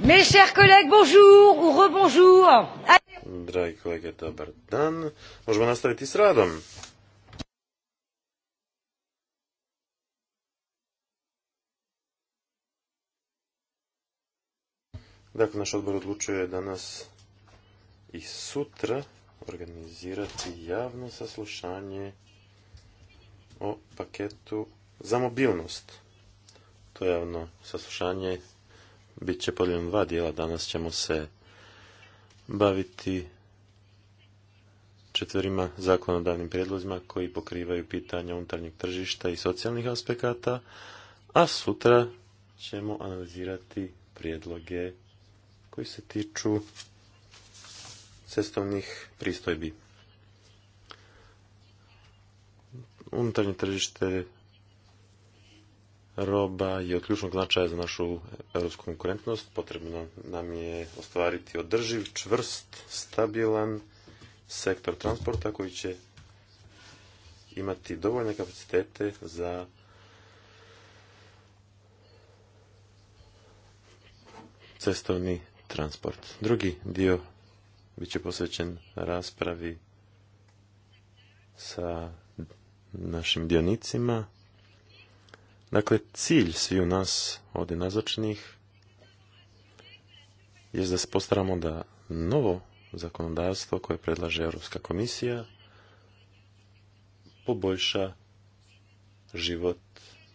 Mes chers collègues, bonjour ou Dragi kolege, dobar dan. Možemo nastaviti s radom. Dakle, naš odbor odlučuje danas i sutra organizirati javno saslušanje o paketu za mobilnost. To je javno saslušanje bit će podijeljeno dva dijela. Danas ćemo se baviti četvrima zakonodavnim prijedlozima koji pokrivaju pitanja unutarnjeg tržišta i socijalnih aspekata, a sutra ćemo analizirati prijedloge koji se tiču cestovnih pristojbi. Unutarnje tržište roba je od ključnog značaja za našu europsku konkurentnost. Potrebno nam je ostvariti održiv, čvrst, stabilan sektor transporta koji će imati dovoljne kapacitete za cestovni transport. Drugi dio bit će posvećen raspravi sa našim dionicima Dakle, cilj svi u nas ovdje nazočnih je da se postaramo da novo zakonodavstvo koje predlaže Europska komisija poboljša život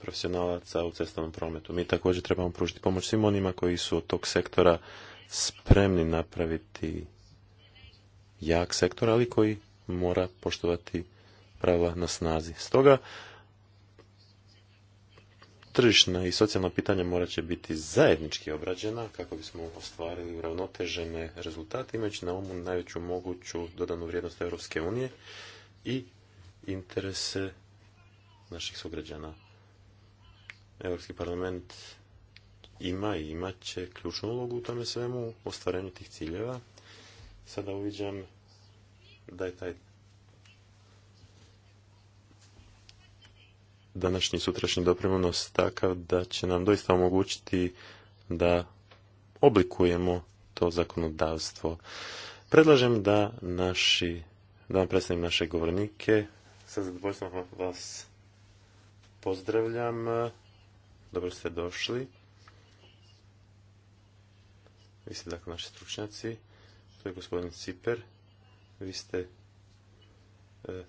profesionalaca u cestovnom prometu. Mi također trebamo pružiti pomoć svim onima koji su od tog sektora spremni napraviti jak sektor, ali koji mora poštovati pravila na snazi. Stoga, tržišna i socijalna pitanja morat će biti zajednički obrađena kako bismo ostvarili uravnotežene rezultate imajući na umu najveću moguću dodanu vrijednost Europske unije i interese naših sugrađana. Europski parlament ima i imat će ključnu ulogu u tome svemu, u ostvarenju tih ciljeva. Sada uviđam da je taj današnji i sutrašnji doprinos takav da će nam doista omogućiti da oblikujemo to zakonodavstvo. Predlažem da naši, da vam predstavim naše govornike. Sa zadovoljstvom vas pozdravljam. Dobro ste došli. Vi ste dakle naši stručnjaci. To je gospodin Ciper. Vi ste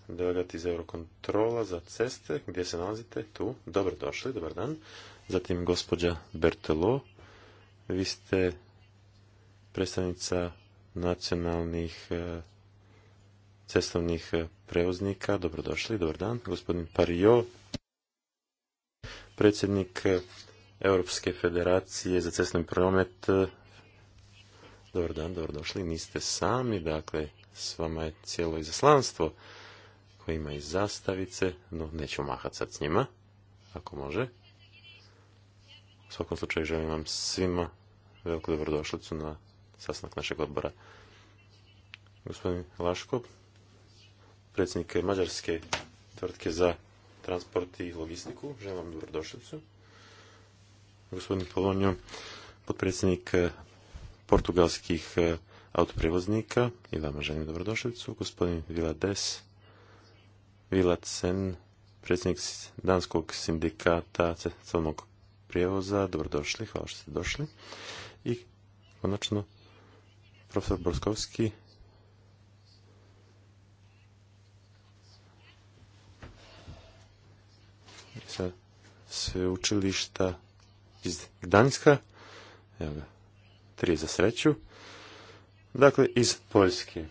delegat iz Eurokontrola za ceste. Gdje se nalazite? Tu. Dobro došli, dobar dan. Zatim gospođa Bertelo. Vi ste predstavnica nacionalnih e, cestovnih e, prevoznika. Dobrodošli, dobar dan. Gospodin Pario, predsjednik e, Europske federacije za cestovni promet. Dobar dan, dobrodošli. Niste sami, dakle, s vama je cijelo izaslanstvo ima i zastavice, no neću mahat sad s njima, ako može. U svakom slučaju želim vam svima veliku dobrodošlicu na sastanak našeg odbora. Gospodin Laško, predsjednik Mađarske tvrtke za transport i logistiku, želim vam dobrodošlicu. Gospodin Polonio, potpredsjednik eh, portugalskih eh, autoprevoznika i vama želim dobrodošlicu. Gospodin des sen predsjednik Danskog sindikata cestovnog prijevoza. Dobrodošli, hvala što ste došli. I konačno, profesor Borskovski, sa sveučilišta iz Gdanska, evo ga, tri za sreću, dakle iz Poljske.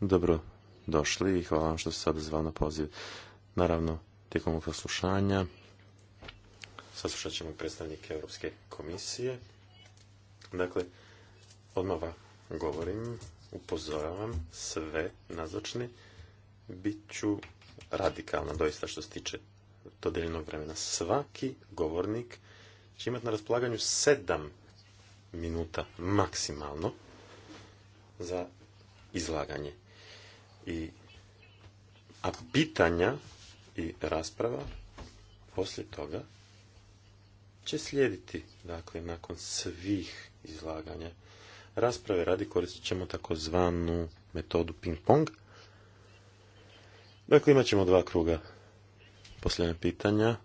Dobro došli i hvala vam što ste sad zvali na poziv. Naravno, tijekom ovog saslušanja saslušat ćemo predstavnike Europske komisije. Dakle, odmah vam govorim, upozoravam sve nazočne, bit ću radikalna doista što se tiče dodeljenog vremena. Svaki govornik će imati na raspolaganju sedam minuta maksimalno za izlaganje i a pitanja i rasprava poslije toga će slijediti, dakle, nakon svih izlaganja. Rasprave radi koristit ćemo takozvanu metodu ping-pong. Dakle, imat ćemo dva kruga posljednje pitanja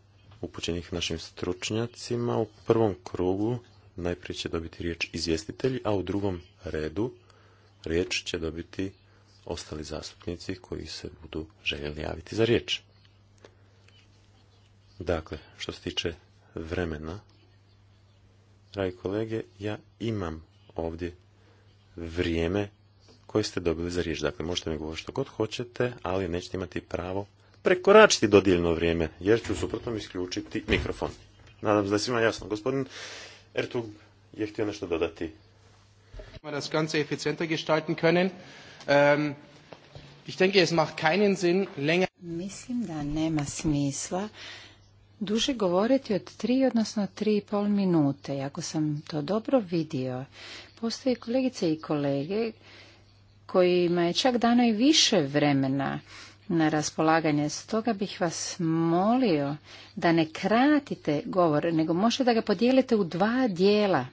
upućenih našim stručnjacima. U prvom krugu najprije će dobiti riječ izvjestitelji, a u drugom redu riječ će dobiti ostali zastupnici koji se budu željeli javiti za riječ. Dakle, što se tiče vremena, dragi kolege, ja imam ovdje vrijeme koje ste dobili za riječ. Dakle, možete mi govoriti što god hoćete, ali nećete imati pravo prekoračiti dodijeljeno vrijeme, jer ću suprotno isključiti mikrofon. Nadam se da je svima jasno. Gospodin Ertug je htio nešto dodati man das Ganze effizienter gestalten können. Ähm, ich denke, es macht keinen Sinn, länger... Mislim da nema smisla duže govoriti od tri, odnosno tri i pol minute. Ako sam to dobro vidio, postoje kolegice i kolege kojima je čak dano i više vremena na raspolaganje. Stoga bih vas molio da ne kratite govor, nego možete da ga podijelite u dva dijela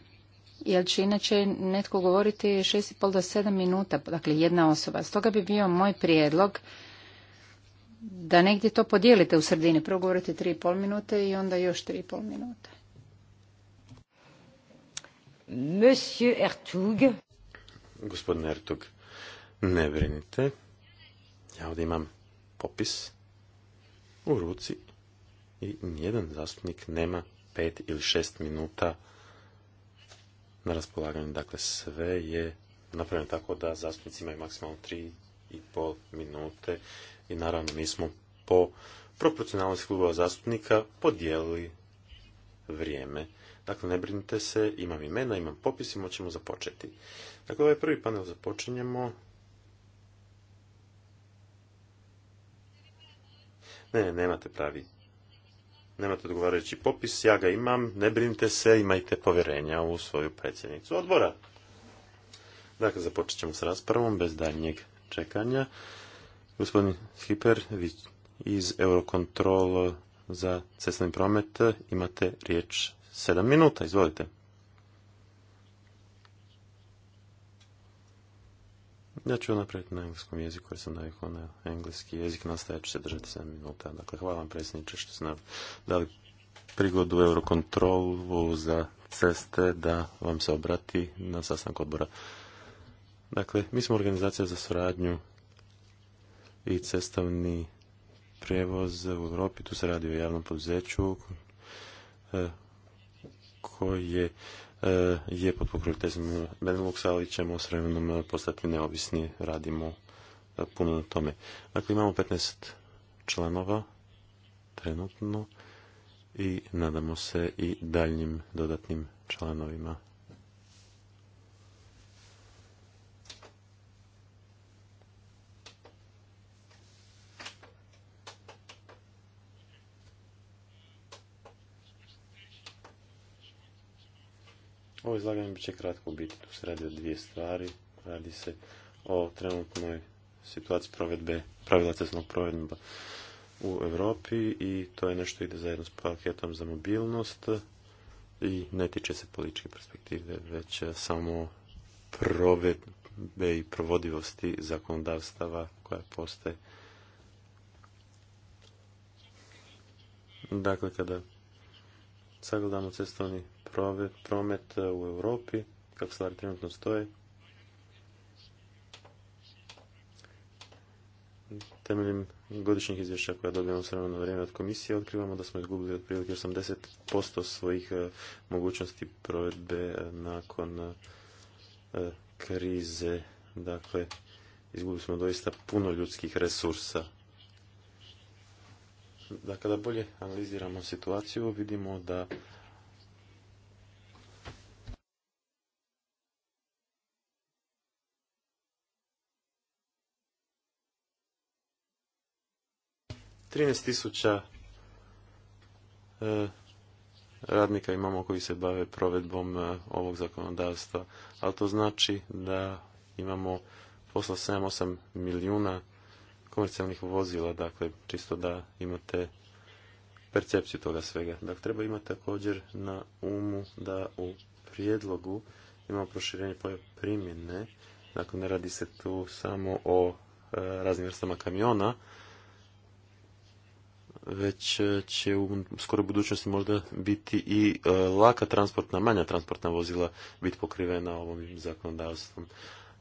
jer će inače netko govoriti pol do sedam minuta, dakle jedna osoba. Stoga bi bio moj prijedlog da negdje to podijelite u sredini. Prvo govorite 3,5 minute i onda još 3,5 minute. Monsieur Ertug. Gospodin Ertug, ne brinite. Ja ovdje imam popis u ruci i nijedan zastupnik nema pet ili šest minuta na raspolaganju. Dakle, sve je napravljeno tako da zastupnici imaju maksimalno tri i minute i naravno mi smo po proporcionalnosti klubova zastupnika podijelili vrijeme. Dakle, ne brinite se, imam imena, imam popis i moćemo započeti. Dakle, ovaj prvi panel započinjemo. Ne, nemate pravi nemate odgovarajući popis, ja ga imam, ne brinite se, imajte povjerenja u svoju predsjednicu odbora. Dakle, započet ćemo s raspravom bez daljnjeg čekanja. Gospodin Hiper iz Eurocontrol za cestovni promet imate riječ 7 minuta, izvolite. Ja ću napraviti na engleskom jeziku jer sam navikao na engleski jezik, nastavit ću se držati 7 minuta. Dakle, hvala vam predsjedniče što ste nam dali prigodu Eurokontrolu za ceste da vam se obrati na sastanku odbora. Dakle, mi smo organizacija za suradnju i cestovni prijevoz u Europi. Tu se radi o javnom poduzeću e, koje E, je pod pokroviteljstvom Beneluxa, ali ćemo s vremenom e, postati neovisni, radimo e, puno na tome. Dakle, imamo 15 članova trenutno i nadamo se i daljnjim dodatnim članovima. Ovo izlaganje će kratko biti. Tu se radi o dvije stvari. Radi se o trenutnoj situaciji provedbe, pravila cestnog provedba u Europi i to je nešto ide zajedno s paketom za mobilnost i ne tiče se političke perspektive, već samo provedbe i provodivosti zakonodavstava koja postoje. Dakle, kada sagledamo cestovni promet e, u Europi, kako stvari trenutno stoje, temeljem godišnjih izvješća koja dobijemo s na vrijeme od komisije, otkrivamo da smo izgubili otprilike 80% svojih e, mogućnosti provedbe e, nakon krize. Dakle, izgubili smo doista puno ljudskih resursa da kada bolje analiziramo situaciju vidimo da trinaest tisuća e, radnika imamo koji se bave provedbom e, ovog zakonodavstva ali to znači da imamo posla 7-8 milijuna komercijalnih vozila, dakle čisto da imate percepciju toga svega. Dakle, treba imati također na umu da u prijedlogu imamo proširenje poje primjene, dakle ne radi se tu samo o e, raznim vrstama kamiona, već će u skoro budućnosti možda biti i e, laka transportna, manja transportna vozila biti pokrivena ovom zakonodavstvom.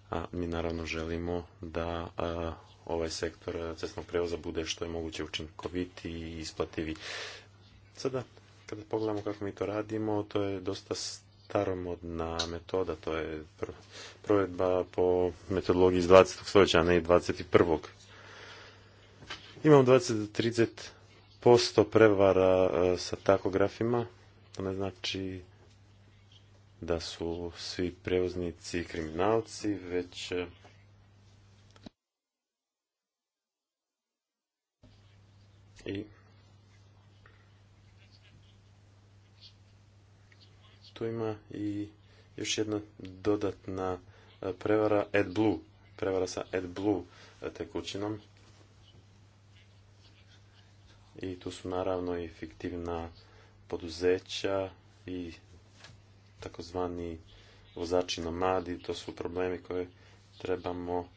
A mi naravno želimo da e, ovaj sektor cestnog prevoza bude što je moguće učinkoviti i isplativi. Sada, kada pogledamo kako mi to radimo, to je dosta staromodna metoda, to je provedba po metodologiji iz 20. stoljeća, a ne 21. Imamo 20 30% prevara e, sa takografima, to ne znači da su svi prevoznici kriminalci, već e, I tu ima i još jedna dodatna e, prevara AdBlue, prevara sa AdBlue e, tekućinom. I tu su naravno i fiktivna poduzeća i takozvani vozači nomadi, to su problemi koje trebamo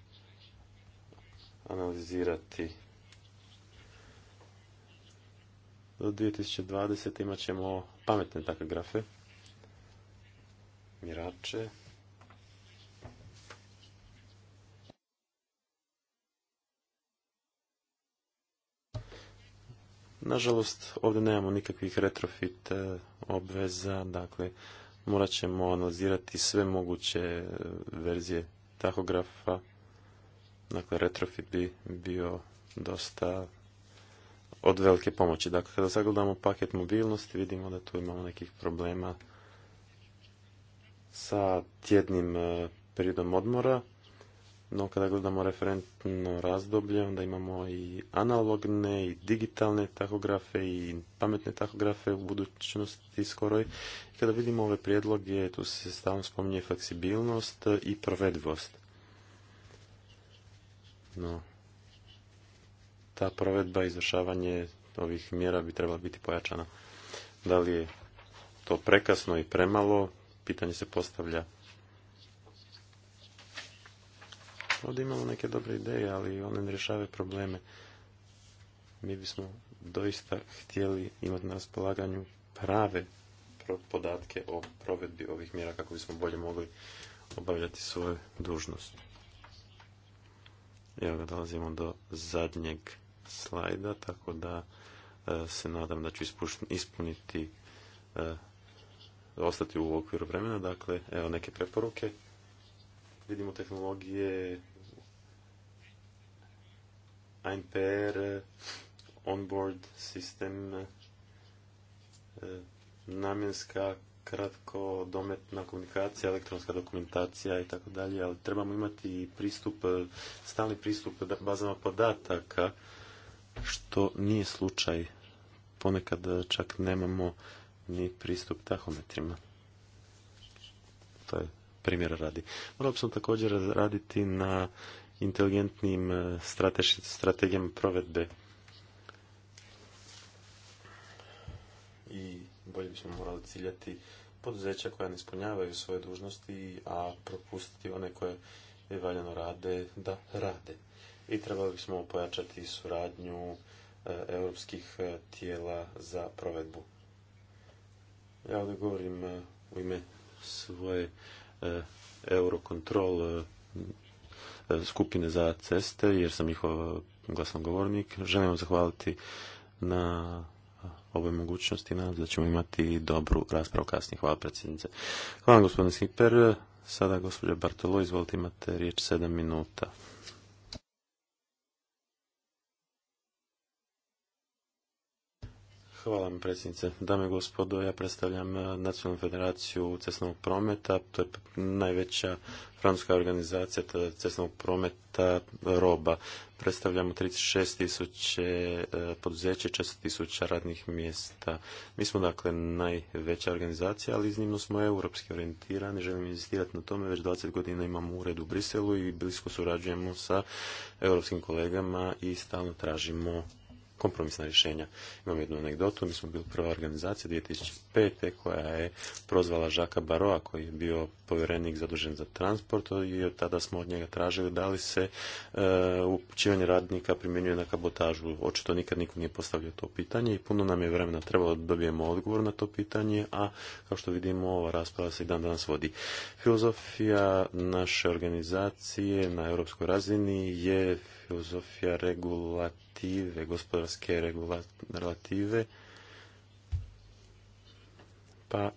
analizirati. do 2020. imat ćemo pametne takve grafe, mirače. Nažalost, ovdje nemamo nikakvih retrofit obveza, dakle, morat ćemo analizirati sve moguće e, verzije tahografa. Dakle, retrofit bi bio dosta od velike pomoći. Dakle, kada zagledamo paket mobilnosti, vidimo da tu imamo nekih problema sa tjednim e, periodom odmora, no kada gledamo referentno razdoblje, onda imamo i analogne i digitalne tahografe i pametne tahografe u budućnosti skoroj. kada vidimo ove prijedloge, tu se stalno spominje fleksibilnost i provedivost. No, ta provedba, izvršavanje ovih mjera bi trebala biti pojačana. Da li je to prekasno i premalo? Pitanje se postavlja. Ovdje imamo neke dobre ideje, ali one ne rješavaju probleme. Mi bismo doista htjeli imati na raspolaganju prave podatke o provedbi ovih mjera kako bismo bolje mogli obavljati svoju dužnost. Evo ga, dolazimo do zadnjeg slajda, tako da e, se nadam da ću ispuniti e, ostati u okviru vremena. Dakle, evo neke preporuke. Vidimo tehnologije ANPR, onboard sistem, e, namjenska, kratko dometna komunikacija, elektronska dokumentacija i tako dalje, ali trebamo imati pristup, stalni pristup bazama podataka što nije slučaj. Ponekad eh, čak nemamo ni pristup tahometrima. To je primjera radi. Morao sam također raditi na inteligentnim eh, strategijama provedbe i bolje bismo morali ciljati poduzeća koja ne ispunjavaju svoje dužnosti, a propustiti one koje valjano rade da rade i trebali smo pojačati suradnju e, europskih e, tijela za provedbu. Ja ovdje govorim e, u ime svoje Eurocontrol skupine za ceste, jer sam njihov glasnogovornik. Želim vam zahvaliti na ovoj mogućnosti. nam da ćemo imati dobru raspravu kasnije. Hvala predsjednice. Hvala gospodine Skiper. Sada gospođa Bartolo, izvolite imate riječ 7 minuta. Hvala vam predsjednice. Dame i gospodo, ja predstavljam eh, Nacionalnu federaciju cestovnog prometa, to je najveća francuska organizacija cestovnog prometa roba. Predstavljamo 36 tisuće eh, poduzeća i tisuća radnih mjesta. Mi smo dakle najveća organizacija, ali iznimno smo europski orijentirani, želim investirati na tome. Već 20 godina imamo ured u Briselu i blisko surađujemo sa europskim kolegama i stalno tražimo kompromisna rješenja. Imam jednu anegdotu, mi smo bili prva organizacija 2005. koja je prozvala Žaka Baroa koji je bio povjerenik zadužen za transport i od tada smo od njega tražili da li se e, upućivanje radnika primjenjuje na kabotažu. Očito nikad niko nije postavio to pitanje i puno nam je vremena trebalo da dobijemo odgovor na to pitanje, a kao što vidimo ova rasprava se i dan danas vodi. Filozofija naše organizacije na europskoj razini je filozofija regulative, gospodarske regulative, pa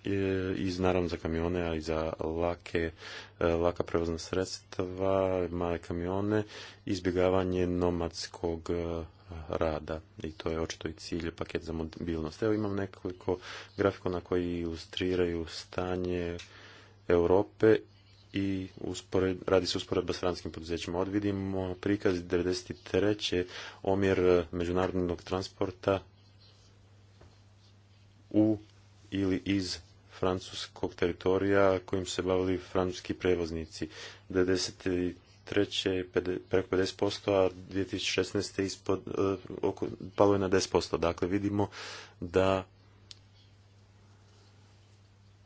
i naravno za kamione, a i za lake, e, laka prevozna sredstva, male kamione, izbjegavanje nomadskog e, rada i to je očito i cilj paket za mobilnost. Evo imam nekoliko grafikona koji ilustriraju stanje Europe i radi se usporedba s franskim poduzećima. od vidimo prikaz 93. omjer međunarodnog transporta u ili iz francuskog teritorija kojim se bavili francuski prevoznici. 93. preko 50%, a 2016. Ispod, e, oko, palo je na 10%. Dakle, vidimo da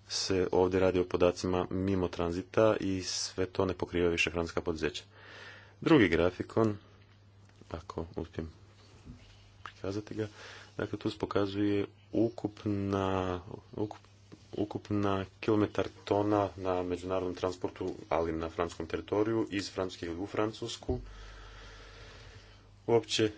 se ovdje radi o podacima mimo tranzita i sve to ne pokriva više francuska poduzeća. Drugi grafikon, ako uspijem prikazati ga, dakle tu se pokazuje ukupna, ukupna kilometar tona na međunarodnom transportu, ali na francuskom teritoriju, iz Francuske u Francusku. Uopće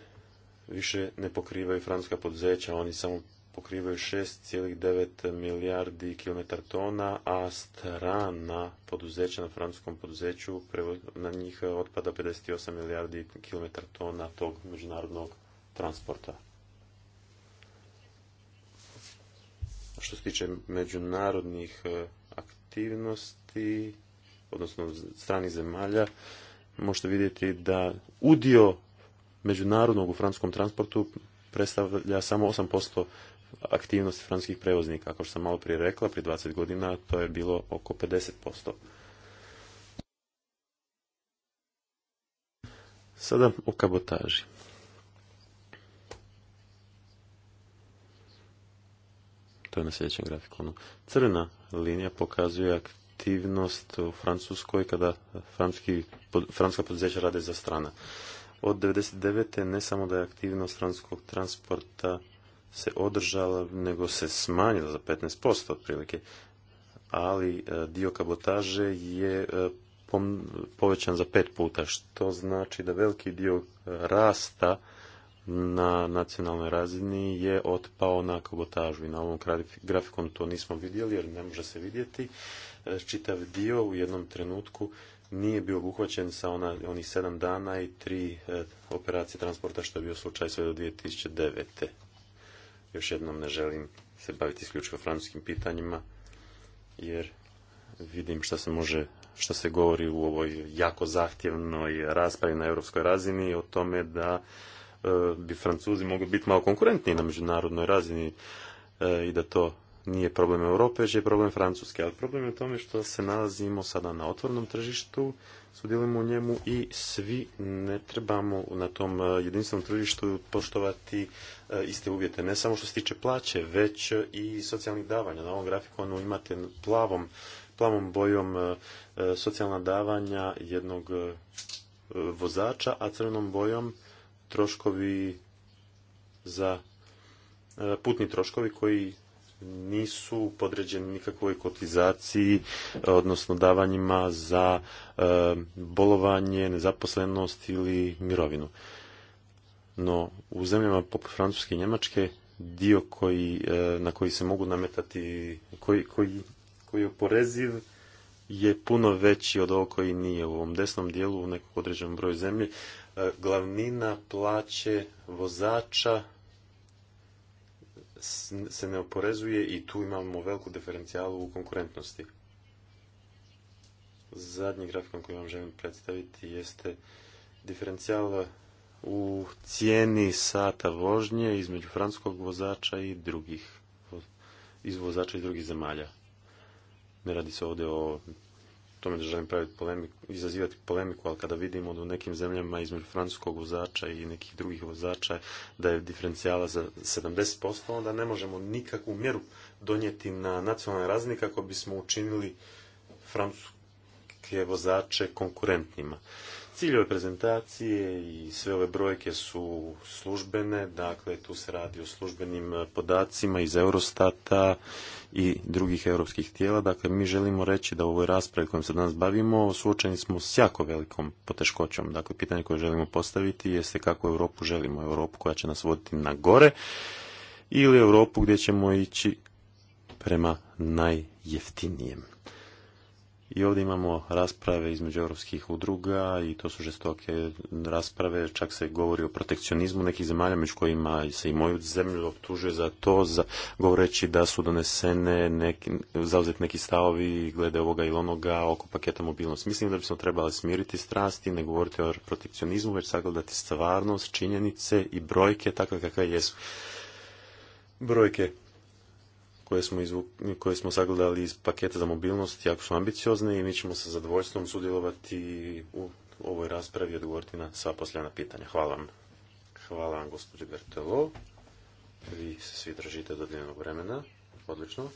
više ne pokrivaju francuska poduzeća, oni samo pokrivaju 6,9 milijardi kilometar tona, a strana poduzeća na francuskom poduzeću, na njih otpada 58 milijardi kilometar tona tog međunarodnog transporta. Što se tiče međunarodnih e, aktivnosti, odnosno stranih zemalja, možete vidjeti da udio međunarodnog u francuskom transportu predstavlja samo 8% aktivnosti francuskih prevoznika. Ako što sam malo prije rekla, prije 20 godina to je bilo oko 50%. Sada o kabotaži. To je na sljedećem grafikonu. Crvena linija pokazuje aktivnost u Francuskoj kada franska francuska poduzeća rade za strana. Od 1999. ne samo da je aktivnost francuskog transporta se održala, nego se smanjila za 15% otprilike, ali e, dio kabotaže je e, povećan za pet puta, što znači da veliki dio e, rasta na nacionalnoj razini je otpao na kabotažu i na ovom grafikom to nismo vidjeli jer ne može se vidjeti. Čitav dio u jednom trenutku nije bio obuhvaćen sa onih sedam dana i tri operacije transporta što je bio slučaj sve do 2009. Još jednom ne želim se baviti isključivo francuskim pitanjima, jer vidim što se može, što se govori u ovoj jako zahtjevnoj raspravi na europskoj razini o tome da e, bi Francuzi mogli biti malo konkurentniji na međunarodnoj razini e, i da to nije problem Europe, već je problem Francuske. Ali problem je u tome što se nalazimo sada na otvornom tržištu sudjelujemo u njemu i svi ne trebamo na tom e, jedinstvenom tržištu poštovati e, iste uvjete. Ne samo što se tiče plaće, već i socijalnih davanja. Na ovom grafikonu imate plavom, plavom bojom e, socijalna davanja jednog vozača, a crvenom bojom troškovi za putni troškovi koji nisu podređeni nikakvoj kotizaciji, odnosno davanjima za e, bolovanje, nezaposlenost ili mirovinu. No, u zemljama poput Francuske i Njemačke, dio koji, e, na koji se mogu nametati, koji, koji, koji je oporeziv, je puno veći od ovo koji nije. U ovom desnom dijelu, u nekom određenom broju zemlje, e, glavnina plaće vozača se ne oporezuje i tu imamo veliku diferencijalu u konkurentnosti. Zadnji grafikon koji vam želim predstaviti jeste diferencijal u cijeni sata vožnje između francuskog vozača i drugih iz vozača iz drugih zemalja. Ne radi se ovdje o tome da želim praviti polemiku, izazivati polemiku, ali kada vidimo ono da u nekim zemljama između francuskog vozača i nekih drugih vozača da je diferencijala za 70%, onda ne možemo nikakvu mjeru donijeti na nacionalnoj razini kako bismo učinili francuske vozače konkurentnima. Cilj ove prezentacije i sve ove brojke su službene, dakle tu se radi o službenim podacima iz Eurostata i drugih europskih tijela. Dakle, mi želimo reći da u ovoj raspravi kojom se danas bavimo suočeni smo s jako velikom poteškoćom. Dakle, pitanje koje želimo postaviti jeste kako Europu želimo. Europu koja će nas voditi na gore ili Europu gdje ćemo ići prema najjeftinijem. I ovdje imamo rasprave između europskih udruga i to su žestoke rasprave, čak se govori o protekcionizmu nekih zemalja, među kojima se i moju zemlju optužuje za to, za, govoreći da su donesene zauzeti neki stavovi glede ovoga ili onoga oko paketa mobilnosti. Mislim da bismo trebali smiriti strasti, ne govoriti o protekcionizmu, već sagledati stvarnost, činjenice i brojke takve kakve jesu. Brojke koje smo, izvuk, koje smo sagledali iz paketa za mobilnost jako su ambiciozne i mi ćemo sa zadovoljstvom sudjelovati u ovoj raspravi i odgovoriti na sva posljedna pitanja. Hvala vam. Hvala vam, gospođe Bertelo. Vi se svi držite do dnevnog vremena. Odlično.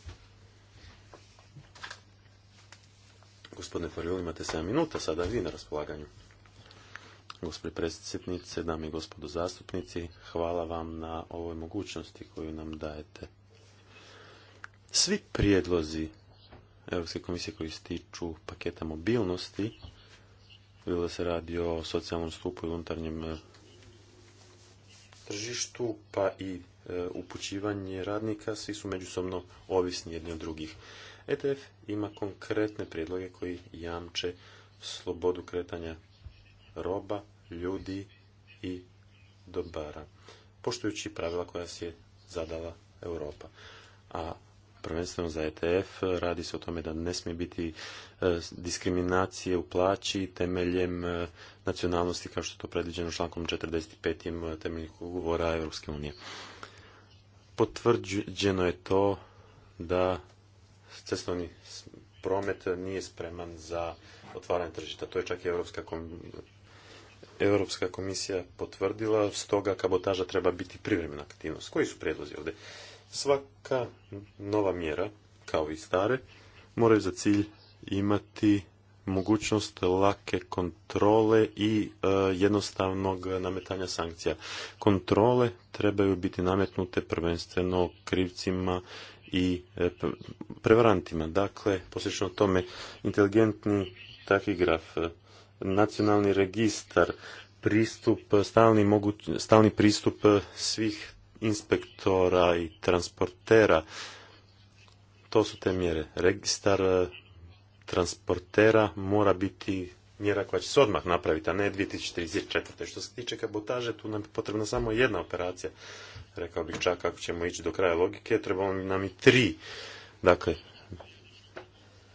Gospodine Farjul, imate 7 minuta sada vi na raspolaganju. Gospodine predsjednice, dame i gospodo zastupnici, hvala vam na ovoj mogućnosti koju nam dajete. Svi prijedlozi Europske komisije koji stiču paketa mobilnosti, bilo da se radi o socijalnom stupu i unutarnjem e, tržištu, pa i e, upućivanje radnika, svi su međusobno ovisni jedni od drugih. ETF ima konkretne prijedloge koji jamče slobodu kretanja roba, ljudi i dobara, poštujući pravila koja se je zadala Europa. A prvenstveno za ETF. Radi se o tome da ne smije biti e, diskriminacije u plaći temeljem e, nacionalnosti kao što je to predviđeno člankom 45. temeljnih ugovora Europske unije. Potvrđeno je to da cestovni promet nije spreman za otvaranje tržišta. To je čak i Europska komisija Europska komisija potvrdila, stoga kabotaža treba biti privremena aktivnost. Koji su prijedlozi ovdje? Svaka nova mjera, kao i stare, moraju za cilj imati mogućnost lake kontrole i e, jednostavnog nametanja sankcija. Kontrole trebaju biti nametnute prvenstveno krivcima i e, prevarantima. Dakle, posljedno tome, inteligentni tahigraf, e, nacionalni registar, pristup, stalni pristup svih inspektora i transportera. To su te mjere. Registar e, transportera mora biti mjera koja će se odmah napraviti, a ne 2034. Što se tiče kabotaže, tu nam je potrebna samo jedna operacija. Rekao bih čak ako ćemo ići do kraja logike, trebamo nam i tri. Dakle,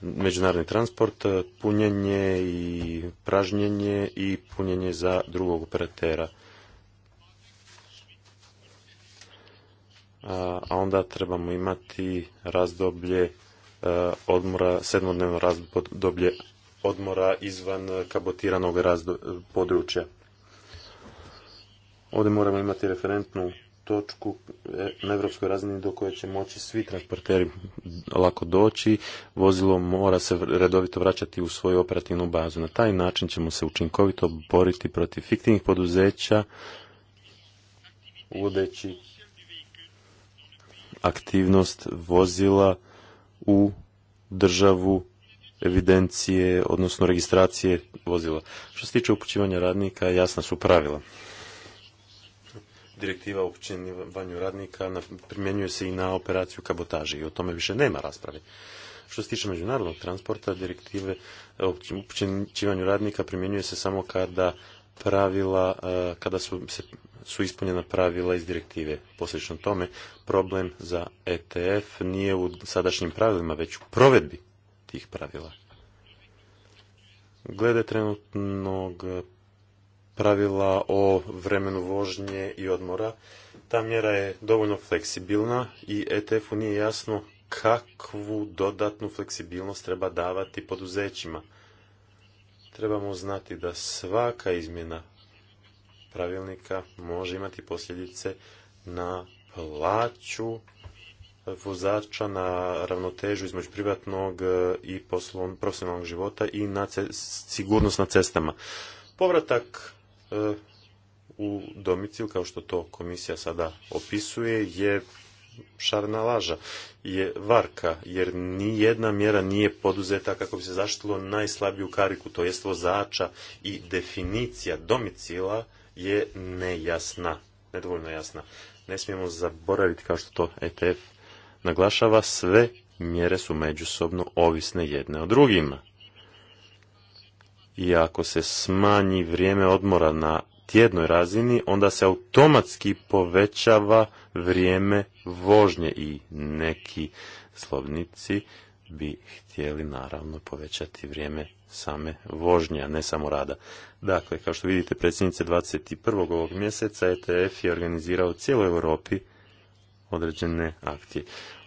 međunarodni transport, e, punjenje i pražnjenje i punjenje za drugog operatera. a onda trebamo imati razdoblje e, odmora, sedmodnevno razdoblje odmora izvan kabotiranog područja. Ovdje moramo imati referentnu točku e, na evropskoj razini do koje će moći svi transporteri lako doći. Vozilo mora se redovito vraćati u svoju operativnu bazu. Na taj način ćemo se učinkovito boriti protiv fiktivnih poduzeća uvodeći aktivnost vozila u državu evidencije, odnosno registracije vozila. Što se tiče upućivanja radnika, jasna su pravila. Direktiva o upućivanju radnika primjenjuje se i na operaciju kabotaži i o tome više nema rasprave. Što se tiče međunarodnog transporta, direktive o upućivanju radnika primjenjuje se samo kada pravila, eh, kada su se su ispunjena pravila iz direktive. Posljedično tome, problem za ETF nije u sadašnjim pravilima, već u provedbi tih pravila. Glede trenutnog pravila o vremenu vožnje i odmora, ta mjera je dovoljno fleksibilna i ETF-u nije jasno kakvu dodatnu fleksibilnost treba davati poduzećima. Trebamo znati da svaka izmjena pravilnika može imati posljedice na plaću vozača na ravnotežu između privatnog e, i profesionalnog života i na sigurnost na cestama. Povratak e, u domicil, kao što to komisija sada opisuje, je šarna laža, je varka, jer ni jedna mjera nije poduzeta kako bi se zaštitilo najslabiju kariku, to jest vozača i definicija domicila je nejasna, nedovoljno jasna. Ne smijemo zaboraviti kao što to ETF naglašava, sve mjere su međusobno ovisne jedne o drugima. I ako se smanji vrijeme odmora na tjednoj razini, onda se automatski povećava vrijeme vožnje i neki slovnici bi htjeli naravno povećati vrijeme same vožnje, a ne samo rada. Dakle, kao što vidite, predsjednice 21. ovog mjeseca ETF je organizirao cijeloj Europi određene akcije.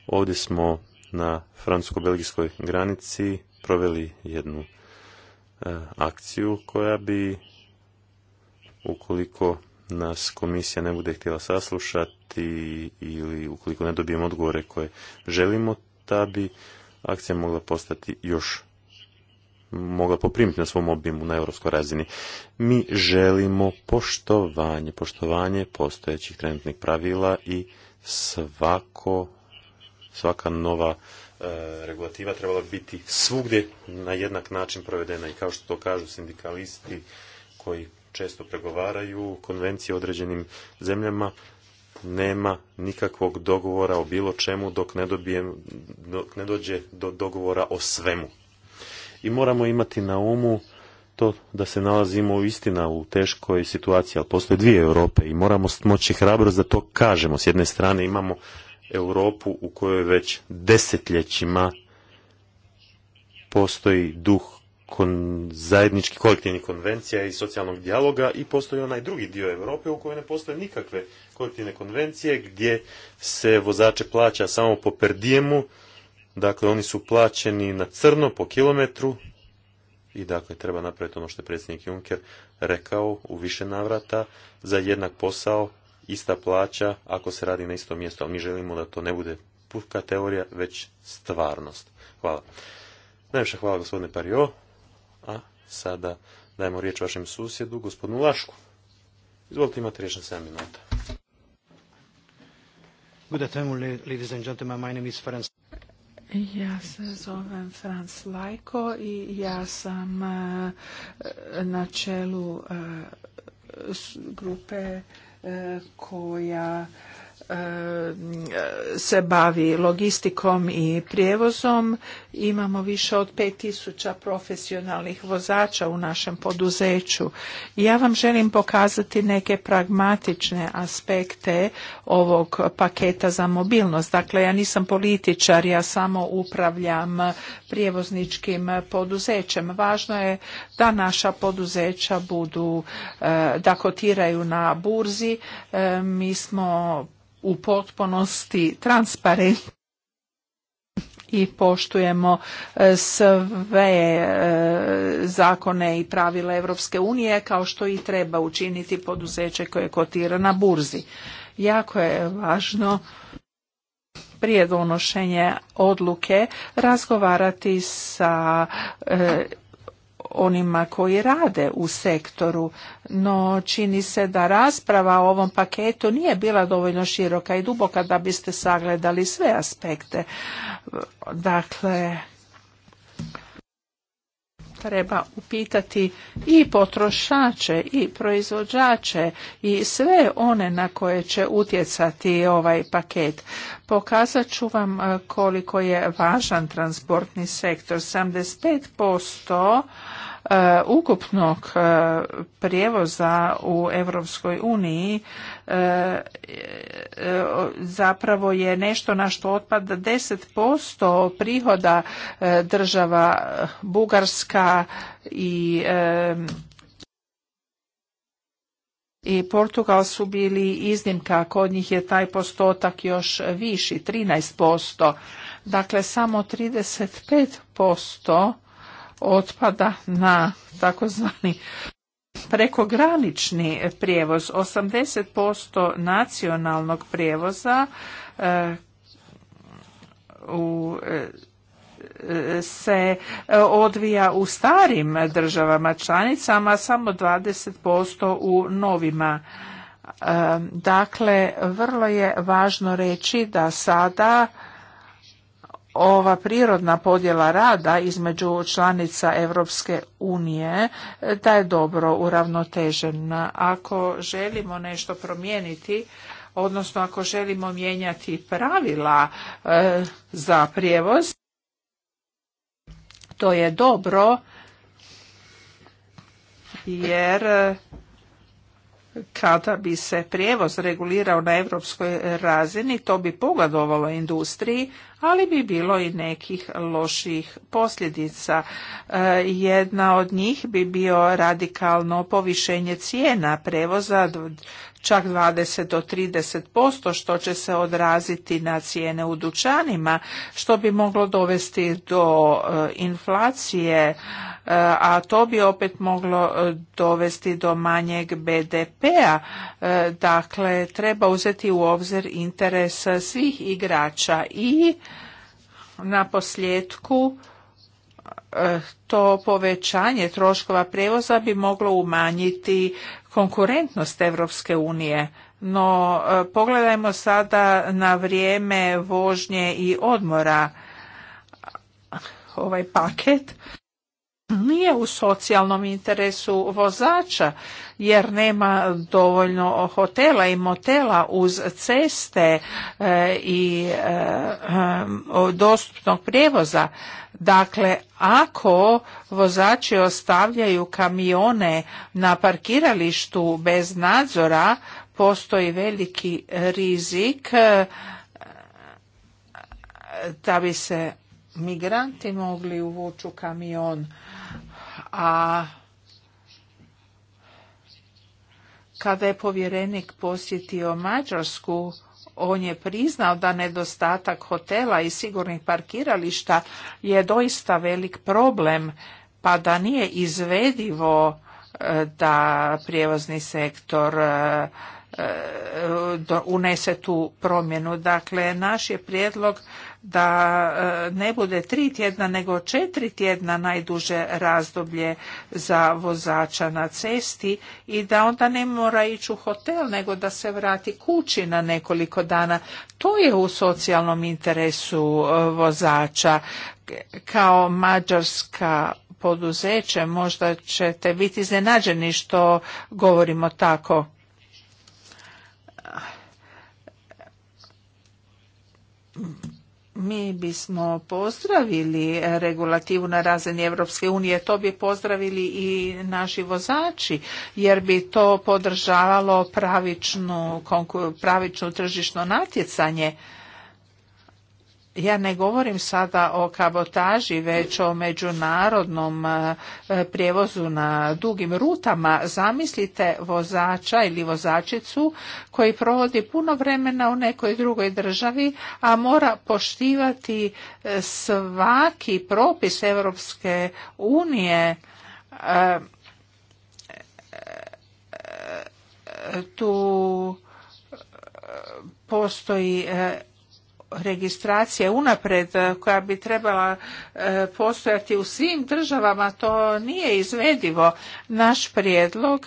Ovdje smo na francusko-belgijskoj granici proveli jednu e, akciju koja bi, ukoliko nas komisija ne bude htjela saslušati ili ukoliko ne dobijemo odgovore koje želimo, ta bi akcija mogla postati još mogla poprimiti na svom obimu na europskoj razini. Mi želimo poštovanje, poštovanje postojećih trenutnih pravila i svako, svaka nova e, regulativa trebala biti svugdje na jednak način provedena i kao što to kažu sindikalisti koji često pregovaraju konvencije o određenim zemljama, nema nikakvog dogovora o bilo čemu dok ne, dobijem, dok ne dođe do dogovora o svemu i moramo imati na umu to da se nalazimo istina u teškoj situaciji, ali postoje dvije Europe i moramo moći hrabrost da to kažemo. S jedne strane imamo Europu u kojoj već desetljećima postoji duh kon, zajednički kolektivnih konvencija i socijalnog dijaloga i postoji onaj drugi dio Europe u kojoj ne postoje nikakve kolektivne konvencije gdje se vozače plaća samo po perdijemu Dakle, oni su plaćeni na crno po kilometru i dakle treba napraviti ono što je predsjednik Juncker rekao u više navrata za jednak posao, ista plaća ako se radi na isto mjesto, ali mi želimo da to ne bude puka teorija, već stvarnost. Hvala. Najviše hvala gospodine Pario, a sada dajemo riječ vašem susjedu, gospodinu Lašku. Izvolite, imate riječ na 7 minuta. Good afternoon, ladies and gentlemen. My name is Ferenc. Ja se zovem Franz Lajko i ja sam e, na čelu e, grupe e, koja Eh, se bavi logistikom i prijevozom. Imamo više od 5000 profesionalnih vozača u našem poduzeću. Ja vam želim pokazati neke pragmatične aspekte ovog paketa za mobilnost. Dakle, ja nisam političar, ja samo upravljam prijevozničkim poduzećem. Važno je da naša poduzeća budu, eh, da kotiraju na burzi. Eh, mi smo u potpunosti transparentni i poštujemo e, sve e, zakone i pravila Europske unije kao što i treba učiniti poduzeće koje kotira na burzi. Jako je važno prije donošenja odluke razgovarati sa e, onima koji rade u sektoru, no čini se da rasprava o ovom paketu nije bila dovoljno široka i duboka da biste sagledali sve aspekte. Dakle, treba upitati i potrošače i proizvođače i sve one na koje će utjecati ovaj paket. Pokazat ću vam e, koliko je važan transportni sektor. 75% E, ukupnog e, prijevoza u Europskoj uniji e, zapravo je nešto na što otpada 10% prihoda država Bugarska i i Portugal su bili iznimka, kod njih je taj postotak još viši, 13%. Dakle, samo 35% otpada na takozvani prekogranični prijevoz. 80% nacionalnog prijevoza e, u e, se e, odvija u starim državama članicama, samo 20% u novima. Dakle, vrlo je važno reći da sada ova prirodna podjela rada između članica Europske unije da e, je dobro uravnotežen. Ako želimo nešto promijeniti, odnosno ako želimo mijenjati pravila e, za prijevoz, to je dobro jer kada bi se prijevoz regulirao na europskoj razini, to bi pogodovalo industriji, ali bi bilo i nekih loših posljedica. E, jedna od njih bi bio radikalno povišenje cijena prevoza čak 20 do 30% što će se odraziti na cijene u dućanima, što bi moglo dovesti do e, inflacije E, a to bi opet moglo e, dovesti do manjeg BDP-a. E, dakle, treba uzeti u obzir interes svih igrača i na posljedku to povećanje troškova prijevoza bi moglo umanjiti konkurentnost Europske unije. No pogledajmo sada na vrijeme vožnje i odmora ovaj paket nije u socijalnom interesu vozača jer nema dovoljno hotela i motela uz ceste e, i e, e, dostupnog prijevoza. Dakle, ako vozači ostavljaju kamione na parkiralištu bez nadzora, postoji veliki rizik da bi se migranti mogli uvući u kamion a kada je povjerenik posjetio Mađarsku, on je priznao da nedostatak hotela i sigurnih parkirališta je doista velik problem, pa da nije izvedivo e, da prijevozni sektor e, e, unese tu promjenu. Dakle, naš je prijedlog da e, ne bude tri tjedna nego četiri tjedna najduže razdoblje za vozača na cesti i da onda ne mora ići u hotel nego da se vrati kući na nekoliko dana. To je u socijalnom interesu e, vozača. Kao mađarska poduzeće možda ćete biti iznenađeni što govorimo tako mi bismo pozdravili regulativu na razini Europske unije, to bi pozdravili i naši vozači, jer bi to podržavalo pravičnu, pravično tržišno natjecanje ja ne govorim sada o kabotaži, već o međunarodnom e, prijevozu na dugim rutama. Zamislite vozača ili vozačicu koji provodi puno vremena u nekoj drugoj državi, a mora poštivati e, svaki propis Europske unije e, tu postoji registracije unapred e, koja bi trebala e, postojati u svim državama, to nije izvedivo. Naš prijedlog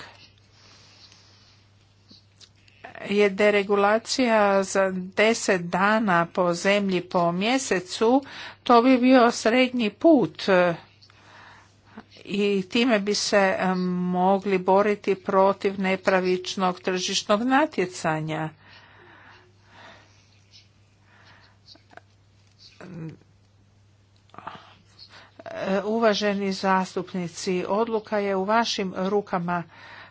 je deregulacija za 10 dana po zemlji po mjesecu, to bi bio srednji put e, i time bi se mogli boriti protiv nepravičnog tržišnog natjecanja. Uvaženi zastupnici, odluka je u vašim rukama.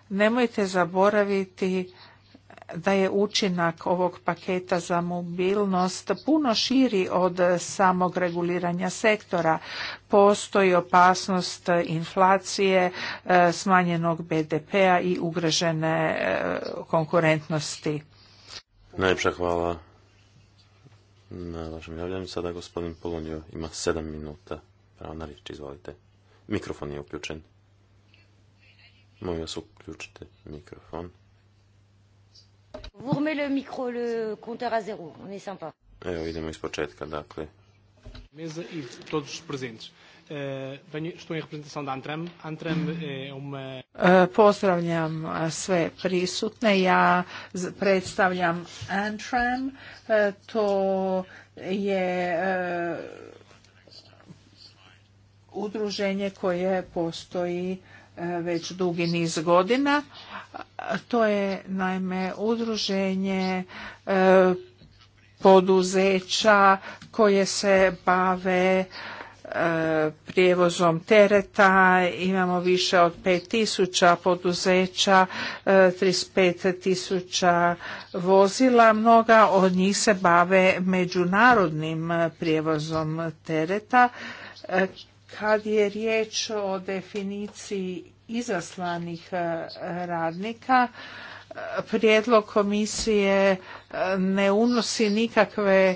Nemojte zaboraviti da je učinak ovog paketa za mobilnost puno širi od samog reguliranja sektora. Postoji opasnost inflacije, e, smanjenog BDP-a i ugrožene e, konkurentnosti. Najpša hvala na vašem javljanju. Sada gospodin Polonio ima sedam minuta. Pravo na riječ, izvolite. Mikrofon je uključen. Molim vas uključite mikrofon. Vous le le On sympa. Evo, idemo iz početka, dakle. Mesa i todos os presentes. Eh, pa što je eh, eh, Pozdravljam sve prisutne. Ja predstavljam Antram. To je udruženje koje postoji već dugi niz godina. To je naime udruženje poduzeća koje se bave prijevozom tereta, imamo više od 5000 poduzeća, 35000 e, vozila, mnoga od njih se bave međunarodnim prijevozom tereta. E, kad je riječ o definiciji izaslanih e, radnika, prijedlog komisije e, ne unosi nikakve e,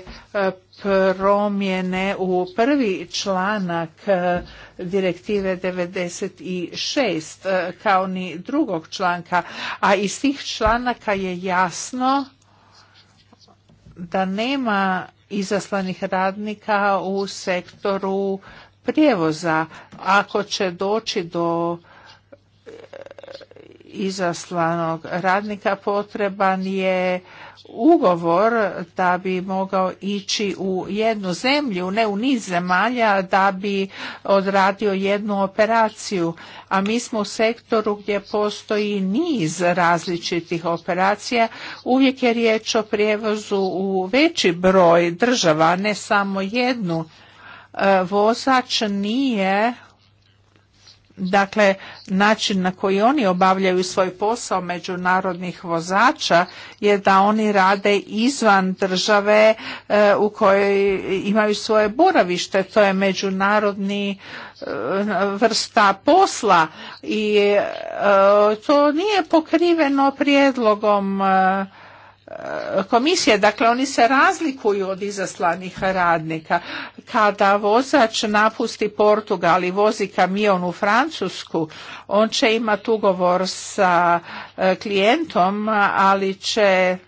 promjene u prvi članak e, direktive 96 kao ni drugog članka, a iz tih članaka je jasno da nema izaslanih radnika u sektoru prijevoza. Ako će doći do izaslanog radnika potreban je ugovor da bi mogao ići u jednu zemlju, ne u niz zemalja, da bi odradio jednu operaciju. A mi smo u sektoru gdje postoji niz različitih operacija. Uvijek je riječ o prijevozu u veći broj država, ne samo jednu. E, vozač nije Dakle, način na koji oni obavljaju svoj posao međunarodnih vozača je da oni rade izvan države e, u kojoj imaju svoje boravište. To je međunarodni e, vrsta posla i e, to nije pokriveno prijedlogom komisije, dakle oni se razlikuju od izaslanih radnika. Kada vozač napusti Portugal i vozi kamion u Francusku, on će imati ugovor sa e, klijentom, ali će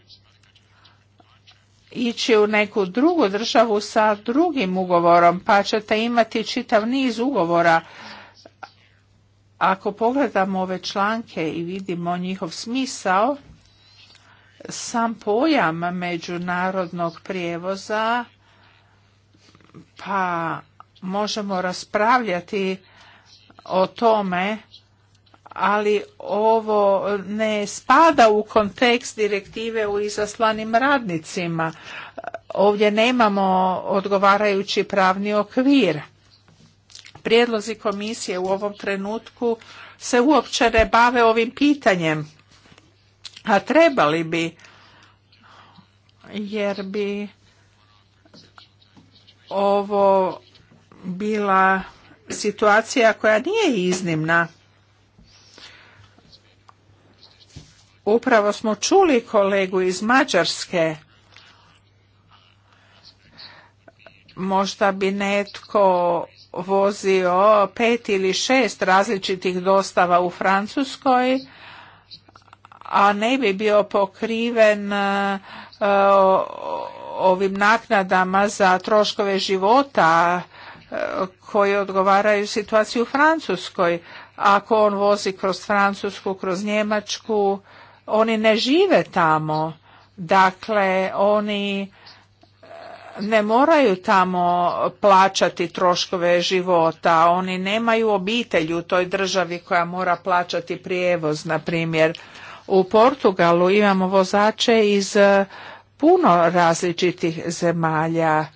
ići u neku drugu državu sa drugim ugovorom, pa ćete imati čitav niz ugovora. Ako pogledamo ove članke i vidimo njihov smisao, sam pojam međunarodnog prijevoza pa možemo raspravljati o tome ali ovo ne spada u kontekst direktive u izaslanim radnicima. Ovdje nemamo odgovarajući pravni okvir. Prijedlozi komisije u ovom trenutku se uopće ne bave ovim pitanjem a trebali bi jer bi ovo bila situacija koja nije iznimna. Upravo smo čuli kolegu iz Mađarske. Možda bi netko vozio pet ili šest različitih dostava u Francuskoj, a ne bi bio pokriven e, ovim naknadama za troškove života e, koji odgovaraju situaciju u Francuskoj. Ako on vozi kroz Francusku, kroz Njemačku, oni ne žive tamo. Dakle, oni e, ne moraju tamo plaćati troškove života, oni nemaju obitelju u toj državi koja mora plaćati prijevoz, na primjer. U Portugalu imamo vozače iz eh, puno različitih zemalja.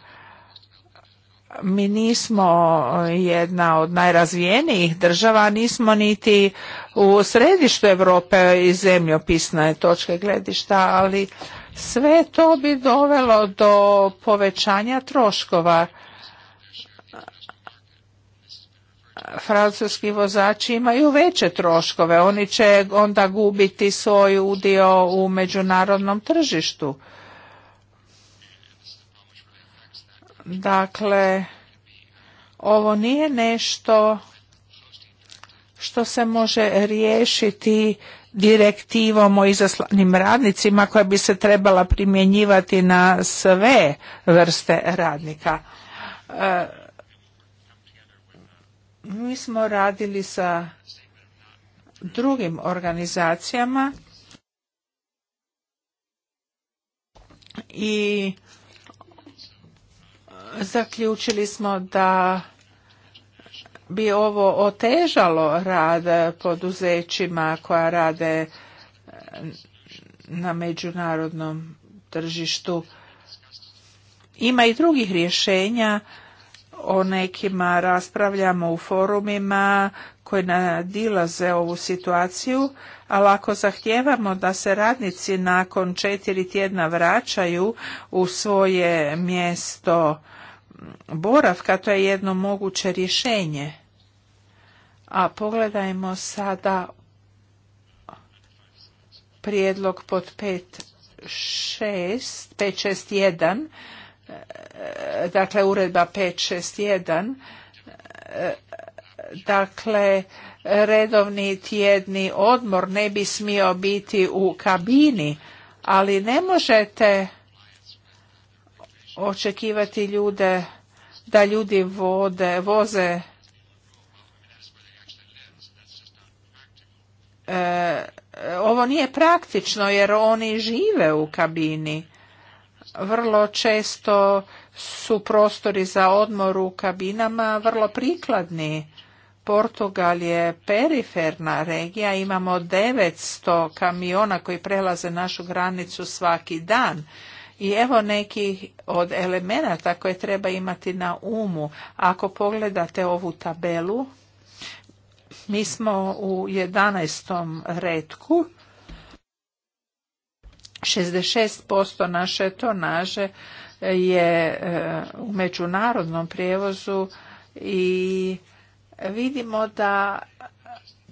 Mi nismo eh, jedna od najrazvijenijih država, nismo niti u središtu Europe i zemljopisne je gledišta, ali sve to bi dovelo do povećanja troškova francuski vozači imaju veće troškove. Oni će onda gubiti svoj udio u međunarodnom tržištu. Dakle, ovo nije nešto što se može riješiti direktivom o izaslanim radnicima koja bi se trebala primjenjivati na sve vrste radnika. E, mi smo radili sa drugim organizacijama i zaključili smo da bi ovo otežalo rad poduzećima koja rade eh, na međunarodnom tržištu. Ima i drugih rješenja o nekima raspravljamo u forumima koji nadilaze ovu situaciju, ali ako zahtijevamo da se radnici nakon četiri tjedna vraćaju u svoje mjesto boravka, to je jedno moguće rješenje. A pogledajmo sada prijedlog pod 5.6, 5.6.1 E, dakle uredba 561 e, dakle redovni tjedni odmor ne bi smio biti u kabini ali ne možete očekivati ljude da ljudi vode voze e, ovo nije praktično jer oni žive u kabini vrlo često su prostori za odmor u kabinama vrlo prikladni. Portugal je periferna regija, imamo 900 kamiona koji prelaze našu granicu svaki dan. I evo nekih od elemenata koje treba imati na umu. Ako pogledate ovu tabelu, mi smo u 11. redku 66% naše tonaže je e, u međunarodnom prijevozu i vidimo da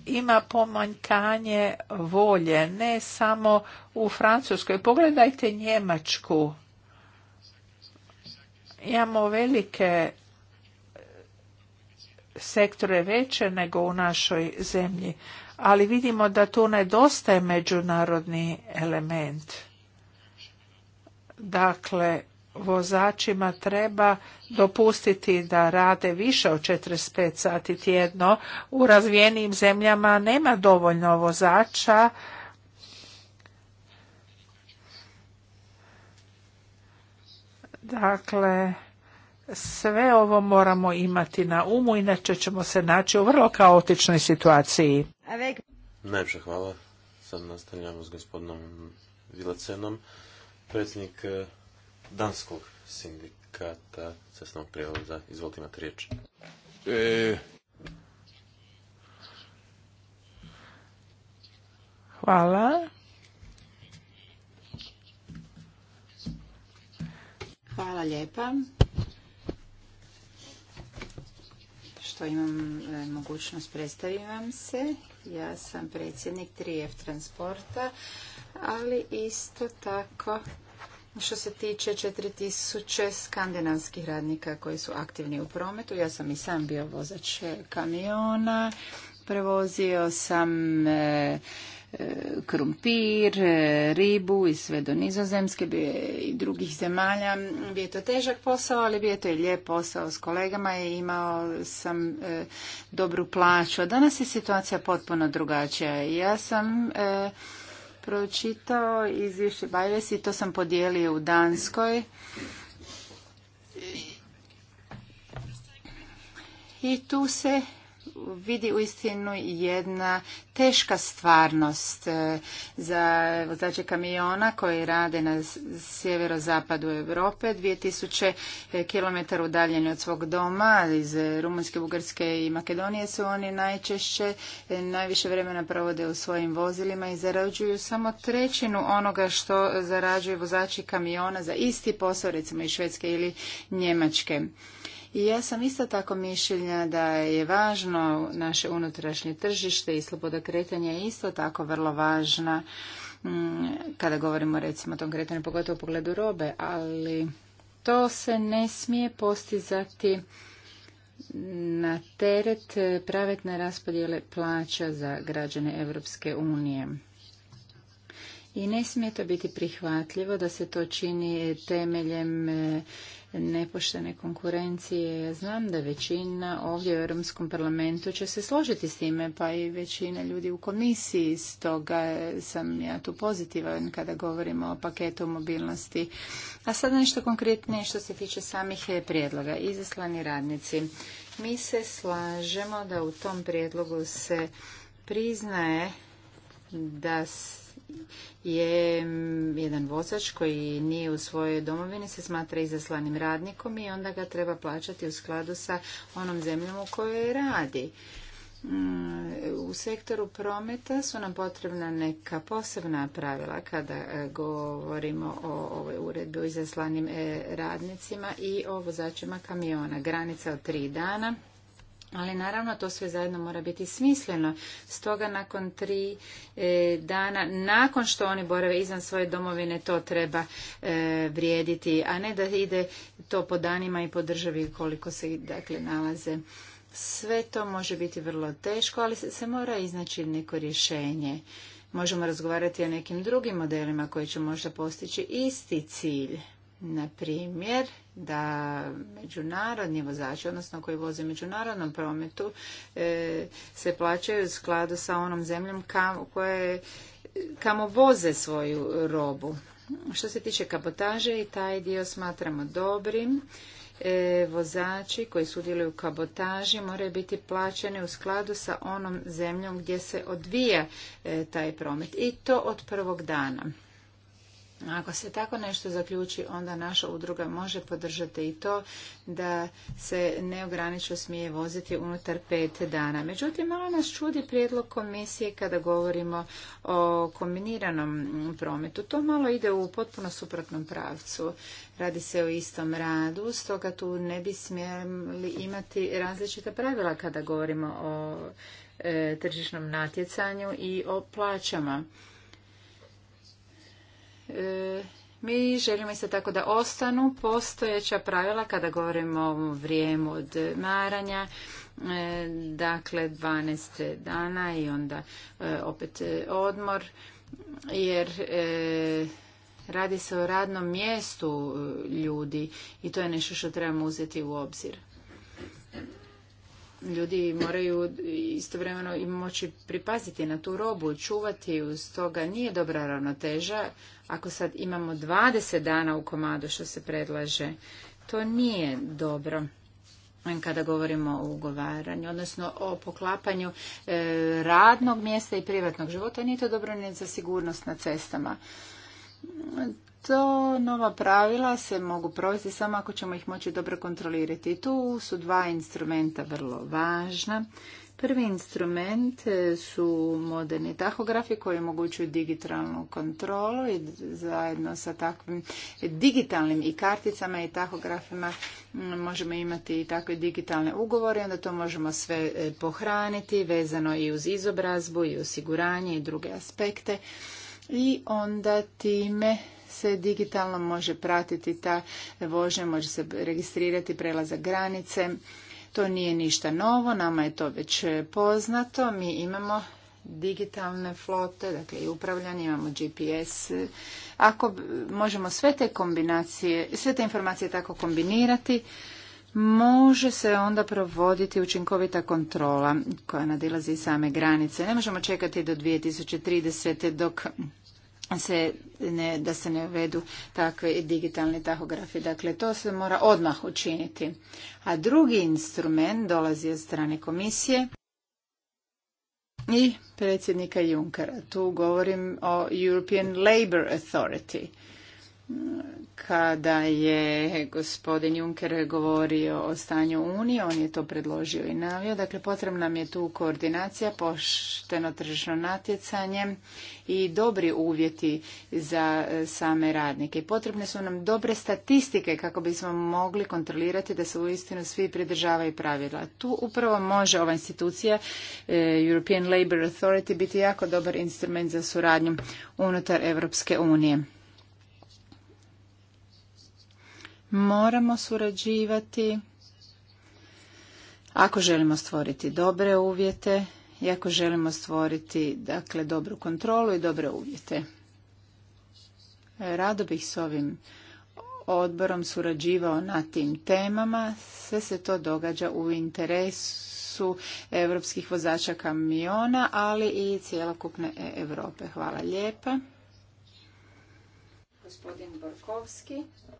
ima pomanjkanje volje, ne samo u Francuskoj. Pogledajte Njemačku. Imamo velike sektore veće nego u našoj zemlji ali vidimo da tu nedostaje međunarodni element. Dakle, vozačima treba dopustiti da rade više od 45 sati tjedno. U razvijenim zemljama nema dovoljno vozača. Dakle, sve ovo moramo imati na umu, inače ćemo se naći u vrlo kaotičnoj situaciji. Avec... hvala. Sad nastavljamo s gospodinom Vilacenom, predsjednik eh, Danskog sindikata cestnog prijevoza. Izvolite imate riječ. E... Hvala. Hvala lijepa. Što imam eh, mogućnost predstavim vam se. Ja sam predsjednik 3F transporta, ali isto tako što se tiče 4000 skandinavskih radnika koji su aktivni u prometu. Ja sam i sam bio vozač kamiona, prevozio sam eh, krumpir, ribu i sve do nizozemske i drugih zemalja. Bije to težak posao, ali bije je to i lijep posao s kolegama i imao sam e, dobru plaću. A danas je situacija potpuno drugačija. Ja sam e, pročitao izvješće Bajves i to sam podijelio u Danskoj. I tu se vidi uistinu jedna teška stvarnost e, za vozače kamiona koji rade na sjeverozapadu Europe, 2000 e, km udaljeni od svog doma, iz Rumunjske, Bugarske i Makedonije su oni najčešće, e, najviše vremena provode u svojim vozilima i zarađuju samo trećinu onoga što zarađuju vozači kamiona za isti posao, recimo iz Švedske ili Njemačke. I ja sam isto tako mišljenja da je važno naše unutrašnje tržište i sloboda kretanja je isto tako vrlo važna mm, kada govorimo recimo o tom kretanju, pogotovo u pogledu robe, ali to se ne smije postizati na teret pravetne raspodjele plaća za građane Europske unije. I ne smije to biti prihvatljivo da se to čini temeljem nepoštene konkurencije. Ja znam da većina ovdje u Europskom parlamentu će se složiti s time, pa i većina ljudi u komisiji. Stoga sam ja tu pozitivan kada govorimo o paketu mobilnosti. A sad nešto konkretnije što se tiče samih prijedloga. Izaslani radnici. Mi se slažemo da u tom prijedlogu se priznaje da se je mm, jedan vozač koji nije u svojoj domovini se smatra izaslanim radnikom i onda ga treba plaćati u skladu sa onom zemljom u kojoj radi. Mm, u sektoru prometa su nam potrebna neka posebna pravila kada e, govorimo o ovoj uredbi o izaslanim e, radnicima i o vozačima kamiona. Granica od tri dana ali naravno to sve zajedno mora biti smisleno. Stoga nakon tri e, dana, nakon što oni borave izvan svoje domovine, to treba e, vrijediti, a ne da ide to po danima i po državi koliko se dakle nalaze. Sve to može biti vrlo teško, ali se, se mora iznaći neko rješenje. Možemo razgovarati o nekim drugim modelima koji će možda postići isti cilj na primjer da međunarodni vozači, odnosno koji voze u međunarodnom prometu, e, se plaćaju u skladu sa onom zemljom koje, kamo voze svoju robu. Što se tiče kabotaže i taj dio smatramo dobrim. E, vozači koji sudjeluju u kabotaži moraju biti plaćeni u skladu sa onom zemljom gdje se odvija e, taj promet i to od prvog dana. Ako se tako nešto zaključi, onda naša udruga može podržati i to da se neograničeno smije voziti unutar pet dana. Međutim, malo nas čudi prijedlog komisije kada govorimo o kombiniranom prometu. To malo ide u potpuno suprotnom pravcu. Radi se o istom radu, stoga tu ne bi smjeli imati različita pravila kada govorimo o e, tržišnom natjecanju i o plaćama mi želimo isto tako da ostanu postojeća pravila kada govorimo o ovom vrijemu maranja, e, dakle 12 dana i onda e, opet e, odmor, jer radi se o radnom mjestu ljudi i to je nešto što trebamo uzeti u obzir. Ljudi moraju istovremeno i moći pripaziti na tu robu, čuvati uz toga nije dobra ravnoteža, ako sad imamo 20 dana u komadu što se predlaže, to nije dobro kada govorimo o ugovaranju, odnosno o poklapanju e, radnog mjesta i privatnog života, nije to dobro ni za sigurnost na cestama. To nova pravila se mogu provesti samo ako ćemo ih moći dobro kontrolirati. tu su dva instrumenta vrlo važna. Prvi instrument e, su moderni tahografi koji omogućuju digitalnu kontrolu i zajedno sa takvim digitalnim i karticama i tahografima možemo imati i takve digitalne ugovore onda to možemo sve e, pohraniti vezano i uz izobrazbu i osiguranje i druge aspekte i onda time se digitalno može pratiti ta vožnja, može se registrirati prelazak granice to nije ništa novo, nama je to već poznato. Mi imamo digitalne flote, dakle i upravljanje, imamo GPS. Ako možemo sve te kombinacije, sve te informacije tako kombinirati, može se onda provoditi učinkovita kontrola koja nadilazi same granice. Ne možemo čekati do 2030. dok se ne, da se ne uvedu takve digitalne tahografi. Dakle, to se mora odmah učiniti. A drugi instrument dolazi od strane komisije i predsjednika Junkera. Tu govorim o European Labor Authority kada je gospodin Juncker govorio o stanju Unije, on je to predložio i navio. Dakle, potrebna nam je tu koordinacija, pošteno tržišno natjecanje i dobri uvjeti za e, same radnike. Potrebne su nam dobre statistike kako bismo mogli kontrolirati da se uistinu svi pridržavaju pravila. Tu upravo može ova institucija e, European Labour Authority biti jako dobar instrument za suradnju unutar Europske unije. Moramo surađivati ako želimo stvoriti dobre uvjete i ako želimo stvoriti dakle dobru kontrolu i dobre uvjete. Rado bih s ovim odborom surađivao na tim temama. Sve se to događa u interesu europskih vozača kamiona, ali i cijelokupne Europe. Hvala lijepa. Gospodin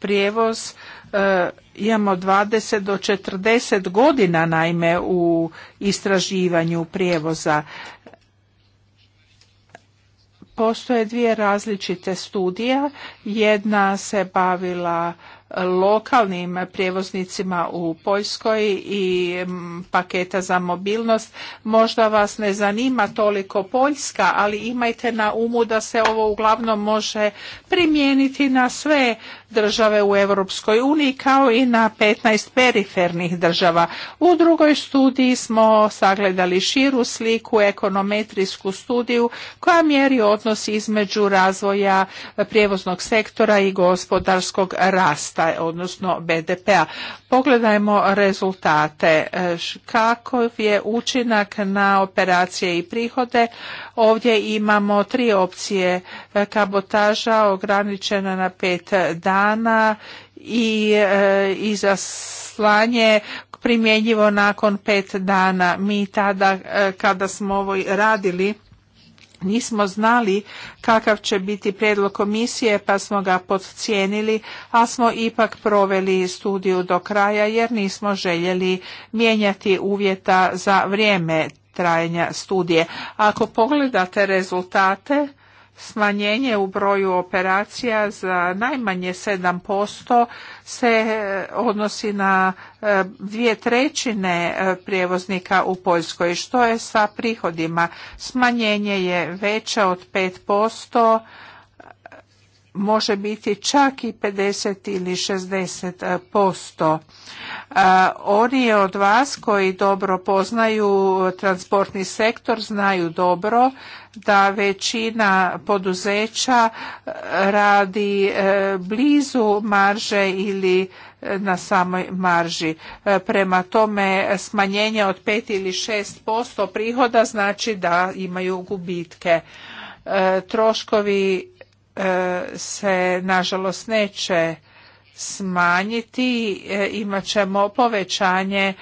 prijevoz e, imamo 20 do 40 godina naime u istraživanju prijevoza. Postoje dvije različite studije. Jedna se bavila lokalnim prijevoznicima u Poljskoj i paketa za mobilnost. Možda vas ne zanima toliko Poljska, ali imajte na umu da se ovo uglavnom može primijeniti na sve države u Europskoj uniji kao i na 15 perifernih država. U drugoj studiji smo sagledali širu sliku, ekonometrijsku studiju koja mjeri odnos između razvoja prijevoznog sektora i gospodarskog rasta, odnosno BDP-a. Pogledajmo rezultate. E, Kako je učinak na operacije i prihode Ovdje imamo tri opcije. E, kabotaža ograničena na pet dana i e, slanje primjenjivo nakon pet dana. Mi tada e, kada smo ovo radili Nismo znali kakav će biti prijedlog komisije pa smo ga podcijenili, a smo ipak proveli studiju do kraja jer nismo željeli mijenjati uvjeta za vrijeme trajanja studije. Ako pogledate rezultate, smanjenje u broju operacija za najmanje 7% se e, odnosi na e, dvije trećine e, prijevoznika u Poljskoj. Što je sa prihodima? Smanjenje je veće od 5%, može biti čak i 50 ili 60%. Oni od vas koji dobro poznaju transportni sektor znaju dobro da većina poduzeća e, radi e, blizu marže ili e, na samoj marži. Prema tome smanjenje od 5 ili 6% prihoda znači da imaju gubitke. Troškovi se nažalost neće smanjiti, e, imat ćemo povećanje e,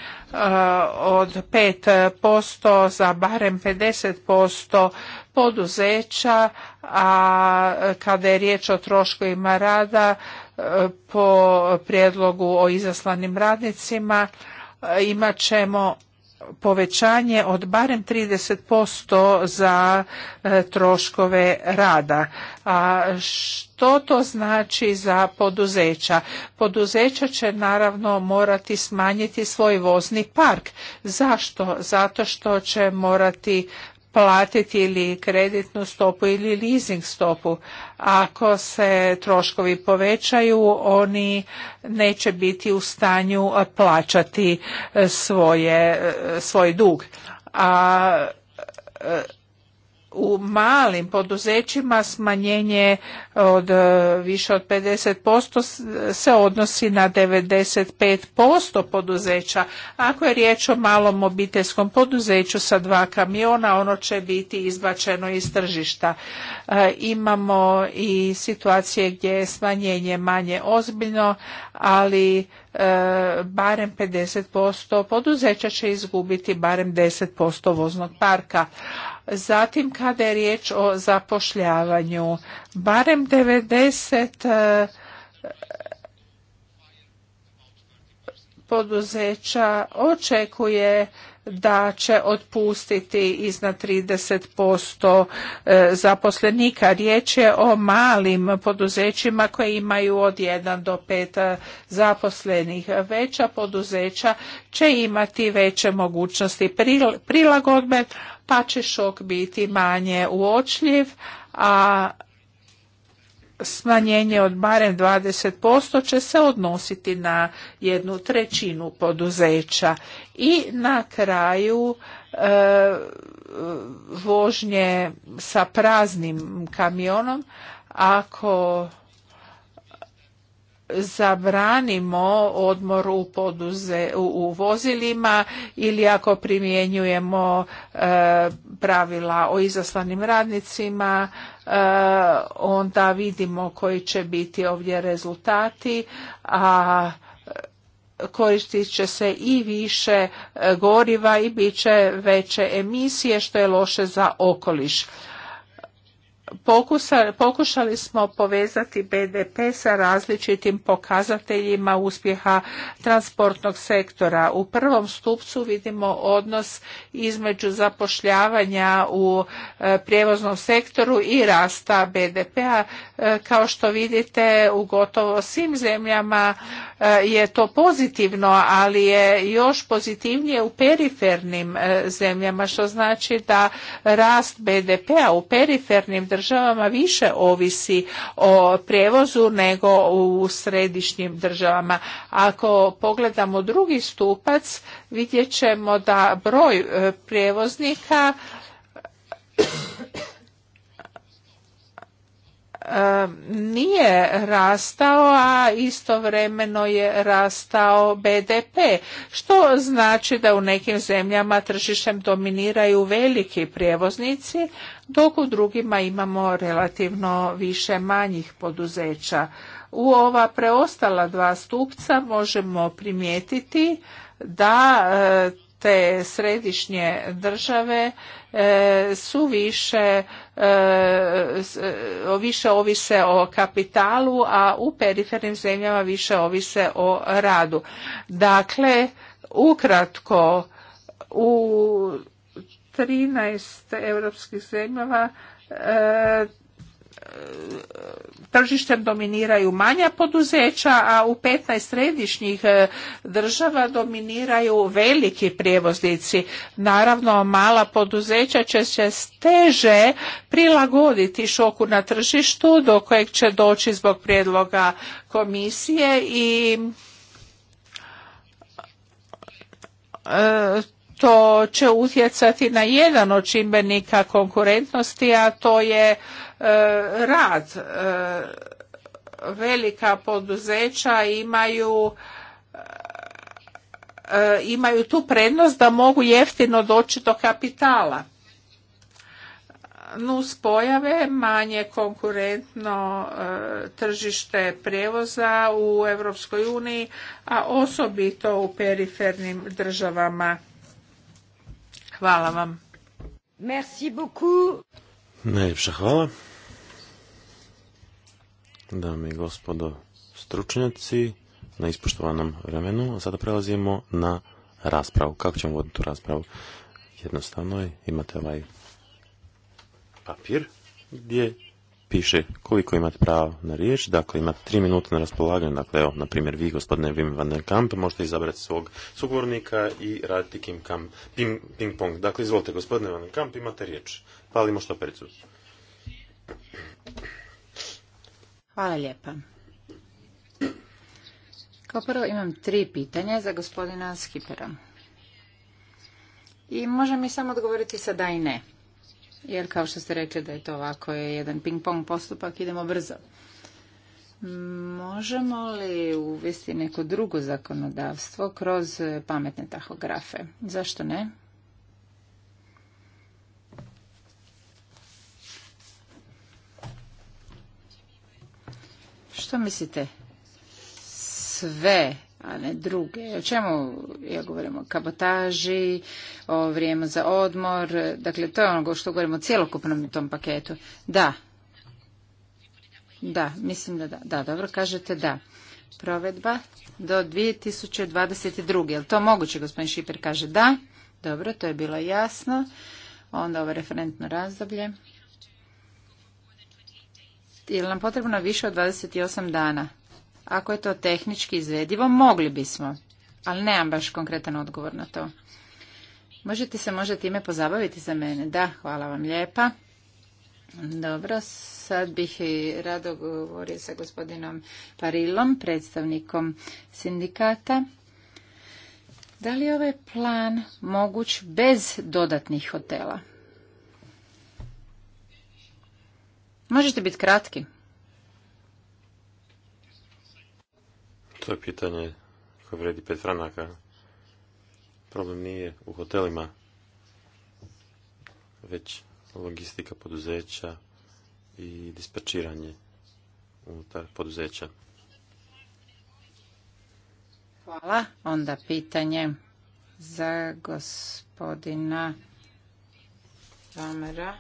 od 5% za barem 50% poduzeća, a kada je riječ o troškovima rada e, po prijedlogu o izaslanim radnicima imat ćemo povećanje od barem 30% za e, troškove rada. A što to znači za poduzeća? Poduzeća će naravno morati smanjiti svoj vozni park. Zašto? Zato što će morati platiti ili kreditnu stopu ili leasing stopu, ako se troškovi povećaju, oni neće biti u stanju plaćati e, svoje, e, svoj dug. A e, u malim poduzećima smanjenje od e, više od 50% se odnosi na 95% poduzeća. Ako je riječ o malom obiteljskom poduzeću sa dva kamiona, ono će biti izbačeno iz tržišta. E, imamo i situacije gdje je smanjenje manje ozbiljno, ali e, barem 50% poduzeća će izgubiti barem 10% voznog parka Zatim kada je riječ o zapošljavanju, barem 90 e, poduzeća očekuje da će otpustiti iznad 30% e, zaposlenika. Riječ je o malim poduzećima koje imaju od 1 do 5 zaposlenih. Veća poduzeća će imati veće mogućnosti prilagodbe, pa će šok biti manje uočljiv, a smanjenje od barem 20% će se odnositi na jednu trećinu poduzeća. I na kraju e, vožnje sa praznim kamionom, ako zabranimo odmor u, poduze, u, vozilima ili ako primjenjujemo e, pravila o izaslanim radnicima e, onda vidimo koji će biti ovdje rezultati a koristit će se i više e, goriva i bit će veće emisije što je loše za okoliš pokušali smo povezati BDP sa različitim pokazateljima uspjeha transportnog sektora. U prvom stupcu vidimo odnos između zapošljavanja u e, prijevoznom sektoru i rasta BDP-a. E, kao što vidite u gotovo svim zemljama e, je to pozitivno, ali je još pozitivnije u perifernim zemljama, što znači da rast BDP-a u perifernim državama državama više ovisi o prijevozu nego u središnjim državama. Ako pogledamo drugi stupac, vidjet ćemo da broj e, prijevoznika e, nije rastao, a istovremeno je rastao BDP, što znači da u nekim zemljama tržišem dominiraju veliki prijevoznici, dok u drugima imamo relativno više manjih poduzeća. U ova preostala dva stupca možemo primijetiti da e, te središnje države e, su više e, više ovise o kapitalu, a u perifernim zemljama više ovise o radu. Dakle, ukratko u 13 europskih zemljava e, tržištem dominiraju manja poduzeća, a u 15 središnjih e, država dominiraju veliki prijevoznici. Naravno, mala poduzeća će se teže prilagoditi šoku na tržištu do kojeg će doći zbog prijedloga komisije i e, to će utjecati na jedan od čimbenika konkurentnosti, a to je e, rad. E, velika poduzeća imaju e, imaju tu prednost da mogu jeftino doći do kapitala. Nus pojave, manje konkurentno tržište prijevoza u Europskoj uniji, a osobito u perifernim državama. Hvala vam. Merci beaucoup. Najljepša hvala. Dame i gospodo stručnjaci, na ispoštovanom vremenu, a sada prelazimo na raspravu. Kako ćemo voditi tu raspravu? Jednostavno je, imate ovaj papir gdje piše koliko imate pravo na riječ, dakle imate tri minute na raspolaganju, dakle evo, na primjer vi gospodine Wim van der Kamp, možete izabrati svog sugovornika i raditi kim ping, pong. Dakle, izvolite gospodine van der Kamp, imate riječ. Palimo što pericu. Hvala lijepa. Kao prvo imam tri pitanja za gospodina Skipera. I može mi samo odgovoriti sa da i ne jer kao što ste rekli da je to ovako jedan ping-pong postupak, idemo brzo. Možemo li uvesti neko drugo zakonodavstvo kroz eh, pametne tahografe? Zašto ne? Što mislite? Sve a ne druge. O čemu ja govorim? O kabotaži, o vrijeme za odmor, dakle to je ono što govorimo o cijelokupnom tom paketu. Da, da, mislim da da. Da, dobro, kažete da. Provedba do 2022. Je li to moguće, gospodin Šiper kaže da. Dobro, to je bilo jasno. Onda ovo referentno razdoblje. Je li nam potrebno više od 28 dana? Ako je to tehnički izvedivo, mogli bismo, ali nemam baš konkretan odgovor na to. Možete se možda time pozabaviti za mene? Da, hvala vam lijepa. Dobro, sad bih i rado govorio sa gospodinom Parilom, predstavnikom sindikata. Da li je ovaj plan moguć bez dodatnih hotela? Možete biti kratki. To je pitanje koje vredi pet franaka. Problem nije u hotelima, već logistika poduzeća i dispečiranje unutar poduzeća. Hvala. Onda pitanje za gospodina Tamara.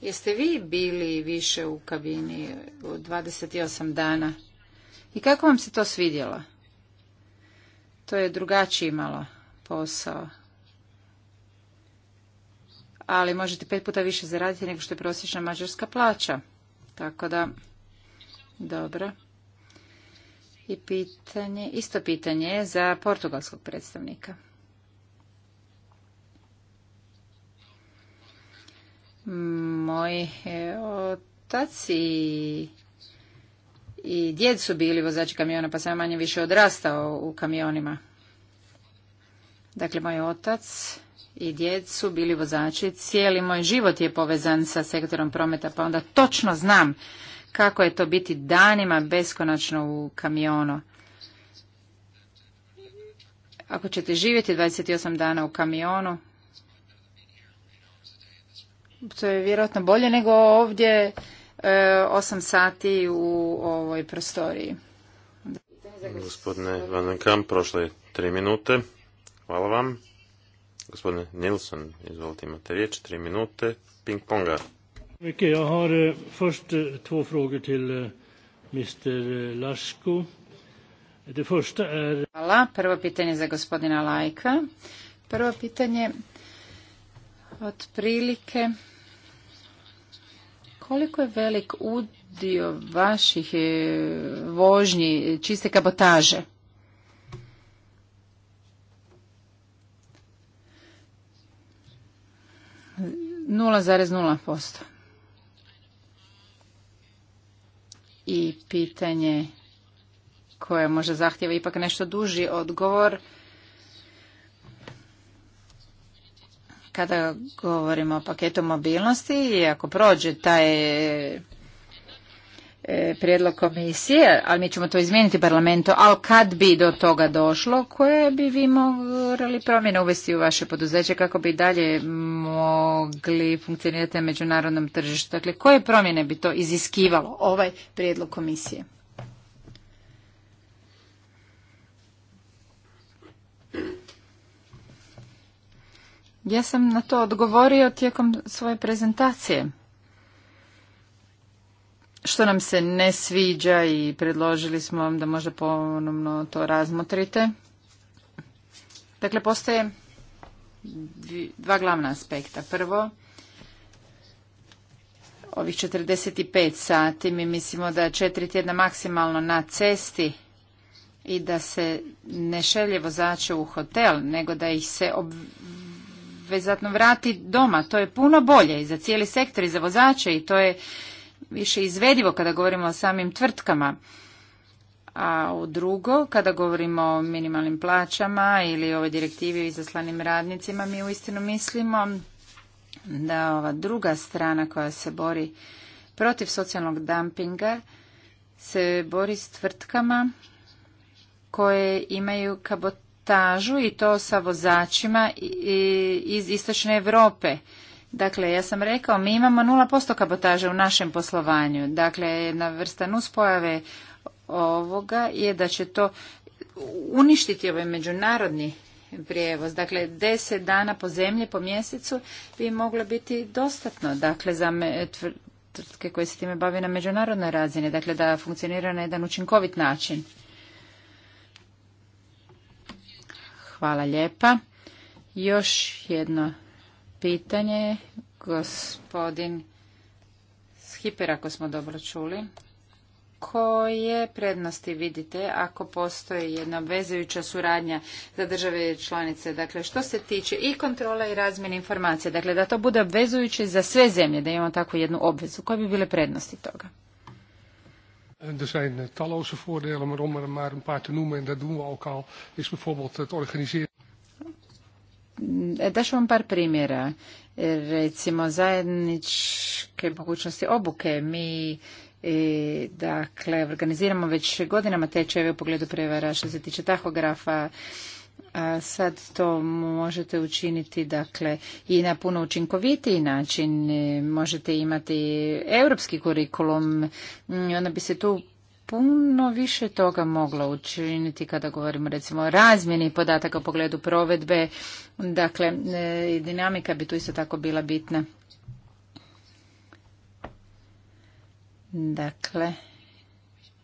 Jeste vi bili više u kabini u 28 dana? I kako vam se to svidjelo? To je drugačiji malo posao. Ali možete pet puta više zaraditi nego što je prosječna mađarska plaća. Tako da, dobro. I pitanje, isto pitanje je za portugalskog predstavnika. Moj e, otaci... i i djed su bili vozači kamiona, pa sam manje više odrastao u kamionima. Dakle, moj otac i djed su bili vozači. Cijeli moj život je povezan sa sektorom prometa, pa onda točno znam kako je to biti danima beskonačno u kamionu. Ako ćete živjeti 28 dana u kamionu, to je vjerojatno bolje nego ovdje E, osam sati u ovoj prostoriji. Gospodine Van Kamp, prošle tri minute. Hvala vam. Gospodine Nilsson, izvolite imate riječ, tri minute, ping ponga. Ja har eh, eh, två frågor till eh, Mr. Lasko. Hvala. Prvo pitanje za gospodina Lajka. Prvo pitanje otprilike koliko je velik udio vaših e, vožnji čiste kabotaže? Nula nula posto. I pitanje koje možda zahtjeva ipak nešto duži odgovor Kada govorimo o paketu mobilnosti i ako prođe taj e, e, prijedlog komisije, ali mi ćemo to izmijeniti parlamentu, ali kad bi do toga došlo, koje bi vi morali promjene uvesti u vaše poduzeće kako bi dalje mogli funkcionirati na međunarodnom tržištu? Dakle, koje promjene bi to iziskivalo ovaj prijedlog komisije? Ja sam na to odgovorio tijekom svoje prezentacije. Što nam se ne sviđa i predložili smo vam da možda ponovno to razmotrite. Dakle, postoje dva glavna aspekta. Prvo, ovih 45 sati mi mislimo da je četiri tjedna maksimalno na cesti i da se ne šeljevo vozače u hotel, nego da ih se obvezatno vrati doma. To je puno bolje i za cijeli sektor i za vozače i to je više izvedivo kada govorimo o samim tvrtkama. A u drugo, kada govorimo o minimalnim plaćama ili ovoj direktivi o izaslanim radnicima, mi uistinu mislimo da ova druga strana koja se bori protiv socijalnog dumpinga se bori s tvrtkama koje imaju kabot stažu i to sa vozačima iz istočne Europe. Dakle, ja sam rekao, mi imamo 0% kabotaže u našem poslovanju. Dakle, jedna vrsta nuspojave ovoga je da će to uništiti ovaj međunarodni prijevoz. Dakle, 10 dana po zemlji, po mjesecu bi moglo biti dostatno. Dakle, za tvrtke koje se time bave na međunarodnoj razini. Dakle, da funkcionira na jedan učinkovit način. Hvala lijepa. Još jedno pitanje. Gospodin Schipper, ako smo dobro čuli. Koje prednosti vidite ako postoji jedna obvezujuća suradnja za države članice? Dakle, što se tiče i kontrola i razmjene informacija. Dakle, da to bude obvezujuće za sve zemlje, da imamo takvu jednu obvezu. Koje bi bile prednosti toga? Er zijn eh, talloze voordelen, maar om er maar een paar te noemen, en dat doen we ook al, is bijvoorbeeld het organiseren. Mm, eh, vam par primjera. Eh, recimo zajedničke mogućnosti obuke. Mi i, dakle, organiziramo već godinama tečajeve u pogledu prevara što se tiče tahografa, a sad to možete učiniti dakle i na puno učinkovitiji način možete imati europski kurikulum mm, onda bi se tu puno više toga moglo učiniti kada govorimo recimo o razmjeni podataka u pogledu provedbe dakle e, i dinamika bi tu isto tako bila bitna dakle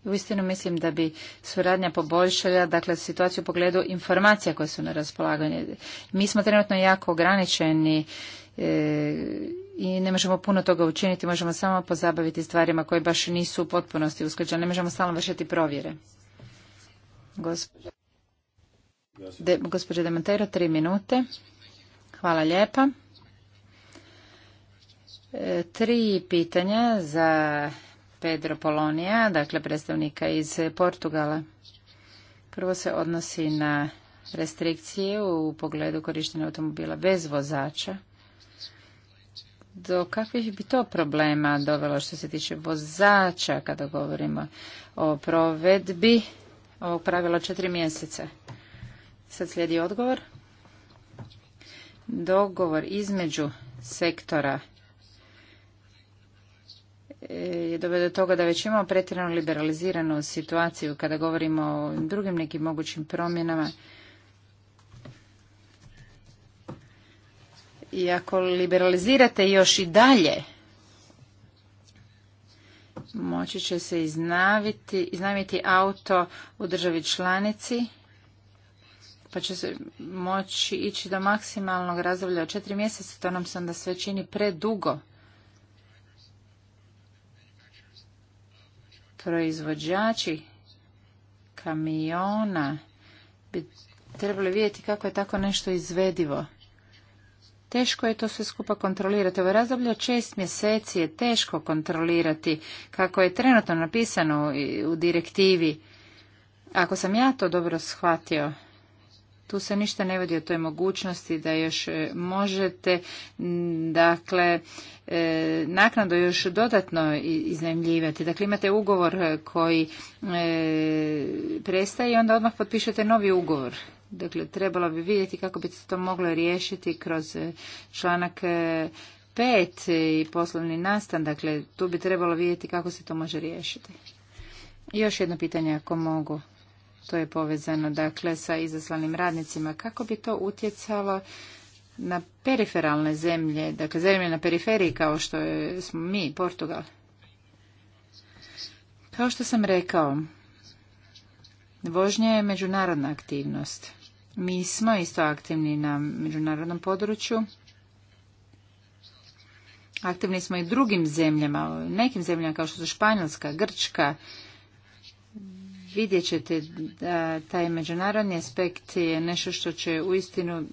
uistinu mislim da bi suradnja poboljšala dakle, situaciju u pogledu informacija koje su na raspolaganju. Mi smo trenutno jako ograničeni e, i ne možemo puno toga učiniti, možemo samo pozabaviti stvarima koje baš nisu u potpunosti usklađene, ne možemo stalno vršiti provjere. Gospođa De, tri minute. Hvala lijepa. E, tri pitanja za Pedro Polonija, dakle predstavnika iz Portugala. Prvo se odnosi na restrikcije u pogledu korištenja automobila bez vozača. Do kakvih bi to problema dovelo što se tiče vozača kada govorimo o provedbi ovog pravila četiri mjeseca? Sad slijedi odgovor. Dogovor između sektora Eh, je dovede do toga da već imamo pretjerano liberaliziranu situaciju kada govorimo o drugim nekim mogućim promjenama. I ako liberalizirate još i dalje, moći će se iznaviti, iznajmiti auto u državi članici, pa će se moći ići do maksimalnog razdoblja od četiri mjeseca, to nam se onda sve čini predugo. proizvođači kamiona bi trebali vidjeti kako je tako nešto izvedivo. Teško je to sve skupa kontrolirati. Ovo razdoblje od šest mjeseci je teško kontrolirati kako je trenutno napisano u direktivi. Ako sam ja to dobro shvatio, tu se ništa ne vodi o toj mogućnosti da još e, možete dakle e, naknadu još dodatno iznajmljivati. Dakle, imate ugovor koji e, prestaje i onda odmah potpišete novi ugovor. Dakle, trebalo bi vidjeti kako bi se to moglo riješiti kroz članak pet i poslovni nastan. Dakle, tu bi trebalo vidjeti kako se to može riješiti. Još jedno pitanje ako mogu. To je povezano dakle sa izaslanim radnicima. Kako bi to utjecalo na periferalne zemlje, dakle zemlje na periferiji kao što smo mi, Portugal? Kao što sam rekao, vožnja je međunarodna aktivnost. Mi smo isto aktivni na međunarodnom području. Aktivni smo i drugim zemljama, nekim zemljama kao što su Španjolska, Grčka, vidjet ćete da taj međunarodni aspekt je nešto što će uistinu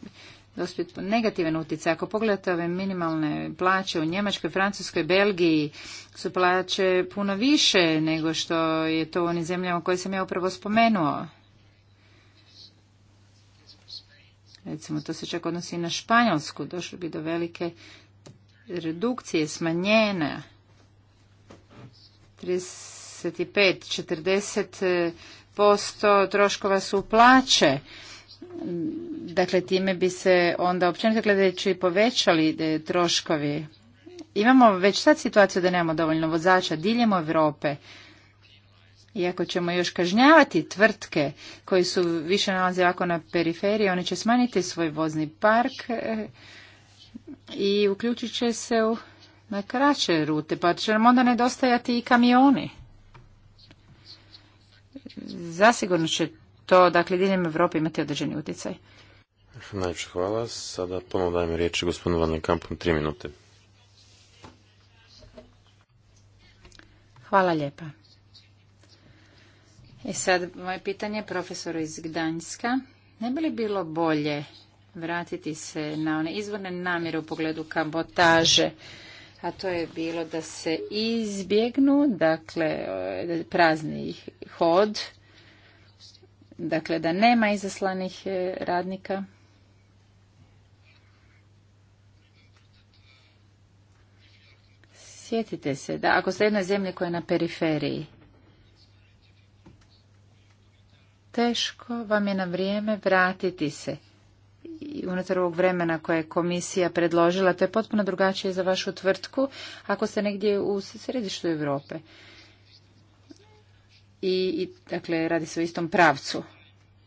dospjeti negativan utjecaj. Ako pogledate ove minimalne plaće u Njemačkoj, Francuskoj, Belgiji su plaće puno više nego što je to u onim zemljama koje sam ja upravo spomenuo. Recimo, to se čak odnosi i na Španjolsku. Došlo bi do velike redukcije, smanjenja. 25, 40% troškova su plaće. Dakle, time bi se onda općenito gledajući povećali e, troškovi. Imamo već sad situaciju da nemamo dovoljno vozača diljem Europe. Iako ćemo još kažnjavati tvrtke koji su više nalaze ovako na periferiji, oni će smanjiti svoj vozni park e, i uključit će se u na kraće rute, pa će nam onda nedostajati i kamioni zasigurno će to, dakle, diljem Evrope imati određeni utjecaj. Najče hvala. Sada ponovno dajem riječi gospodinu Van Kampu, tri minute. Hvala lijepa. I e sad moje pitanje profesoru iz Gdanjska. Ne bi li bilo bolje vratiti se na one izvorne namjere u pogledu kabotaže? a to je bilo da se izbjegnu dakle prazni hod dakle da nema izaslanih e, radnika sjetite se da ako ste jedna zemlja koja je na periferiji teško vam je na vrijeme vratiti se unutar ovog vremena koje je komisija predložila, to je potpuno drugačije za vašu tvrtku ako ste negdje u središtu Europe. I, i dakle, radi se o istom pravcu.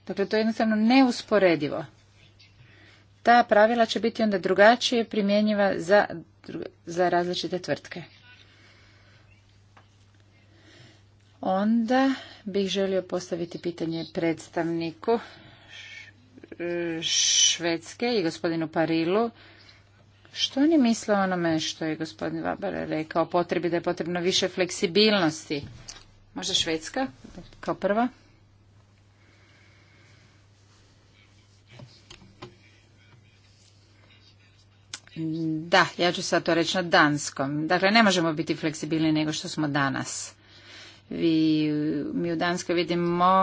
Dakle, to je jednostavno neusporedivo. Ta pravila će biti onda drugačije primjenjiva za, za različite tvrtke. Onda bih želio postaviti pitanje predstavniku Švedske i gospodinu Parilu. Što oni misle o onome što je gospodin Vabar rekao, potrebi da je potrebno više fleksibilnosti? Možda Švedska kao prva? Da, ja ću sad to reći na danskom. Dakle, ne možemo biti fleksibilni nego što smo danas. Vi, mi u Danskoj vidimo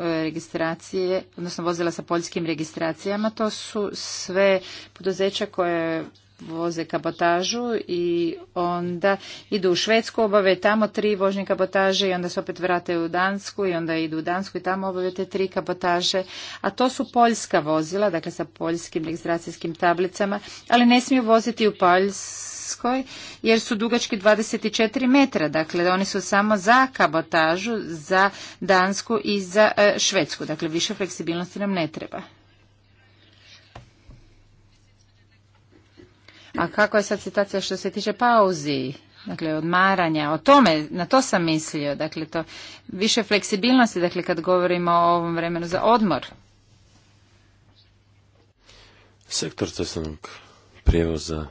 e, registracije, odnosno vozila sa poljskim registracijama. To su sve poduzeća koje voze kabotažu i onda idu u Švedsku, obave tamo tri vožnje kabotaže i onda se opet vrate u Dansku i onda idu u Dansku i tamo obave te tri kabotaže. A to su poljska vozila, dakle sa poljskim registracijskim tablicama, ali ne smiju voziti u Poljsku Švedskoj jer su dugački 24 metra. Dakle, oni su samo za kabotažu, za Dansku i za e, Švedsku. Dakle, više fleksibilnosti nam ne treba. A kako je sad situacija što se tiče pauzi? Dakle, odmaranja, o tome, na to sam mislio, dakle, to više fleksibilnosti, dakle, kad govorimo o ovom vremenu za odmor. Sektor cestovnog prijevoza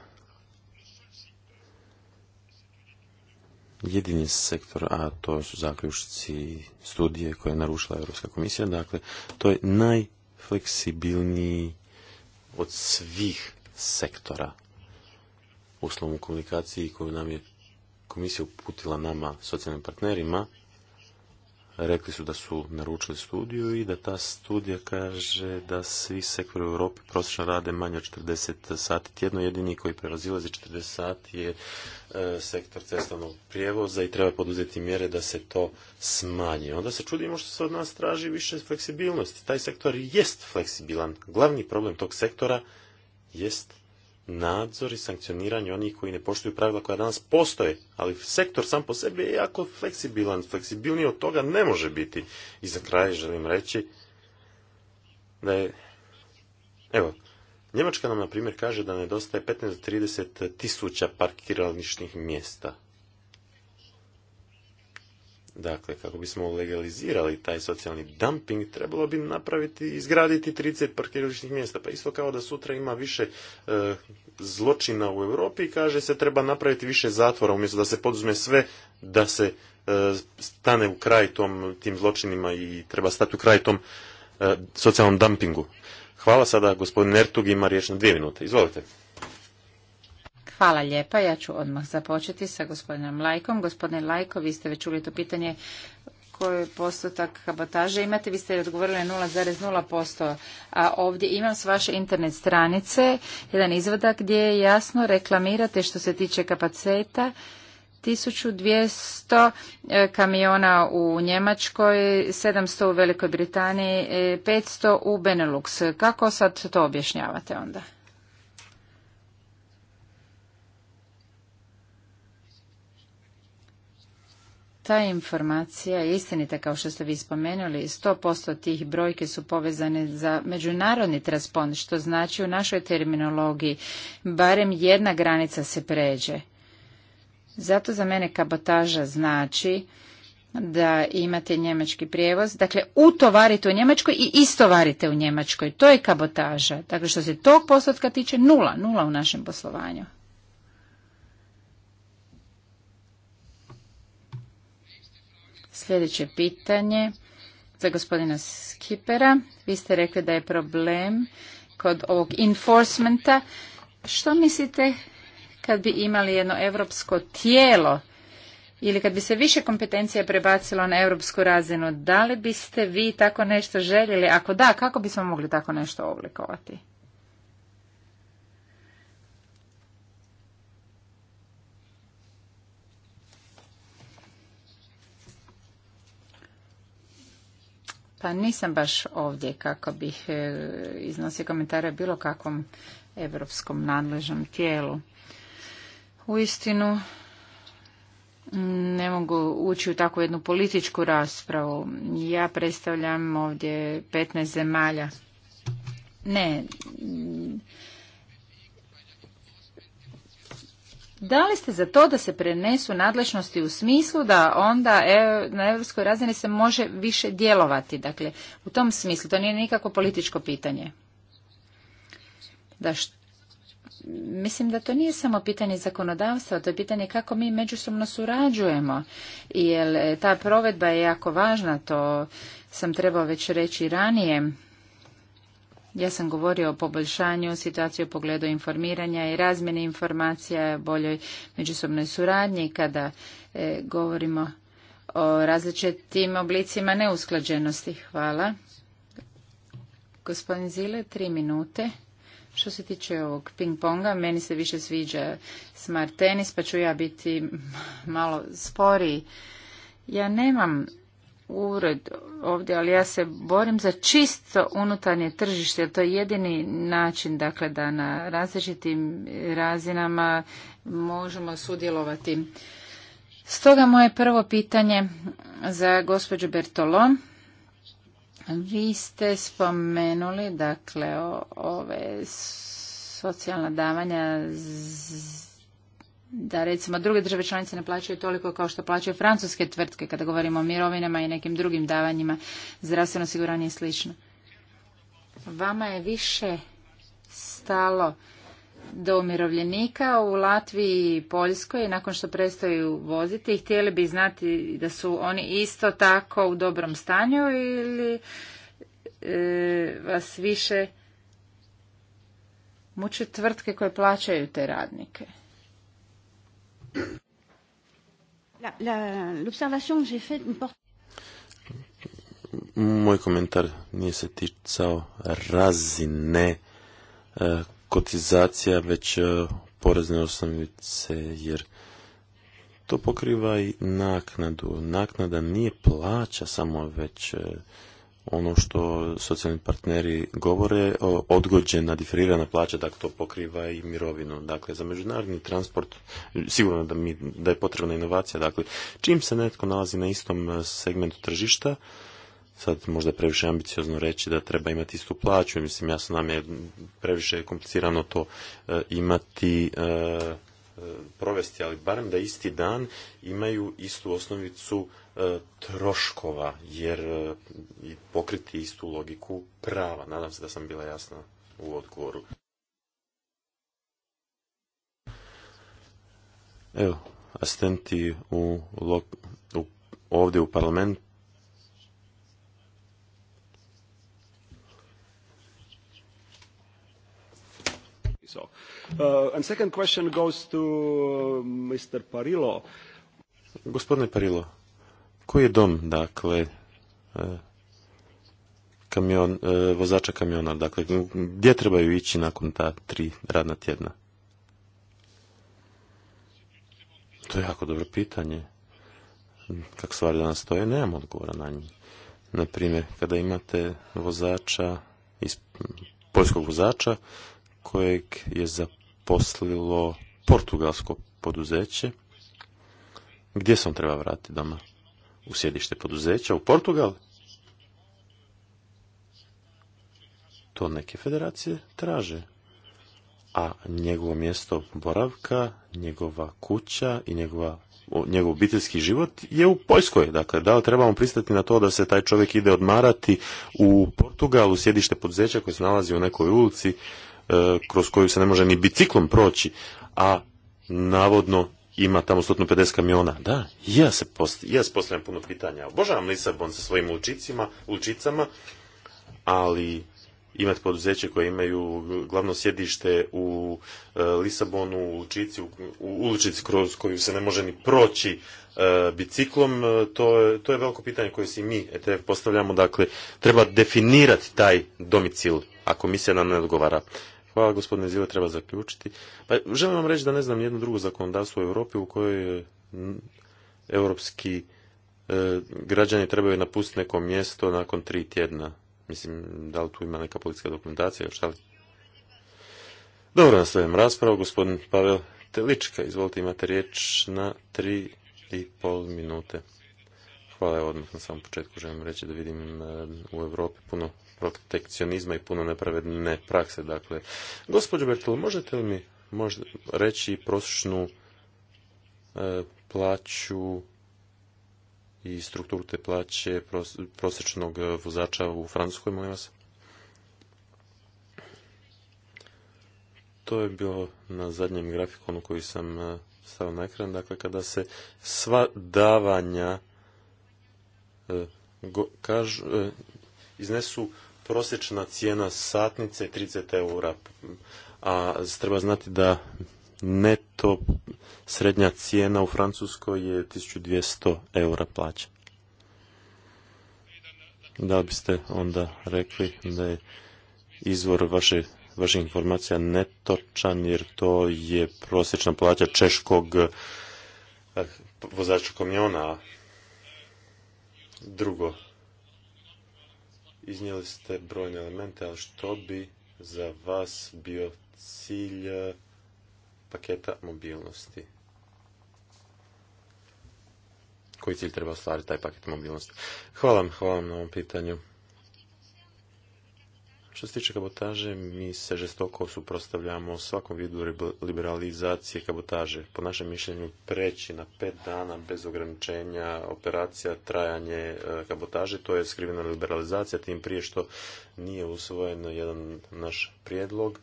jedini sektor, a to su zaključci studije koje je narušila Europska komisija, dakle, to je najfleksibilniji od svih sektora uslovom komunikaciji koju nam je komisija uputila nama, socijalnim partnerima, rekli su da su naručili studiju i da ta studija kaže da svi sektori u Europi prosječno rade manje od 40 sati tjedno. Jedini koji prelazilazi 40 sati je e, sektor cestovnog prijevoza i treba poduzeti mjere da se to smanji. Onda se čudimo što se od nas traži više fleksibilnosti. Taj sektor jest fleksibilan. Glavni problem tog sektora jest nadzor i sankcioniranje onih koji ne poštuju pravila koja danas postoje, ali sektor sam po sebi je jako fleksibilan, fleksibilniji od toga ne može biti. I za kraj želim reći da je, evo, Njemačka nam na primjer kaže da nedostaje 15 do 30 tisuća parkirališnih mjesta Dakle, kako bismo legalizirali taj socijalni dumping, trebalo bi napraviti, izgraditi 30 parkirališnih mjesta. Pa isto kao da sutra ima više e, zločina u Europi i kaže se treba napraviti više zatvora, umjesto da se poduzme sve da se e, stane u kraj tom, tim zločinima i treba stati u kraj tom e, socijalnom dumpingu. Hvala sada, gospodin Ertug ima riječ na dvije minute. Izvolite. Hvala lijepa. Ja ću odmah započeti sa gospodinom Lajkom. Gospodine Lajko, vi ste već čuli to pitanje koji postotak kabotaže imate. Vi ste odgovorili 0,0%. A ovdje imam s vaše internet stranice jedan izvadak gdje jasno reklamirate što se tiče kapaceta. 1200 e, kamiona u Njemačkoj, 700 u Velikoj Britaniji, 500 e, u Benelux. Kako sad to objašnjavate onda? ta informacija je istinita kao što ste vi spomenuli. 100% tih brojke su povezane za međunarodni transpond, što znači u našoj terminologiji barem jedna granica se pređe. Zato za mene kabotaža znači da imate njemački prijevoz. Dakle, utovarite u Njemačkoj i istovarite u Njemačkoj. To je kabotaža. Dakle, što se tog postotka tiče, nula, nula u našem poslovanju. Sljedeće pitanje za gospodina Skipera. Vi ste rekli da je problem kod ovog enforcementa. Što mislite kad bi imali jedno europsko tijelo ili kad bi se više kompetencija prebacilo na europsku razinu, da li biste vi tako nešto željeli? Ako da, kako bismo mogli tako nešto oblikovati? Pa nisam baš ovdje kako bih e, iznosio komentare bilo kakvom europskom nadležnom tijelu. U istinu, ne mogu ući u takvu jednu političku raspravu. Ja predstavljam ovdje 15 zemalja. Ne, Da li ste za to da se prenesu nadležnosti u smislu da onda e, na europskoj razini se može više djelovati? Dakle, u tom smislu, to nije nikako političko pitanje. Da mislim da to nije samo pitanje zakonodavstva, to je pitanje kako mi međusobno surađujemo. Jer e, ta provedba je jako važna, to sam trebao već reći ranije. Ja sam govorio o poboljšanju situacije u pogledu informiranja i razmjene informacija, boljoj međusobnoj suradnji kada e, govorimo o različitim oblicima neusklađenosti. Hvala. Gospodin Zile, tri minute. Što se tiče ovog ping-ponga, meni se više sviđa smart tenis, pa ću ja biti malo sporiji. Ja nemam ured ovdje, ali ja se borim za čisto unutarnje tržište. To je jedini način dakle, da na različitim razinama možemo sudjelovati. Stoga moje prvo pitanje za gospođu Bertolo. Vi ste spomenuli dakle ove socijalna davanja z da recimo druge države članice ne plaćaju toliko kao što plaćaju francuske tvrtke kada govorimo o mirovinama i nekim drugim davanjima, zdravstveno osiguranje i slično. Vama je više stalo do umirovljenika u Latviji i Poljskoj nakon što prestaju voziti i htjeli bi znati da su oni isto tako u dobrom stanju ili e, vas više muče tvrtke koje plaćaju te radnike. L'observation moj komentar nije se ticao razine e, kotizacija, već e, porezne osnovice, jer to pokriva i naknadu. Naknada nije plaća samo već e, ono što socijalni partneri govore, odgođena, diferirana plaća, dakle to pokriva i mirovinu. Dakle, za međunarodni transport sigurno da, mi, da je potrebna inovacija. Dakle, čim se netko nalazi na istom e, segmentu tržišta, sad možda previše ambiciozno reći da treba imati istu plaću, mislim jasno nam je previše komplicirano to e, imati e, provesti, ali barem da isti dan imaju istu osnovicu E, troškova, jer e, i pokriti istu logiku prava. Nadam se da sam bila jasna u odgovoru. Evo, asistenti u, u, ovdje u parlamentu So, uh, second uh, Gospodine Parilo, koji je dom, dakle, e, kamion, e, vozača kamiona, dakle, gdje trebaju ići nakon ta tri radna tjedna? To je jako dobro pitanje. Kako stvari danas stoje, nemam odgovora na njih. Naprimjer, kada imate vozača, iz, poljskog vozača, kojeg je zaposlilo portugalsko poduzeće, gdje se on treba vratiti doma? u sjedište poduzeća u Portugal? To neke federacije traže. A njegovo mjesto boravka, njegova kuća i njegova njegov obiteljski život je u Poljskoj. Dakle, da li trebamo pristati na to da se taj čovjek ide odmarati u Portugal, u sjedište poduzeća koje se nalazi u nekoj ulici e, kroz koju se ne može ni biciklom proći, a navodno ima tamo 150 kamiona. Da, ja se post, ja postavljam puno pitanja. Obožavam Lisabon sa svojim lučicima, lučicama, ali imati poduzeće koje imaju glavno sjedište u e, Lisabonu, u Lučici, u, u kroz koju se ne može ni proći e, biciklom, e, to je, to je veliko pitanje koje si mi ETF postavljamo. Dakle, treba definirati taj domicil, ako mi se nam ne odgovara. Hvala gospodine Zile, treba zaključiti. Pa želim vam reći da ne znam jedno drugo zakonodavstvo u Europi u kojoj europski e, građani trebaju napustiti neko mjesto nakon tri tjedna. Mislim, da li tu ima neka politička dokumentacija ili šta li? Dobro, nastavljam raspravu. Gospodin Pavel Telička, izvolite, imate riječ na tri i pol minute. Hvala, evo odmah na samom početku želim reći da vidim e, u Europi puno protekcionizma i puno nepravedne prakse. Dakle, gospođo Bertolo, možete li mi možda reći prosječnu e, plaću i strukturu te plaće prosječnog e, vozača u Francuskoj, molim vas? To je bilo na zadnjem grafikonu koji sam e, stavio na ekran. Dakle, kada se sva davanja go, kažu, iznesu prosječna cijena satnice je 30 eura, a treba znati da neto srednja cijena u Francuskoj je 1200 eura plaća. Da biste onda rekli da je izvor vaše, vaše informacija netočan jer to je prosječna plaća češkog eh, vozača kamiona. Drugo, iznijeli ste brojne elemente, ali što bi za vas bio cilj eh, paketa mobilnosti? Koji cilj treba ostvariti taj paket mobilnosti? Hvala vam, na ovom pitanju. Što se tiče kabotaže, mi se žestoko suprostavljamo svakom vidu liberalizacije kabotaže. Po našem mišljenju preći na pet dana bez ograničenja operacija, trajanje e, kabotaže, to je skrivena liberalizacija, tim prije što nije usvojen jedan naš prijedlog,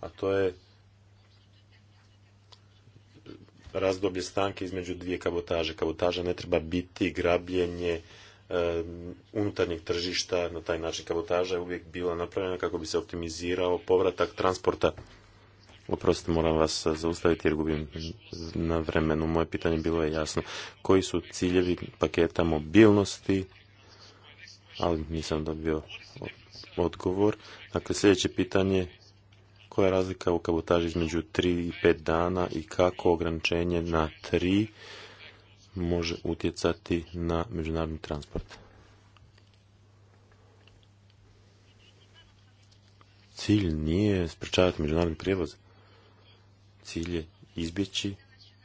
a to je razdoblje stanke između dvije kabotaže. Kabotaža ne treba biti grabljenje unutarnjeg tržišta, na taj način kabotaža je uvijek bila napravljena kako bi se optimizirao povratak transporta. Oprostite, moram vas zaustaviti jer gubim na vremenu. Moje pitanje bilo je jasno. Koji su ciljevi paketa mobilnosti? Ali nisam dobio odgovor. Dakle, sljedeće pitanje koja je razlika u kabotaži između 3 i 5 dana i kako ograničenje na 3 može utjecati na međunarodni transport. Cilj nije sprečavati međunarodni prijevoz. Cilj je izbjeći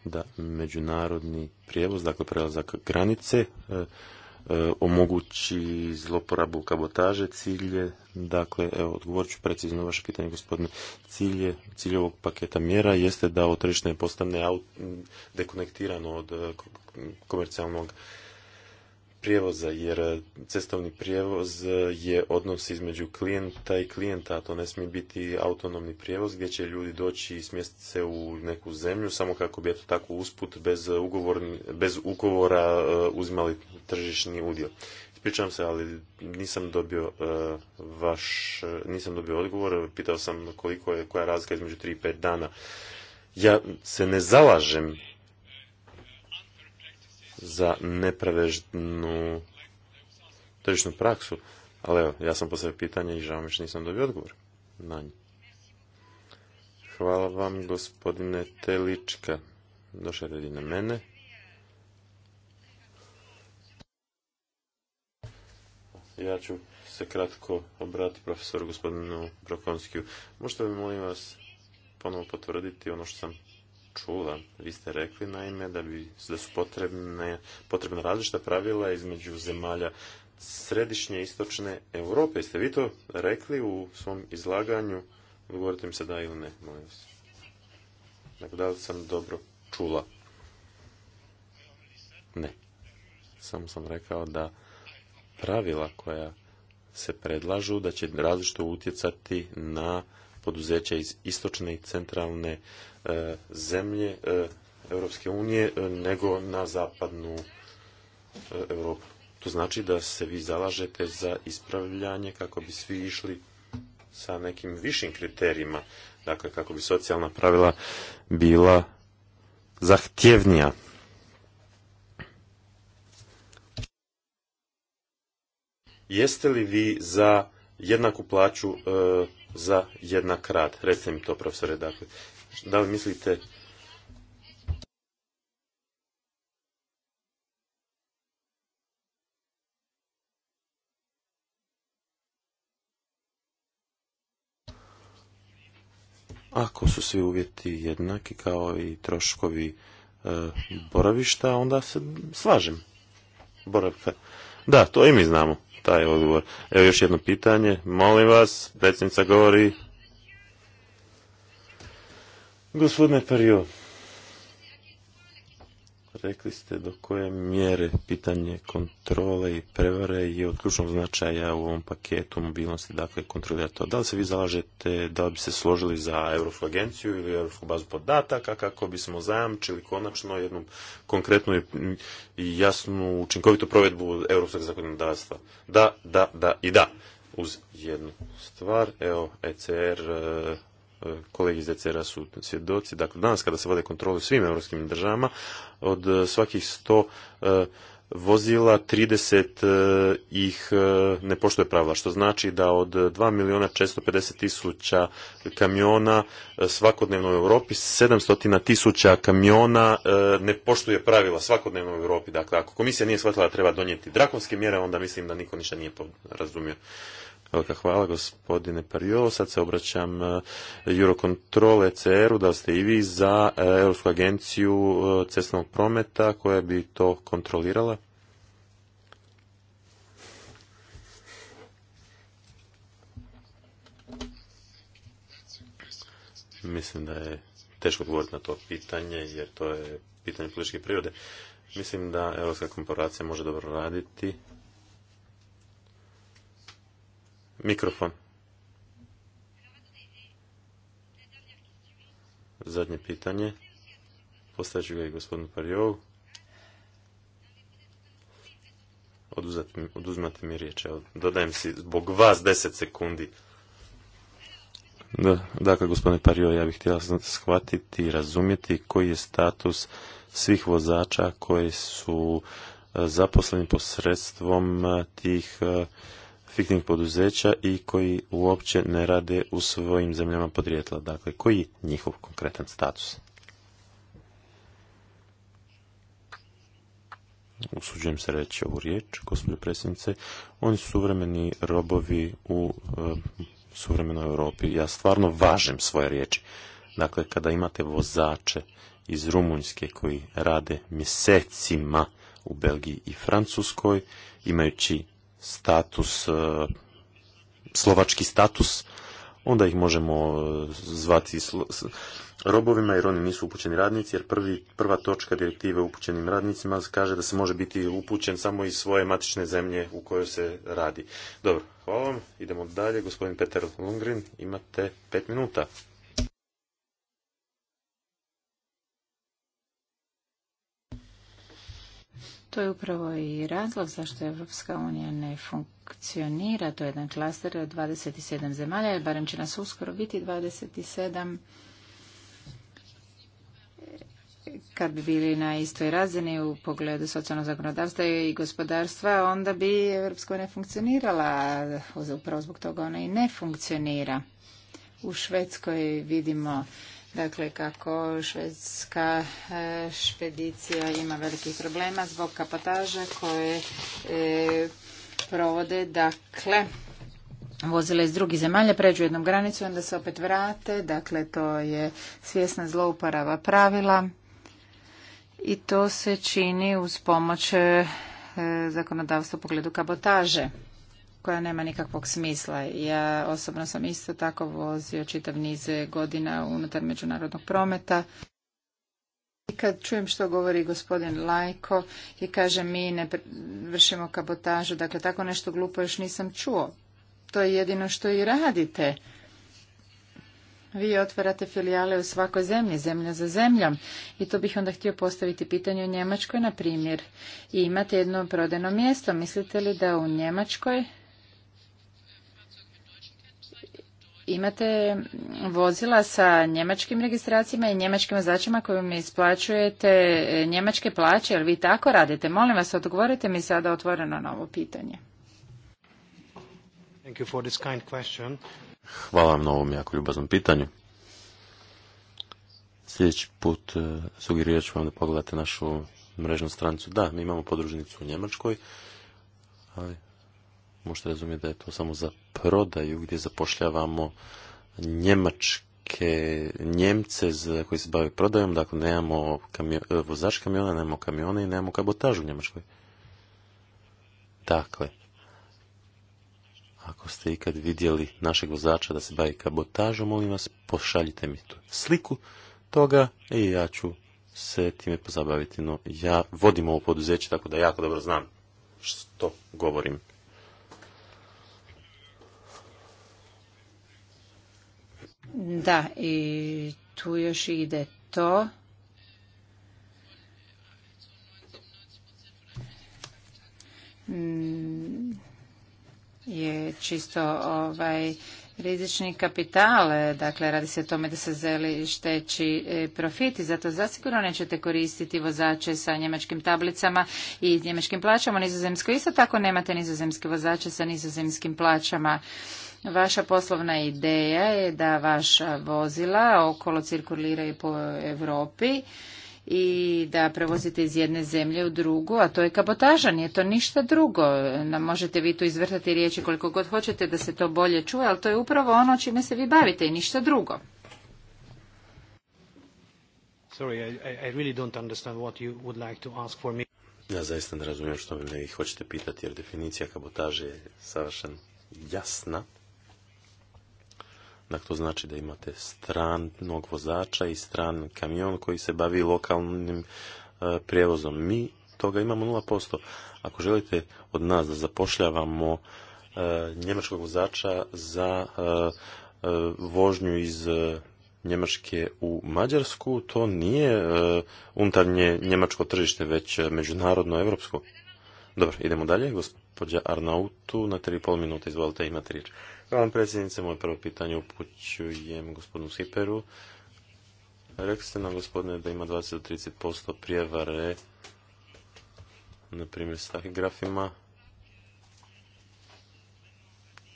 da međunarodni prijevoz, dakle prelazak granice, e, E, omogući zloporabu kabotaže, cilje, dakle, evo, odgovorit ću precizno vaše pitanje, gospodine, cilje, cilj ovog paketa mjera jeste da otržište postane dekonektirano od e, komercijalnog prijevoza, jer e, cestovni prijevoz e, je odnos između klijenta i klijenta, a to ne smije biti autonomni prijevoz gdje će ljudi doći i smjestiti se u neku zemlju, samo kako bi eto tako usput bez, ugovor, bez ugovora e, uzimali tržišni udio. Ispričavam se, ali nisam dobio vaš, nisam dobio odgovor, pitao sam koliko je, koja je razlika između 3 i 5 dana. Ja se ne zalažem za nepravežnu tržišnu praksu. Ali evo, ja sam postavio pitanje i žao mi što nisam dobio odgovor na nju. Hvala vam, gospodine Telička. Došao redi na mene. Ja ću se kratko obratiti profesoru gospodinu Brokonskiju. Možete li molim vas ponovo potvrditi ono što sam čula. Vi ste rekli naime da, bi, su potrebne, potrebna različita pravila između zemalja središnje i istočne Europe. Jeste vi to rekli u svom izlaganju? Odgovorite mi se da ili ne, molim vas. Dakle, da li sam dobro čula? Ne. Samo sam rekao da pravila koja se predlažu da će različito utjecati na poduzeća iz istočne i centralne e, zemlje e, Europske unije e, nego na zapadnu e, Europu. To znači da se vi zalažete za ispravljanje kako bi svi išli sa nekim višim kriterijima, dakle kako bi socijalna pravila bila zahtjevnija. Jeste li vi za jednaku plaću e, za jednak rad? Recite mi to, profesore. Dakle, da li mislite ako su svi uvjeti jednaki kao i troškovi e, boravišta, onda se slažem boravka. Da, to i mi znamo taj odgovor. Evo još jedno pitanje. Molim vas, predsjednica govori. Gospodine Perio, rekli ste do koje mjere pitanje kontrole i prevare je od ključnog značaja u ovom paketu mobilnosti, dakle kontrolirati to. Da li se vi zalažete da bi se složili za Europsku agenciju ili Europsku bazu podataka kako bismo zajamčili konačno jednu konkretnu i jasnu učinkovitu provedbu europskog zakonodavstva? Da, da, da i da. Uz jednu stvar, evo ECR kolegi iz DCR-a su svjedoci, dakle danas kada se vode kontrolu svim europskim državama, od e, svakih sto e, vozila 30 e, ih ne poštuje pravila, što znači da od 2 miliona 450 tisuća kamiona svakodnevno u Europi, 700 tisuća kamiona ne poštuje pravila svakodnevno u Europi. Dakle, ako komisija nije shvatila da treba donijeti drakonske mjere, onda mislim da niko ništa nije razumio. Velika hvala gospodine perio Sad se obraćam e, Eurocontrol ECR-u, da ste i vi za e, Europsku agenciju e, cestovnog prometa koja bi to kontrolirala? Mislim da je teško odgovoriti na to pitanje, jer to je pitanje političke prirode. Mislim da Europska komporacija može dobro raditi Mikrofon. Zadnje pitanje. Postavit ću ga i gospodinu Parijovu. Oduzmate mi riječ. dodajem si zbog vas deset sekundi. Da, dakle, gospodine Pario, ja bih htjela shvatiti i razumjeti koji je status svih vozača koji su e, zaposleni posredstvom e, tih e, fiktivnih poduzeća i koji uopće ne rade u svojim zemljama podrijetla. Dakle, koji je njihov konkretan status? usuđujem se reći ovu riječ, gospođo predsjednice, oni su suvremeni robovi u e, suvremenoj Europi. Ja stvarno važem svoje riječi. Dakle, kada imate vozače iz Rumunjske koji rade mjesecima u Belgiji i Francuskoj, imajući status, e, slovački status, onda ih možemo e, zvati robovima jer oni nisu upućeni radnici jer prvi, prva točka direktive upućenim radnicima kaže da se može biti upućen samo iz svoje matične zemlje u kojoj se radi. Dobro, hvala vam. Idemo dalje. Gospodin Peter Lungrin, imate pet minuta. To je upravo i razlog zašto Evropska unija ne funkcionira. To je jedan klaster od 27 zemalja, jer barem će nas uskoro biti 27 kad bi bili na istoj razini u pogledu socijalnog zakonodavstva i gospodarstva, onda bi Evropska unija funkcionirala. Upravo zbog toga ona i ne funkcionira. U Švedskoj vidimo Dakle, kako švedska e, špedicija ima velikih problema zbog kapataže koje e, provode, dakle, vozile iz drugih zemalja, pređu jednom granicu, onda se opet vrate, dakle, to je svjesna zlouparava pravila i to se čini uz pomoć e, zakonodavstva u pogledu kabotaže koja nema nikakvog smisla. Ja osobno sam isto tako vozio čitav niz godina unutar međunarodnog prometa. I kad čujem što govori gospodin Lajko i kaže mi ne vršimo kabotažu, dakle tako nešto glupo još nisam čuo. To je jedino što i radite. Vi otvarate filijale u svakoj zemlji, zemlja za zemljom. I to bih onda htio postaviti pitanje u Njemačkoj, na primjer. I imate jedno prodeno mjesto. Mislite li da u Njemačkoj imate vozila sa njemačkim registracijama i njemačkim vozačima kojim isplaćujete njemačke plaće, jer vi tako radite? Molim vas, odgovorite mi sada otvoreno na ovo pitanje. Thank you for Hvala vam na ovom jako ljubaznom pitanju. Sljedeći put e, sugerirat ću vam da pogledate našu mrežnu stranicu. Da, mi imamo podružnicu u Njemačkoj, ali možete razumjeti da je to samo za prodaju gdje zapošljavamo njemačke njemce koji se bave prodajom, dakle nemamo kamio, e, vozač kamiona, nemamo kamione i nemamo kabotažu u Njemačkoj. Dakle, ako ste ikad vidjeli našeg vozača da se bavi kabotažom, molim vas, pošaljite mi tu sliku toga i ja ću se time pozabaviti. No, ja vodim ovo poduzeće, tako da jako dobro znam što govorim. Da, i tu još ide to. Mm, je čisto ovaj rizični kapital, e, dakle radi se o tome da se zeli šteći e, profiti, zato zasigurno nećete koristiti vozače sa njemačkim tablicama i njemačkim plaćama. Nizozemskoj. isto tako nemate nizozemske vozače sa nizozemskim plaćama. Vaša poslovna ideja je da vaša vozila okolo cirkuliraju po Europi i da prevozite iz jedne zemlje u drugu, a to je kabotaža, nije to ništa drugo. Možete vi tu izvrtati riječi koliko god hoćete da se to bolje čuje, ali to je upravo ono čime se vi bavite i ništa drugo. Ja zaista ne razumijem što vi hoćete pitati, jer definicija kabotaže je savršen jasna Dakle, to znači da imate stranog vozača i stran kamion koji se bavi lokalnim e, prijevozom. Mi toga imamo 0%. Ako želite od nas da zapošljavamo e, njemačkog vozača za e, vožnju iz Njemačke u Mađarsku, to nije unutarnje njemačko tržište, već međunarodno evropsko. Dobro, idemo dalje. Gospođa Arnautu na 3,5 minuta, izvolite, imate riječ. Hvala vam predsjednice. Moje prvo pitanje upućujem gospodinu Siperu. Rekli ste nam gospodine da ima 20 30% prijevare na primjer s grafima.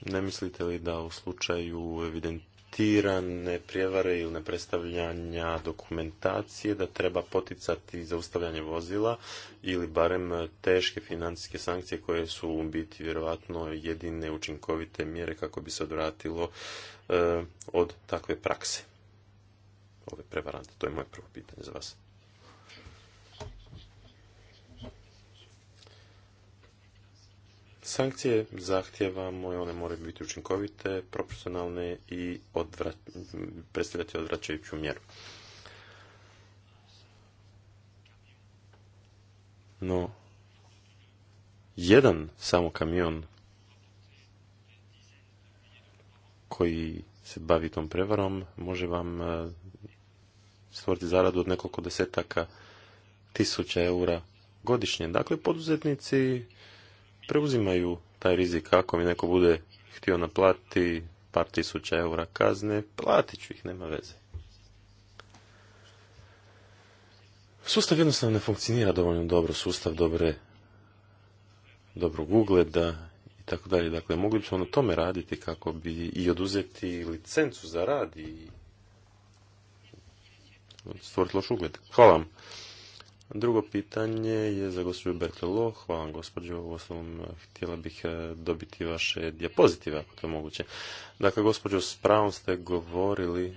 Ne mislite li da u slučaju evident tirane prijevare ili neprestavljanja dokumentacije, da treba poticati zaustavljanje vozila ili barem teške financijske sankcije koje su u biti vjerojatno jedine učinkovite mjere kako bi se odvratilo eh, od takve prakse. Ove prevarante, to je moje prvo pitanje za vas. Sankcije zahtjevamo i one moraju biti učinkovite, profesionalne i predstavljati odvraćajuću mjeru. No, jedan samo kamion koji se bavi tom prevarom može vam e, stvoriti zaradu od nekoliko desetaka tisuća eura godišnje. Dakle, poduzetnici preuzimaju taj rizik. Ako mi neko bude htio naplati par tisuća eura kazne, platit ću ih, nema veze. Sustav jednostavno ne funkcionira dovoljno dobro, sustav dobre, dobrog ugleda i tako dalje. Dakle, mogli bismo na tome raditi kako bi i oduzeti licencu za rad i stvoriti loš ugled. Hvala vam. Drugo pitanje je za gospođu Bertolo. Hvala vam gospođo, u osnovom eh, htjela bih eh, dobiti vaše diapozitive ako to je moguće. Dakle, gospođo, s pravom ste govorili,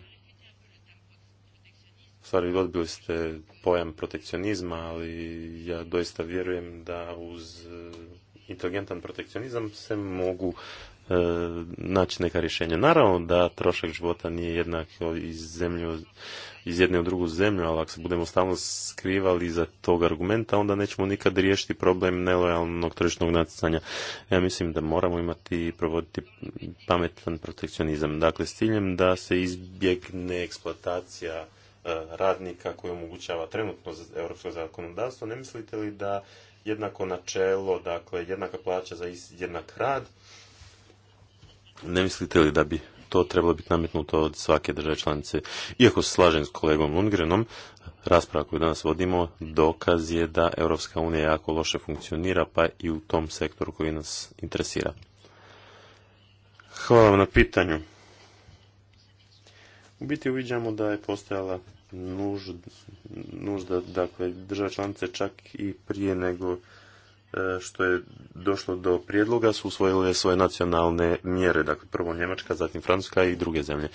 stvari odbili ste pojam protekcionizma, ali ja doista vjerujem da uz eh, inteligentan protekcionizam se mogu naći neka rješenja. Naravno da trošak života nije jednak iz zemlje iz jedne u drugu zemlju, ali ako se budemo stalno skrivali za tog argumenta, onda nećemo nikad riješiti problem nelojalnog tržišnog natjecanja. Ja mislim da moramo imati i provoditi pametan protekcionizam. Dakle, s ciljem da se izbjegne eksploatacija e, radnika koji omogućava trenutno europsko zakonodavstvo, ne mislite li da jednako načelo, dakle jednaka plaća za jednak rad, ne mislite li da bi to trebalo biti nametnuto od svake države članice. Iako se slažem s kolegom Lundgrenom, rasprava koju danas vodimo dokaz je da Europska unija jako loše funkcionira, pa i u tom sektoru koji nas interesira. Hvala vam na pitanju. U biti uviđamo da je postojala nužda, nužda dakle, država članice čak i prije nego E, što je došlo do prijedloga su usvojile svoje nacionalne mjere, dakle prvo Njemačka, zatim Francuska i druge zemlje.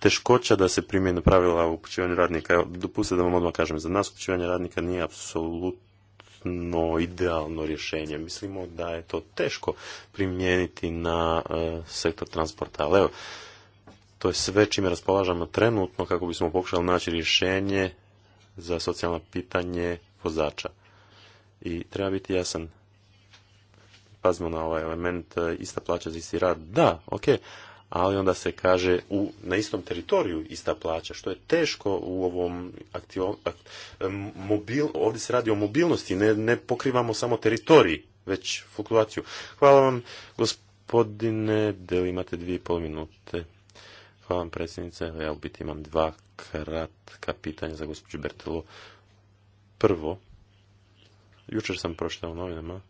Teškoća da se primjene pravila u upućivanju radnika, dopustite da vam odmah kažem, za nas upućivanje radnika nije apsolutno idealno rješenje. Mislimo da je to teško primijeniti na e, sektor transporta, ali evo, to je sve čime raspolažemo trenutno kako bismo pokušali naći rješenje za socijalno pitanje vozača i treba biti jasan. Pazimo na ovaj element, e, ista plaća za isti rad. Da, ok, ali onda se kaže u, na istom teritoriju ista plaća, što je teško u ovom aktivo, e, mobil, ovdje se radi o mobilnosti, ne, ne pokrivamo samo teritorij, već fluktuaciju. Hvala vam, gospodine, del imate dvije i pol minute. Hvala vam, predsjednice. Ja u biti imam dva kratka pitanja za gospođu Bertelu. Prvo, Jučer sam pročitao u novinama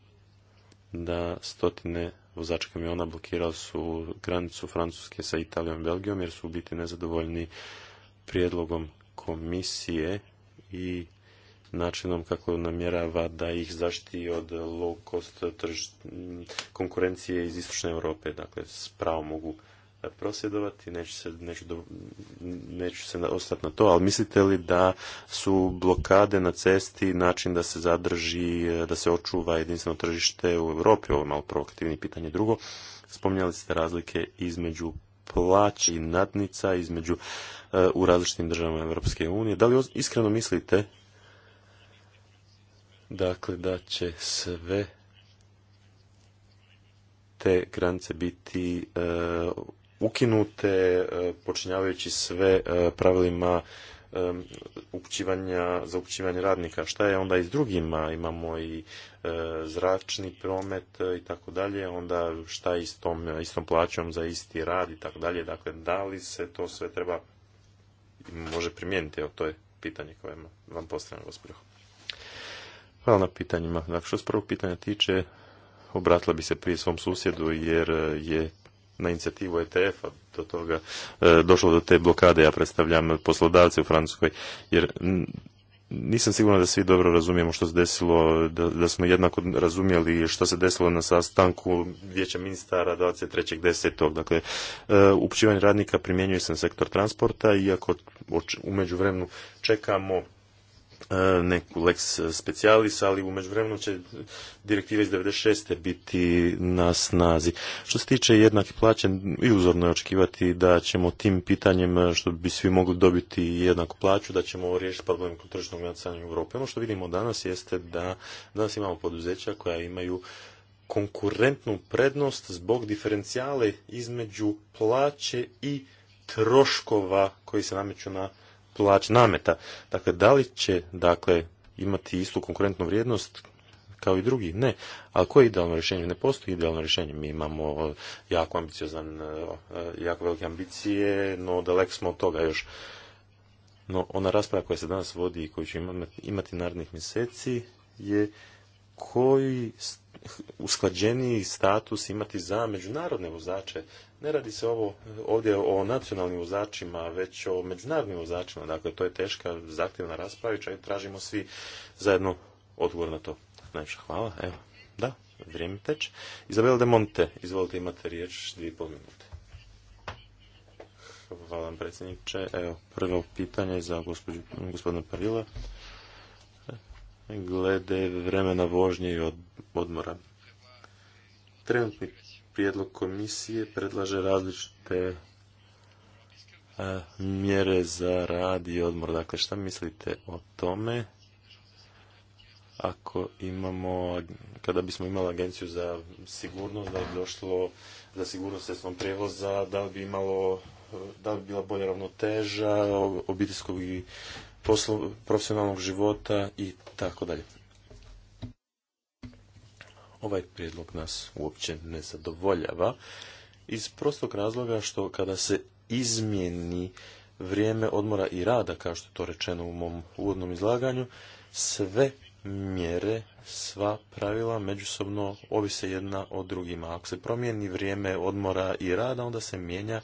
da stotine vozača kamiona blokirali su granicu Francuske sa Italijom i Belgijom jer su u biti nezadovoljni prijedlogom komisije i načinom kako namjerava da ih zaštiti od low cost konkurencije iz istočne Europe. Dakle, s pravom mogu prosvjedovati, neću se, neću, do, se ostati na to, ali mislite li da su blokade na cesti način da se zadrži, da se očuva jedinstveno tržište u Europi? Ovo je malo provokativni pitanje. Drugo, spominjali ste razlike između plaći i nadnica između eh, u različitim državama Europske unije. Da li iskreno mislite dakle da će sve te granice biti eh, ukinute e, počinjavajući sve e, pravilima e, upućivanja, za upućivanje radnika. Šta je onda i s drugima? Imamo i zračni promet i tako dalje, onda šta je s istom plaćom za isti rad i tako dalje. Dakle, da li se to sve treba može primijeniti? Evo, to je pitanje koje vam postavljam, gospodin. Hvala na pitanjima. Dakle, što se prvog pitanja tiče, obratila bi se prije svom susjedu jer je na inicijativu ETF-a do toga e, došlo do te blokade, ja predstavljam poslodavce u Francuskoj, jer nisam siguran da svi dobro razumijemo što se desilo, da, smo jednako razumjeli što se desilo na sastanku vijeća ministara 23.10. Dakle, e, upućivanje radnika primjenjuje se na sektor transporta, iako u međuvremenu čekamo E, neku lex specialis, ali u međuvremenu će direktiva iz 96. biti na snazi. Što se tiče jednake plaće, iluzorno je očekivati da ćemo tim pitanjem, e, što bi svi mogli dobiti jednaku plaću, da ćemo riješiti problem tržišnog natjecanja u Europi. Ono što vidimo danas jeste da danas imamo poduzeća koja imaju konkurentnu prednost zbog diferencijale između plaće i troškova koji se nameću na plać nameta. Dakle, da li će dakle, imati istu konkurentnu vrijednost kao i drugi? Ne. Ali koje je idealno rješenje? Ne postoji idealno rješenje. Mi imamo e, jako ambiciozan, e, e, jako velike ambicije, no daleko smo od toga još. No, ona rasprava koja se danas vodi i koju će imati narednih mjeseci je koji usklađeniji status imati za međunarodne vozače ne radi se ovo ovdje o nacionalnim vozačima, već o međunarodnim vozačima. Dakle, to je teška, zahtjevna rasprava i tražimo svi zajedno odgovor na to. Najviše hvala. Evo, da, vrijeme teč. Izabela de Monte, izvolite, imate riječ, dvije i pol minute. Hvala vam, predsjedniče. Evo, prvo pitanje za gospođu, gospodina Parila. Glede vremena vožnje i odmora. Trenutni prijedlog komisije predlaže različite e, mjere za rad i odmor. Dakle, šta mislite o tome? Ako imamo, kada bismo imali agenciju za sigurnost, da bi došlo za sigurnost sredstvom prijevoza, da li bi imalo, da li bi bila bolja ravnoteža obiteljskog i profesionalnog života i tako dalje. Ovaj prijedlog nas uopće ne zadovoljava iz prostog razloga što kada se izmijeni vrijeme odmora i rada, kao što je to rečeno u mom uvodnom izlaganju, sve mjere, sva pravila međusobno ovise jedna o drugima. Ako se promijeni vrijeme odmora i rada, onda se mijenja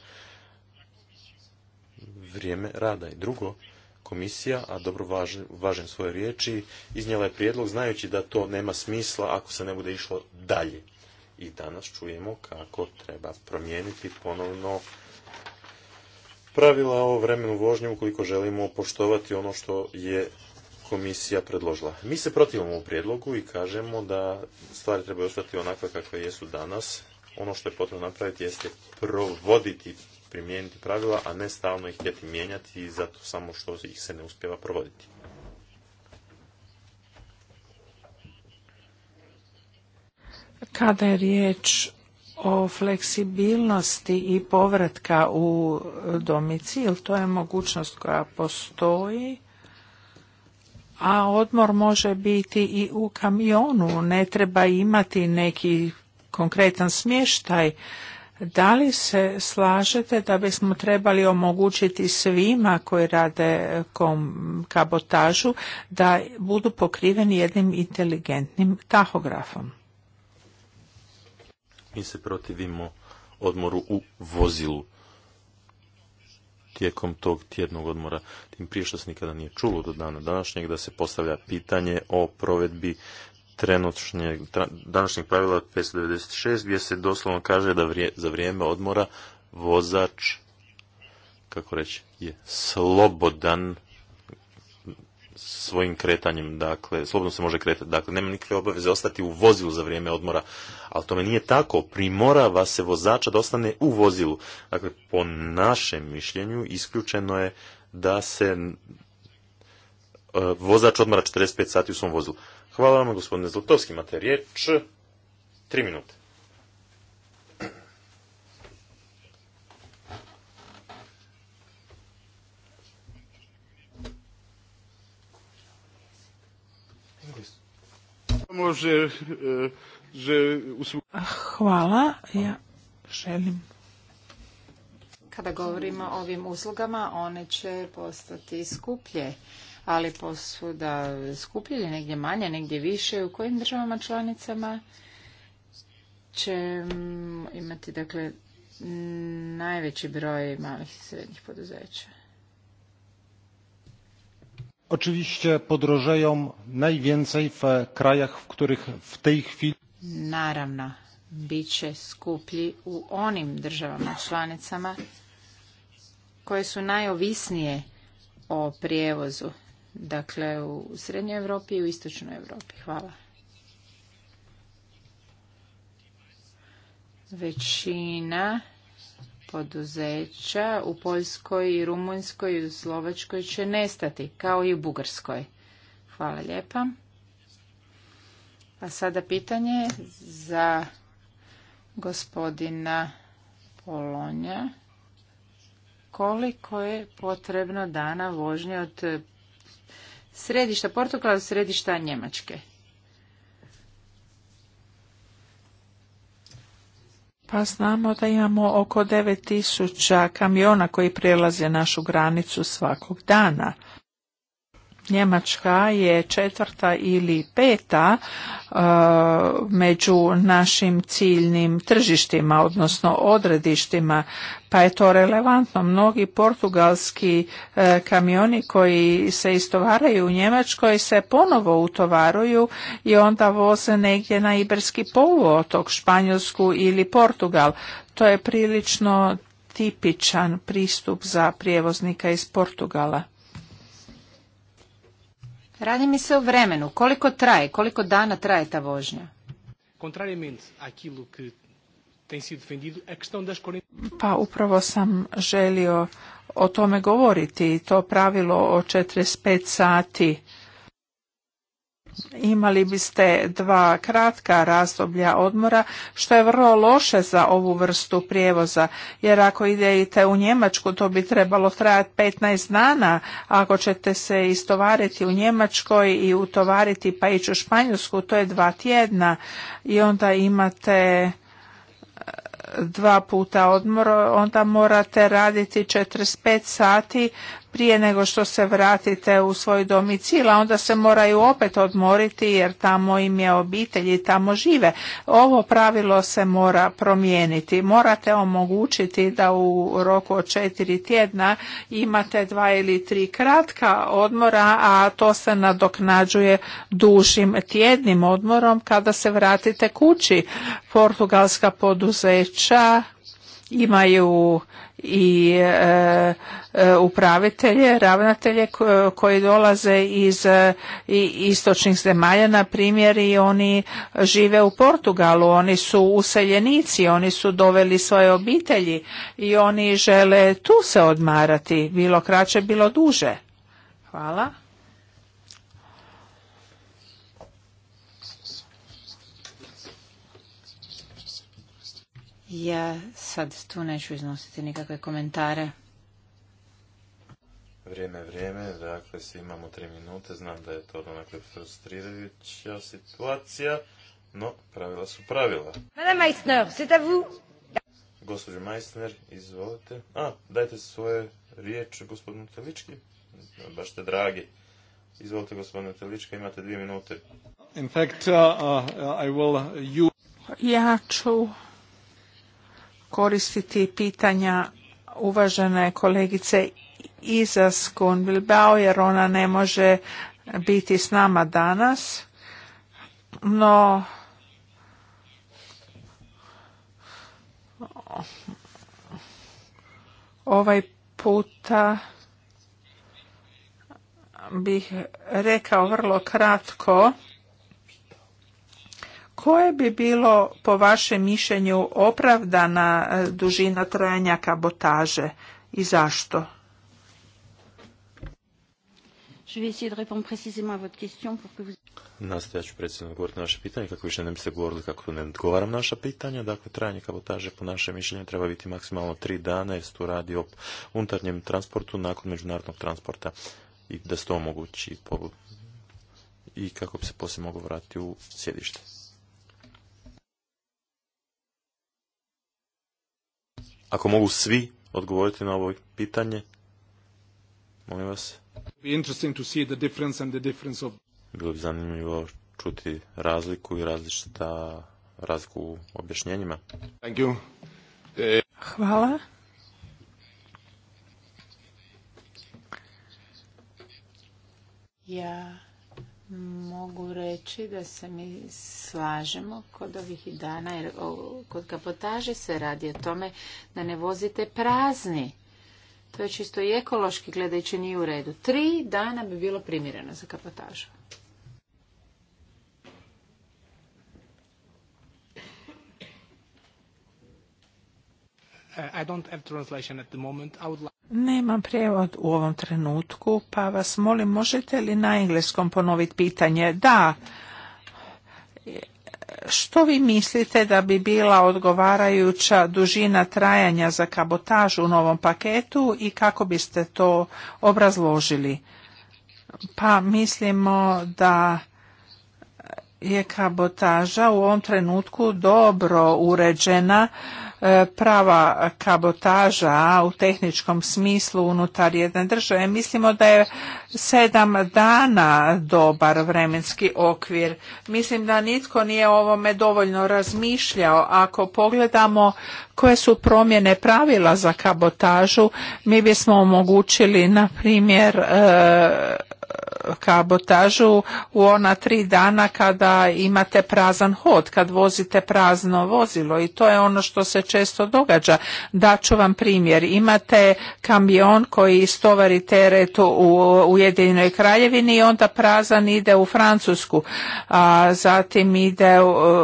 vrijeme rada. I drugo, komisija, a dobro važem svoje riječi, iznijela je prijedlog znajući da to nema smisla ako se ne bude išlo dalje. I danas čujemo kako treba promijeniti ponovno pravila o vremenu vožnje ukoliko želimo poštovati ono što je komisija predložila. Mi se protivimo u prijedlogu i kažemo da stvari trebaju ostati onakve kakve jesu danas. Ono što je potrebno napraviti jeste provoditi primijeniti pravila, a ne stalno ih htjeti mijenjati zato samo što ih se ne uspjeva provoditi. Kada je riječ o fleksibilnosti i povratka u domicil, to je mogućnost koja postoji, a odmor može biti i u kamionu, ne treba imati neki konkretan smještaj da li se slažete da bismo trebali omogućiti svima koji rade kom, kabotažu da budu pokriveni jednim inteligentnim tahografom? Mi se protivimo odmoru u vozilu tijekom tog tjednog odmora, tim prije što se nikada nije čulo do dana današnjeg da se postavlja pitanje o provedbi trenutnog današnjeg pravila 596 gdje se doslovno kaže da za vrijeme odmora vozač kako reći, je slobodan svojim kretanjem, dakle, slobodno se može kretati, dakle, nema nikakve obaveze ostati u vozilu za vrijeme odmora, ali tome nije tako, primorava se vozača da ostane u vozilu. Dakle, po našem mišljenju isključeno je da se e, vozač odmara 45 sati u svom vozilu. Hvala vam, gospodine Zlotovski, imate riječ. Tri minute. Eh, Hvala, ja želim. Kada govorimo o ovim uslugama, one će postati skuplje ali posvuda skuplje negdje manje, negdje više, u kojim državama članicama će mm, imati dakle najveći broj malih i srednjih poduzeća. Oczywiście podrożeją najwięcej w krajach, w których w tej chwili... Naravno, bit će skuplji u onim državama članicama koje su najovisnije o prijevozu Dakle, u Srednjoj Europi i u Istočnoj Europi. Hvala. Većina poduzeća u Poljskoj i Rumunjskoj i u Slovačkoj će nestati, kao i u Bugarskoj. Hvala lijepa. A sada pitanje za gospodina Polonja. Koliko je potrebno dana vožnje od središta Portugala središta Njemačke. Pa znamo da imamo oko 9000 kamiona koji prelaze našu granicu svakog dana. Njemačka je četvrta ili peta e, među našim ciljnim tržištima, odnosno odredištima, pa je to relevantno. Mnogi portugalski e, kamioni koji se istovaraju u Njemačkoj se ponovo utovaruju i onda voze negdje na Iberski poluotok, Španjolsku ili Portugal. To je prilično tipičan pristup za prijevoznika iz Portugala. Radi mi se o vremenu. Koliko traje, koliko dana traje ta vožnja? Pa upravo sam želio o tome govoriti, to pravilo o 45 sati imali biste dva kratka razdoblja odmora, što je vrlo loše za ovu vrstu prijevoza, jer ako idete u Njemačku, to bi trebalo trajati 15 dana, ako ćete se istovariti u Njemačkoj i utovariti pa ići u Španjolsku, to je dva tjedna i onda imate e, dva puta odmor, onda morate raditi 45 sati prije nego što se vratite u svoj domicil, a onda se moraju opet odmoriti jer tamo im je obitelj i tamo žive. Ovo pravilo se mora promijeniti. Morate omogućiti da u roku od četiri tjedna imate dva ili tri kratka odmora, a to se nadoknađuje dužim tjednim odmorom kada se vratite kući. Portugalska poduzeća imaju i e, e, upravitelje, ravnatelje koji dolaze iz e, istočnih zemalja, na primjer i oni žive u Portugalu, oni su useljenici, oni su doveli svoje obitelji i oni žele tu se odmarati, bilo kraće, bilo duže. Hvala. Ja Sad tu neću iznositi nikakve komentare. Vrijeme, vrijeme, dakle svi imamo tri minute, znam da je to onakle frustrirajuća situacija, no pravila su pravila. Madame Meissner, c'est à vous. Meissner, izvolite. A, dajte svoje riječ gospodinu Telički, baš ste dragi. Izvolite gospodine Telička, imate dvije minute. In fact, uh, uh, I will, uh, you... Ja ću koristiti pitanja uvažene kolegice Izaskun Bilbao jer ona ne može biti s nama danas. No, ovaj puta bih rekao vrlo kratko koje bi bilo po vašem mišljenju opravdana e, dužina trajanja kabotaže i zašto? Nastojat ću predsjedno odgovoriti na vaše pitanje, kako više ne se govorili kako ne odgovaram na pitanja. Dakle, trajanje kabotaže po našem mišljenju treba biti maksimalno tri dana jer se tu radi o unutarnjem transportu nakon međunarodnog transporta i da se to omogući i kako bi se poslije moglo vratiti u sjedište. Ako mogu svi odgovoriti na ovo pitanje, molim vas. Bilo bi zanimljivo čuti razliku i različita razliku u objašnjenjima. E- Hvala. Ja mogu reći da se mi slažemo kod ovih dana, jer kod kapotaže se radi o tome da ne vozite prazni. To je čisto i ekološki gledajući nije u redu. Tri dana bi bilo primjereno za kapotažu. Uh, I don't moment. Nemam prijevod u ovom trenutku, pa vas molim, možete li na engleskom ponoviti pitanje? Da, što vi mislite da bi bila odgovarajuća dužina trajanja za kabotaž u novom paketu i kako biste to obrazložili? Pa mislimo da je kabotaža u ovom trenutku dobro uređena E, prava kabotaža u tehničkom smislu unutar jedne države. Mislimo da je sedam dana dobar vremenski okvir. Mislim da nitko nije o ovome dovoljno razmišljao. Ako pogledamo koje su promjene pravila za kabotažu, mi bismo omogućili, na primjer, e, kabotažu u ona tri dana kada imate prazan hod, kad vozite prazno vozilo i to je ono što se često događa. Daću vam primjer, imate kamion koji istovari teret u Ujedinjenoj kraljevini i onda prazan ide u Francusku, a zatim ide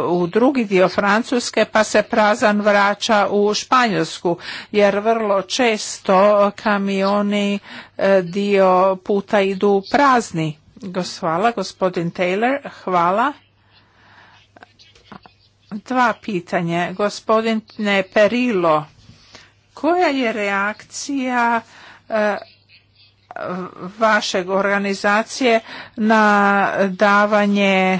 u drugi dio Francuske pa se prazan vraća u Španjolsku jer vrlo često kamioni dio puta idu prazni. Hvala, gospodin Taylor. Hvala. Dva pitanje. Gospodin Perilo, koja je reakcija e, vašeg organizacije na davanje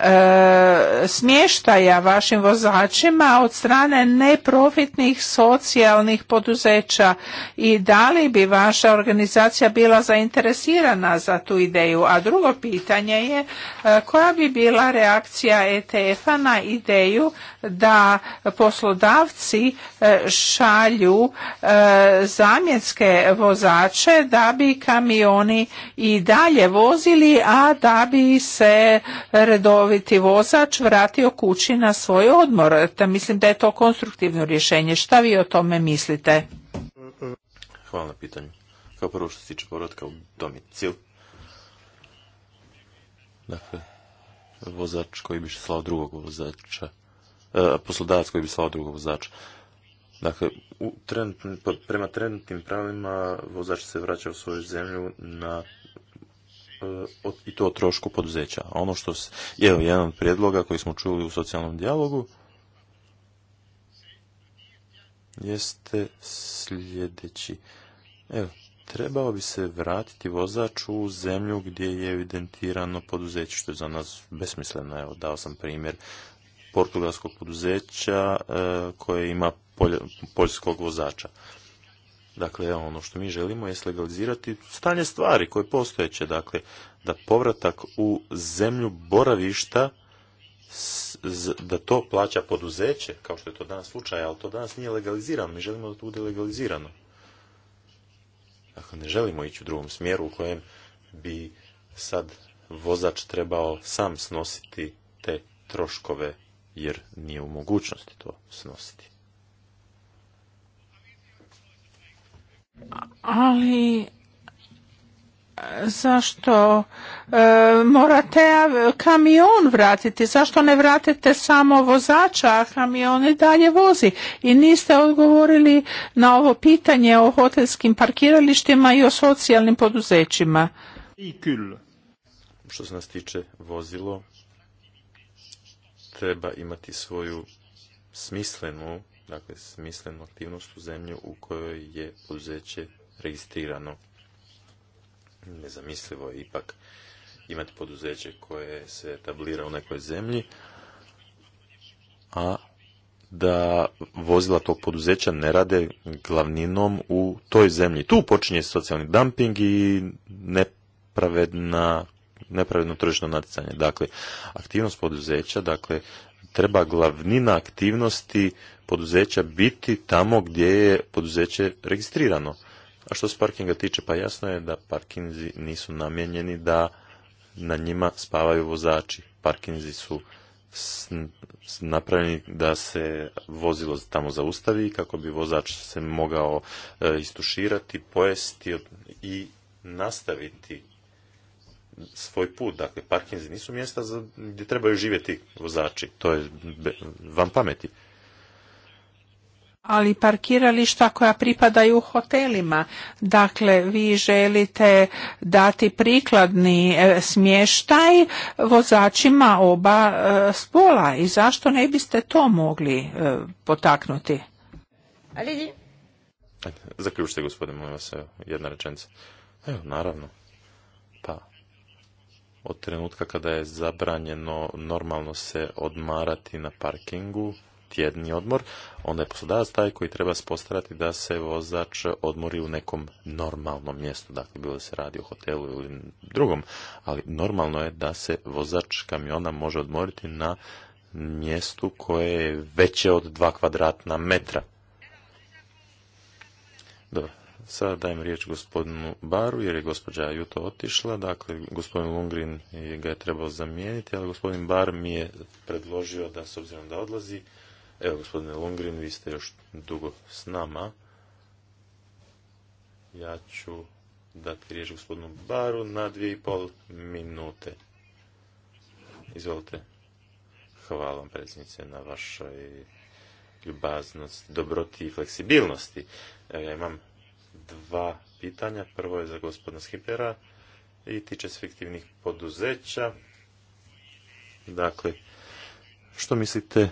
E, smještaja vašim vozačima od strane neprofitnih socijalnih poduzeća i da li bi vaša organizacija bila zainteresirana za tu ideju? A drugo pitanje je e, koja bi bila reakcija ETF-a na ideju da poslodavci e, šalju zamjenske vozače da bi kamioni i dalje vozili, a da bi se redovno učinkoviti vozač vratio kući na svoj odmor. mislim da je to konstruktivno rješenje. Šta vi o tome mislite? Hvala na pitanju. Kao prvo što se tiče povratka u domicil. Dakle, vozač koji bi slao drugog vozača, e, poslodavac koji bi slao drugog vozača. Dakle, u prema trenutnim pravima vozač se vraća u svoju zemlju na i to o trošku poduzeća. Ono što je jedan od prijedloga koji smo čuli u socijalnom dijalogu jeste sljedeći. Evo, trebao bi se vratiti vozač u zemlju gdje je evidentirano poduzeće, što je za nas besmisleno. Evo, dao sam primjer portugalskog poduzeća e, koje ima poljskog vozača. Dakle, ono što mi želimo je legalizirati stanje stvari koje postojeće. Dakle, da povratak u zemlju boravišta da to plaća poduzeće, kao što je to danas slučaj, ali to danas nije legalizirano. Mi želimo da to bude legalizirano. Dakle, ne želimo ići u drugom smjeru u kojem bi sad vozač trebao sam snositi te troškove, jer nije u mogućnosti to snositi. Ali e, zašto e, morate e, kamion vratiti? Zašto ne vratite samo vozača, a kamion i dalje vozi? I niste odgovorili na ovo pitanje o hotelskim parkiralištima i o socijalnim poduzećima. Što se nas tiče vozilo, treba imati svoju smislenu dakle smislenu aktivnost u zemlju u kojoj je poduzeće registrirano. Nezamislivo je ipak imati poduzeće koje se etablira u nekoj zemlji, a da vozila tog poduzeća ne rade glavninom u toj zemlji. Tu počinje socijalni dumping i nepravedna nepravedno tržišno natjecanje. Dakle, aktivnost poduzeća, dakle, treba glavnina aktivnosti poduzeća biti tamo gdje je poduzeće registrirano. A što se parkinga tiče, pa jasno je da parkinzi nisu namijenjeni da na njima spavaju vozači. Parkinzi su napravljeni da se vozilo tamo zaustavi kako bi vozač se mogao e, istuširati, pojesti i nastaviti svoj put. Dakle, parkinzi nisu mjesta gdje trebaju živjeti vozači. To je van pameti ali parkirališta koja pripadaju hotelima. Dakle, vi želite dati prikladni e, smještaj vozačima oba e, spola i zašto ne biste to mogli e, potaknuti? Zaključite, gospodine, molim vas, jedna rečenica. Evo, naravno. Pa, od trenutka kada je zabranjeno normalno se odmarati na parkingu, tjedni odmor, onda je poslodavac taj koji treba spostarati da se vozač odmori u nekom normalnom mjestu, dakle bilo da se radi o hotelu ili drugom, ali normalno je da se vozač kamiona može odmoriti na mjestu koje je veće od dva kvadratna metra. Dobro, sada dajem riječ gospodinu Baru, jer je gospođa Juto otišla, dakle gospodin Lungrin ga je trebao zamijeniti, ali gospodin Bar mi je predložio da, s obzirom da odlazi, Evo, gospodine Lundgren, vi ste još dugo s nama. Ja ću dati riječ gospodinu Baru na dvije i pol minute. Izvolite. Hvala vam, predsjednice, na vašoj ljubaznosti, dobroti i fleksibilnosti. Evo, ja imam dva pitanja. Prvo je za gospodina Skipera i tiče se fiktivnih poduzeća. Dakle, što mislite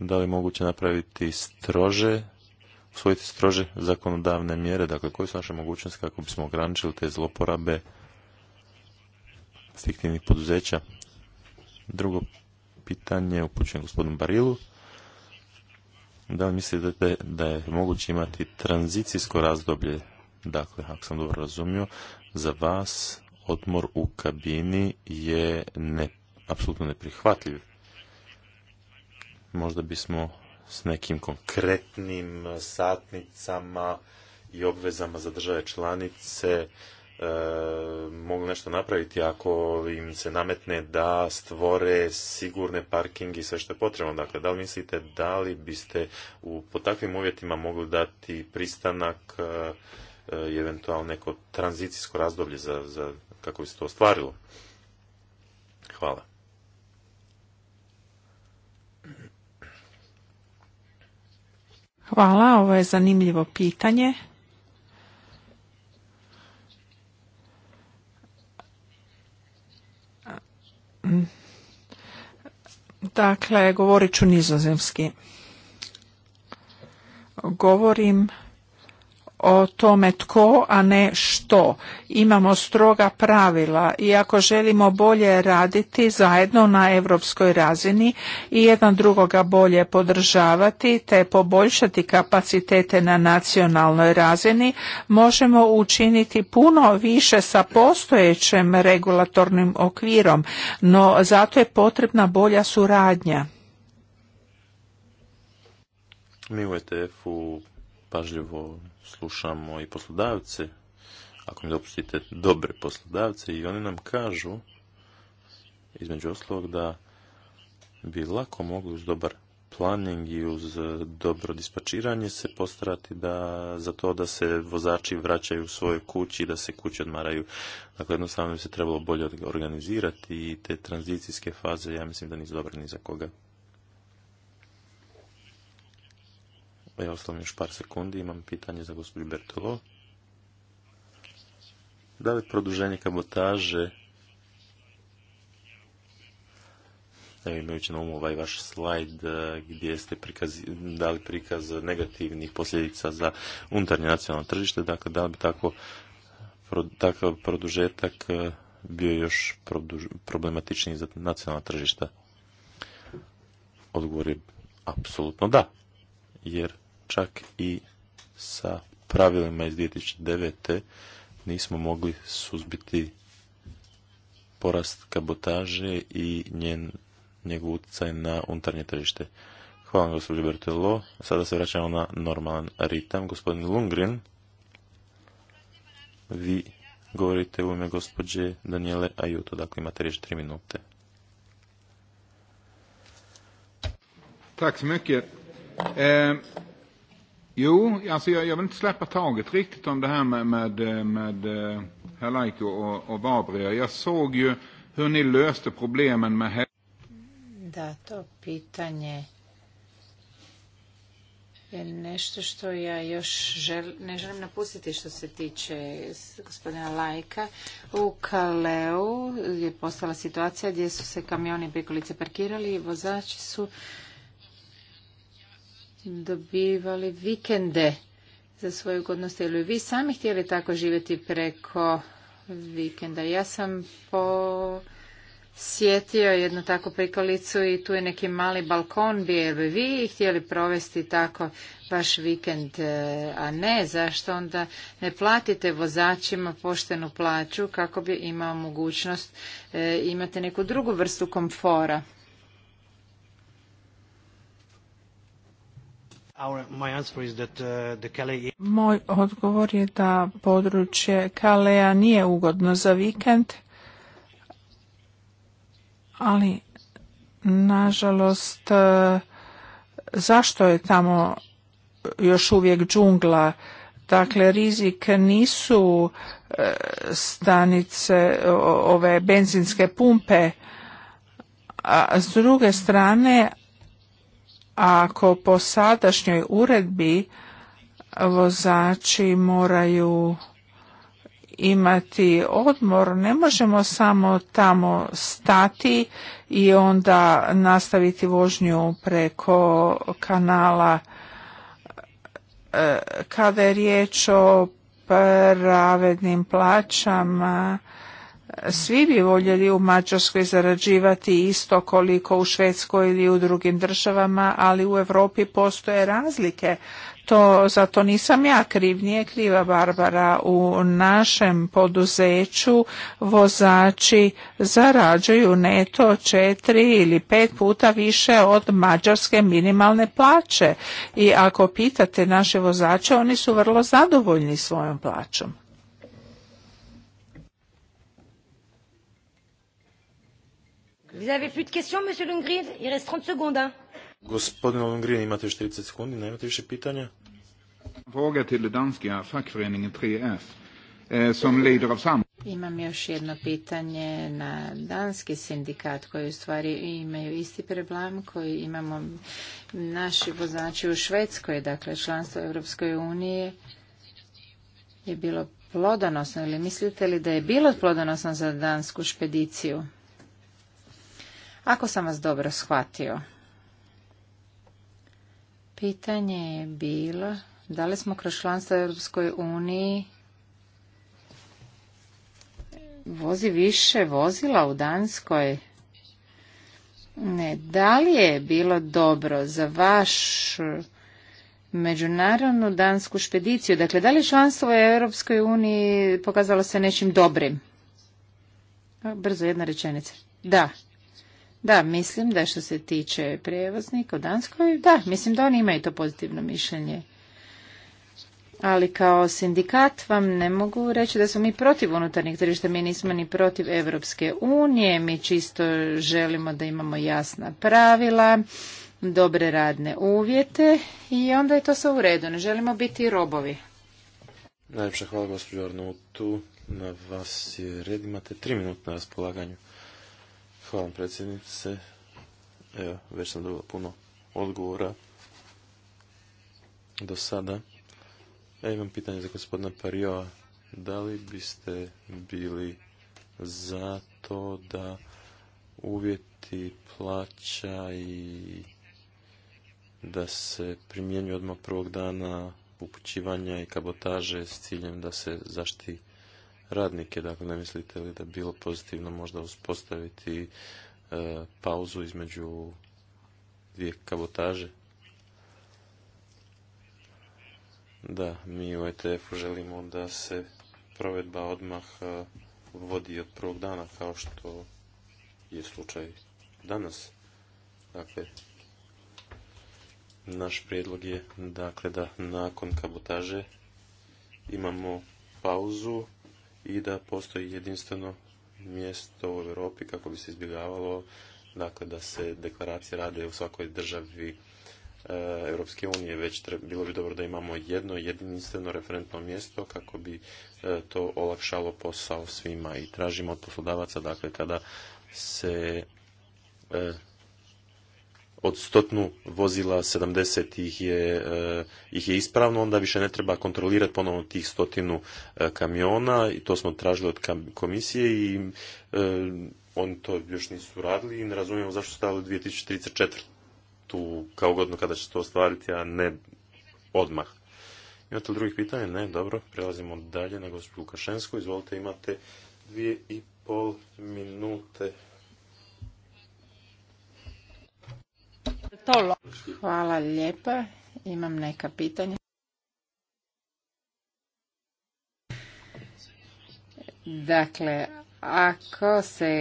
da li je moguće napraviti strože, usvojiti strože zakonodavne mjere, dakle koje su naše mogućnosti kako bismo ograničili te zloporabe fiktivnih poduzeća. Drugo pitanje upućujem gospodinu Barilu. Da li mislite da, je, da je moguće imati tranzicijsko razdoblje, dakle, ako sam dobro razumio, za vas odmor u kabini je apsolutno neprihvatljiv možda bismo s nekim konkretnim e, satnicama i obvezama za države članice e, mogli nešto napraviti ako im se nametne da stvore sigurne parkingi i sve što je potrebno. Dakle, da li mislite da li biste u, po takvim uvjetima mogli dati pristanak i e, eventualno neko tranzicijsko razdoblje za, za kako bi se to ostvarilo? Hvala. Hvala, ovo je zanimljivo pitanje. Dakle, govorit ću nizozemski. Govorim o tome tko, a ne što. Imamo stroga pravila i ako želimo bolje raditi zajedno na europskoj razini i jedan drugoga bolje podržavati te poboljšati kapacitete na nacionalnoj razini, možemo učiniti puno više sa postojećem regulatornim okvirom, no zato je potrebna bolja suradnja. Mi u ETF-u pažljivo slušamo i poslodavce, ako mi dopustite, dobre poslodavce i oni nam kažu, između ostalog, da bi lako mogli uz dobar planning i uz e, dobro dispačiranje se postarati da za to da se vozači vraćaju u svojoj kući, i da se kuće odmaraju. Dakle, jednostavno bi se trebalo bolje organizirati i te tranzicijske faze, ja mislim da nisu dobre ni za koga. Ja ostavim još par sekundi, imam pitanje za gospođu Bertolo. Da li produženje kabotaže, evo imajući na umu ovaj vaš slajd eh, gdje ste dali prikaz negativnih posljedica za unutarnje nacionalno tržište, dakle da li bi tako takav produžetak eh, bio još problematičniji za nacionalna tržišta? Odgovor je apsolutno da, jer čak i sa pravilima iz 2009. nismo mogli suzbiti porast kabotaže i njen, njegov utjecaj na unutarnje tržište. Hvala gospođo Bertelo. Sada se vraćamo na normalan ritam. Gospodin Lundgren, vi govorite u ime gospođe Daniele Ajuto, dakle imate riječ tri minute. Tak Jo, alltså jag, jag vill inte släppa taget riktigt om det här med, med, med Halaiko eh, och, och Barbria. Jag såg ju hur ni löste problemen med Da, to pitanje je nešto što ja još žel, ne želim napustiti što se tiče gospodina Lajka. U Kaleu je postala situacija gdje su se kamioni i prikolice parkirali i vozači su dobivali vikende za svoju godnost. Ili vi sami htjeli tako živjeti preko vikenda? Ja sam po sjetio jednu takvu prikolicu i tu je neki mali balkon bi jer vi htjeli provesti tako vaš vikend, e, a ne zašto onda ne platite vozačima poštenu plaću kako bi imao mogućnost e, imati neku drugu vrstu komfora. Uh, Moj odgovor je da područje Kalea nije ugodno za vikend, ali nažalost uh, zašto je tamo još uvijek džungla? Dakle, rizik nisu uh, stanice ove benzinske pumpe, a s druge strane ako po sadašnjoj uredbi vozači moraju imati odmor, ne možemo samo tamo stati i onda nastaviti vožnju preko kanala. E, kada je riječ o pravednim plaćama, svi bi voljeli u Mađarskoj zarađivati isto koliko u Švedskoj ili u drugim državama, ali u Europi postoje razlike. To, zato nisam ja kriv, nije kriva Barbara. U našem poduzeću vozači zarađuju neto četiri ili pet puta više od mađarske minimalne plaće. I ako pitate naše vozače, oni su vrlo zadovoljni svojom plaćom. Vous avez plus de questions, monsieur Lundgren? Il reste 30 secondes. Hein? Gospodin Lundgren, imate još 30 sekundi, nemate više pitanja? Fråga till det danska fackföreningen 3F eh, som lider av sam... Imam još jedno pitanje na danski sindikat koji u stvari imaju isti problem koji imamo naši vozači u Švedskoj, dakle članstvo Europskoj unije je bilo plodonosno ili mislite li da je bilo plodonosno za dansku špediciju? Ako sam vas dobro shvatio, pitanje je bilo da li smo kroz članstvo Europskoj uniji vozi više vozila u Danskoj? Ne, da li je bilo dobro za vaš međunarodnu dansku špediciju? Dakle, da li članstvo u Europskoj uniji pokazalo se nečim dobrim? Brzo, jedna rečenica. Da. Da, mislim da što se tiče prijevoznika u Danskoj, da, mislim da oni imaju to pozitivno mišljenje. Ali kao sindikat vam ne mogu reći da smo mi protiv unutarnjeg tržišta, mi nismo ni protiv Europske unije, mi čisto želimo da imamo jasna pravila, dobre radne uvjete i onda je to sve u redu, ne želimo biti robovi. Najljepša hvala gospođo na vas je red, imate tri minute na raspolaganju. Hvala predsjednice. Evo, već sam dobila puno odgovora do sada. Ja imam pitanje za gospodina Pariova. Da li biste bili za to da uvjeti plaća i da se primjenju odmah prvog dana upućivanja i kabotaže s ciljem da se zaštiti radnike. Dakle, ne mislite li da bi bilo pozitivno možda uspostaviti e, pauzu između dvije kabotaže? Da, mi u ETF-u želimo da se provedba odmah e, vodi od prvog dana, kao što je slučaj danas. Dakle, naš prijedlog je dakle, da nakon kabotaže imamo pauzu i da postoji jedinstveno mjesto u Europi kako bi se izbjegavalo dakle, da se deklaracije rade u svakoj državi eh, Europske unije, već bilo bi dobro da imamo jedno jedinstveno referentno mjesto kako bi eh, to olakšalo posao svima i tražimo od poslodavaca, dakle, kada se eh, od stotnu vozila 70 ih je, eh, ih je ispravno, onda više ne treba kontrolirati ponovno tih stotinu eh, kamiona i to smo tražili od komisije i eh, oni to još nisu radili i ne razumijemo zašto su stavili 2034 tu kao godinu kada će se to ostvariti, a ne odmah. Imate li drugih pitanja? Ne, dobro. Prelazimo dalje na gospođu Lukašensku. Izvolite, imate dvije i pol minute. Hvala lijepa. Imam neka pitanja. Dakle, ako se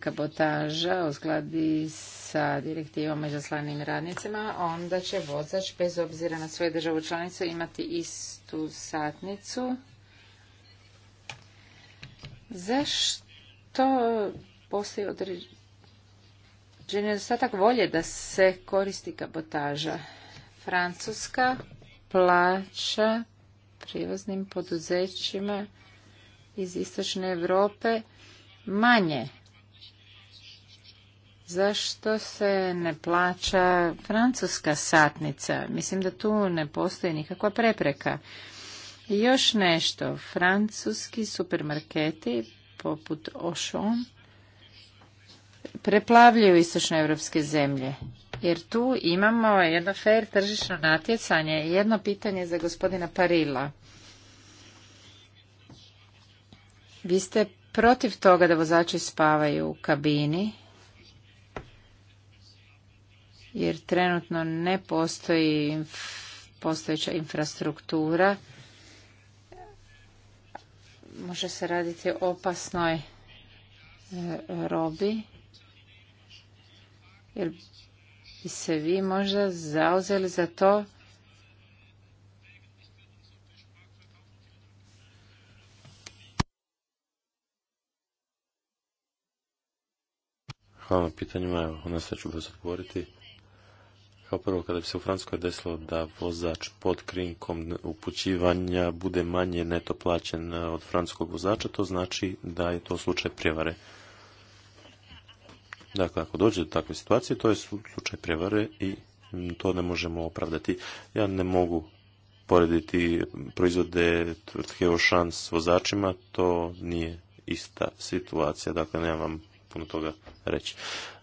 kabotaža uskladi sa direktivom i zaslanim radnicima, onda će vozač bez obzira na svoju državu članice imati istu satnicu. Zašto postoji određen je nedostatak volje da se koristi kabotaža. Francuska plaća privoznim poduzećima iz istočne Europe manje. Zašto se ne plaća francuska satnica? Mislim da tu ne postoji nikakva prepreka. I još nešto, francuski supermarketi poput Auchan preplavljuju evropske zemlje. Jer tu imamo jedno fair tržišno natjecanje i jedno pitanje za gospodina Parila. Vi ste protiv toga da vozači spavaju u kabini, jer trenutno ne postoji postojeća infrastruktura. Može se raditi o opasnoj e, robi Jel bi se vi možda zauzeli za to Hvala na pitanjima, evo, onda ću odgovoriti. Kao prvo, kada bi se u Francuskoj desilo da vozač pod krinkom upućivanja bude manje neto plaćen od francuskog vozača, to znači da je to slučaj prijevare. Dakle, ako dođe do takve situacije, to je slučaj prevare i to ne možemo opravdati. Ja ne mogu porediti proizvode tvrtke šans s vozačima, to nije ista situacija, dakle nemam puno toga reći.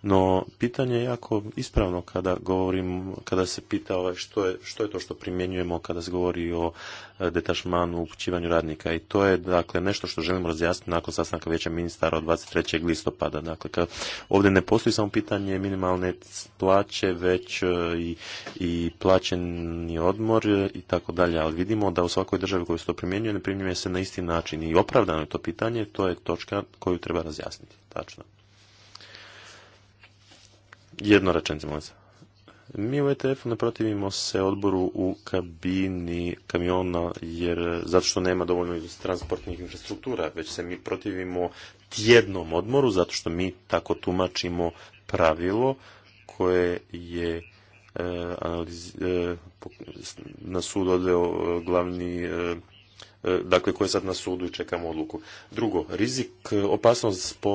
No, pitanje je jako ispravno kada govorim, kada se pita ovaj, što, je, što je to što primjenjujemo kada se govori o e, detašmanu, upućivanju radnika. I to je, dakle, nešto što želimo razjasniti nakon sastanka vijeća ministara od 23. listopada. Dakle, kad ovdje ne postoji samo pitanje minimalne plaće, već e, i, i plaćeni odmor e, i tako dalje. Ali vidimo da u svakoj državi koju se to primjenjuje ne primjenjuje se na isti način. I opravdano je to pitanje, to je točka koju treba razjasniti. Tačno. Jedno rečenice, Mi u ETF-u ne protivimo se odboru u kabini kamiona, jer zato što nema dovoljno transportnih infrastruktura, već se mi protivimo tjednom odmoru, zato što mi tako tumačimo pravilo koje je e, e, na sud odveo e, glavni dakle koje je sad na sudu i čekamo odluku. Drugo, rizik, opasnost po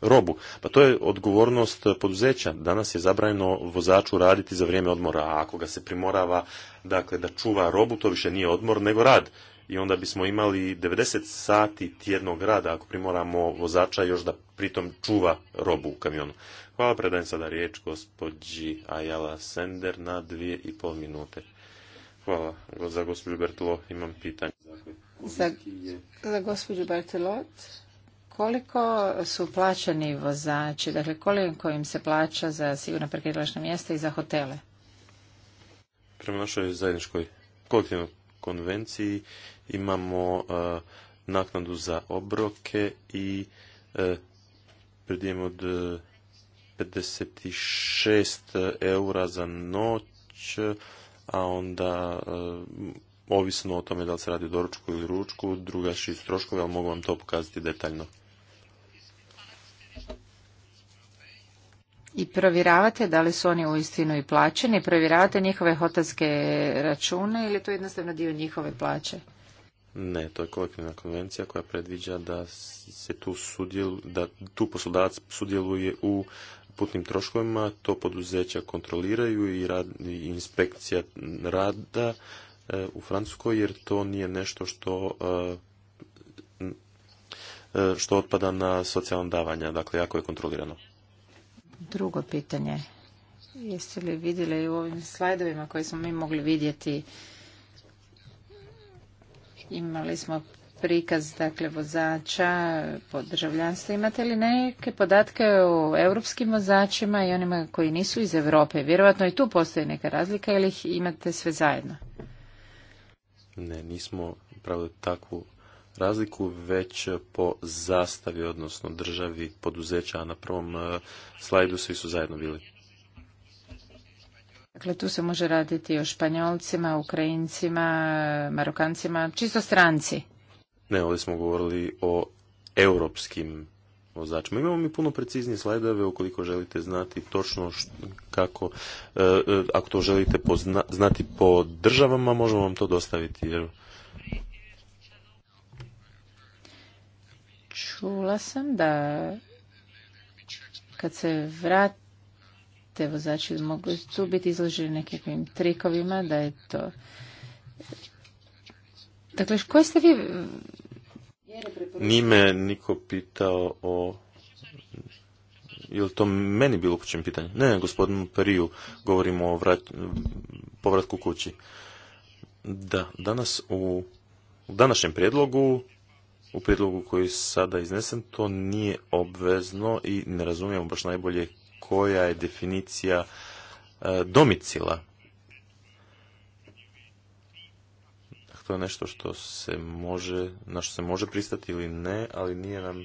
robu. Pa to je odgovornost poduzeća. Danas je zabranjeno vozaču raditi za vrijeme odmora, a ako ga se primorava dakle, da čuva robu, to više nije odmor nego rad. I onda bismo imali 90 sati tjednog rada ako primoramo vozača još da pritom čuva robu u kamionu. Hvala, predajem sada riječ gospođi Ajala Sender na dvije i pol minute. Hvala, za gospođu Bertolo imam pitanje. Za, za gospođu koliko su plaćeni vozači, dakle koliko im se plaća za sigurna parkirališna mjesta i za hotele? Prema našoj zajedničkoj kolektivnoj konvenciji imamo eh, naknadu za obroke i uh, od od eh, 56 eura za noć, a onda ovisno o tome da li se radi o doručku ili ručku, drugačiji troškovi, ali mogu vam to pokazati detaljno. i provjeravate da li su oni uistinu i plaćeni, provjeravate njihove hotelske račune ili to jednostavno dio njihove plaće? Ne, to je kolektivna konvencija koja predviđa da se tu sudjel, da tu poslodavac sudjeluje u putnim troškovima, to poduzeća kontroliraju i, inspekcija rada eh, u Francuskoj jer to nije nešto što eh, eh, što otpada na socijalna davanja, dakle jako je kontrolirano. Drugo pitanje. Jeste li vidjeli u ovim slajdovima koje smo mi mogli vidjeti imali smo prikaz dakle vozača po državljanstvu. Imate li neke podatke o europskim vozačima i onima koji nisu iz Europe? Vjerojatno i tu postoji neka razlika ili ih imate sve zajedno? Ne, nismo pravo takvu razliku već po zastavi, odnosno državi poduzeća, a na prvom e, slajdu svi su zajedno bili. Dakle, tu se može raditi o Španjolcima, Ukrajincima, Marokancima, čisto stranci. Ne, ovdje smo govorili o europskim vozačima. Imamo mi puno preciznije slajdove ukoliko želite znati točno kako, e, e, ako to želite znati po državama, možemo vam to dostaviti. Jer Čula sam da kad se vrate vozači mogu su biti izloženi nekakvim trikovima, da je to... Dakle, koje ste vi... Nije me niko pitao o... Je to meni bilo upućeno pitanje? Ne, ne, gospodinu Periju govorimo o vrat... povratku kući. Da, danas u današnjem prijedlogu u prijedlogu koji je sada iznesen, to nije obvezno i ne razumijemo baš najbolje koja je definicija e, domicila. Dakle, to je nešto što se može, na što se može pristati ili ne, ali nije nam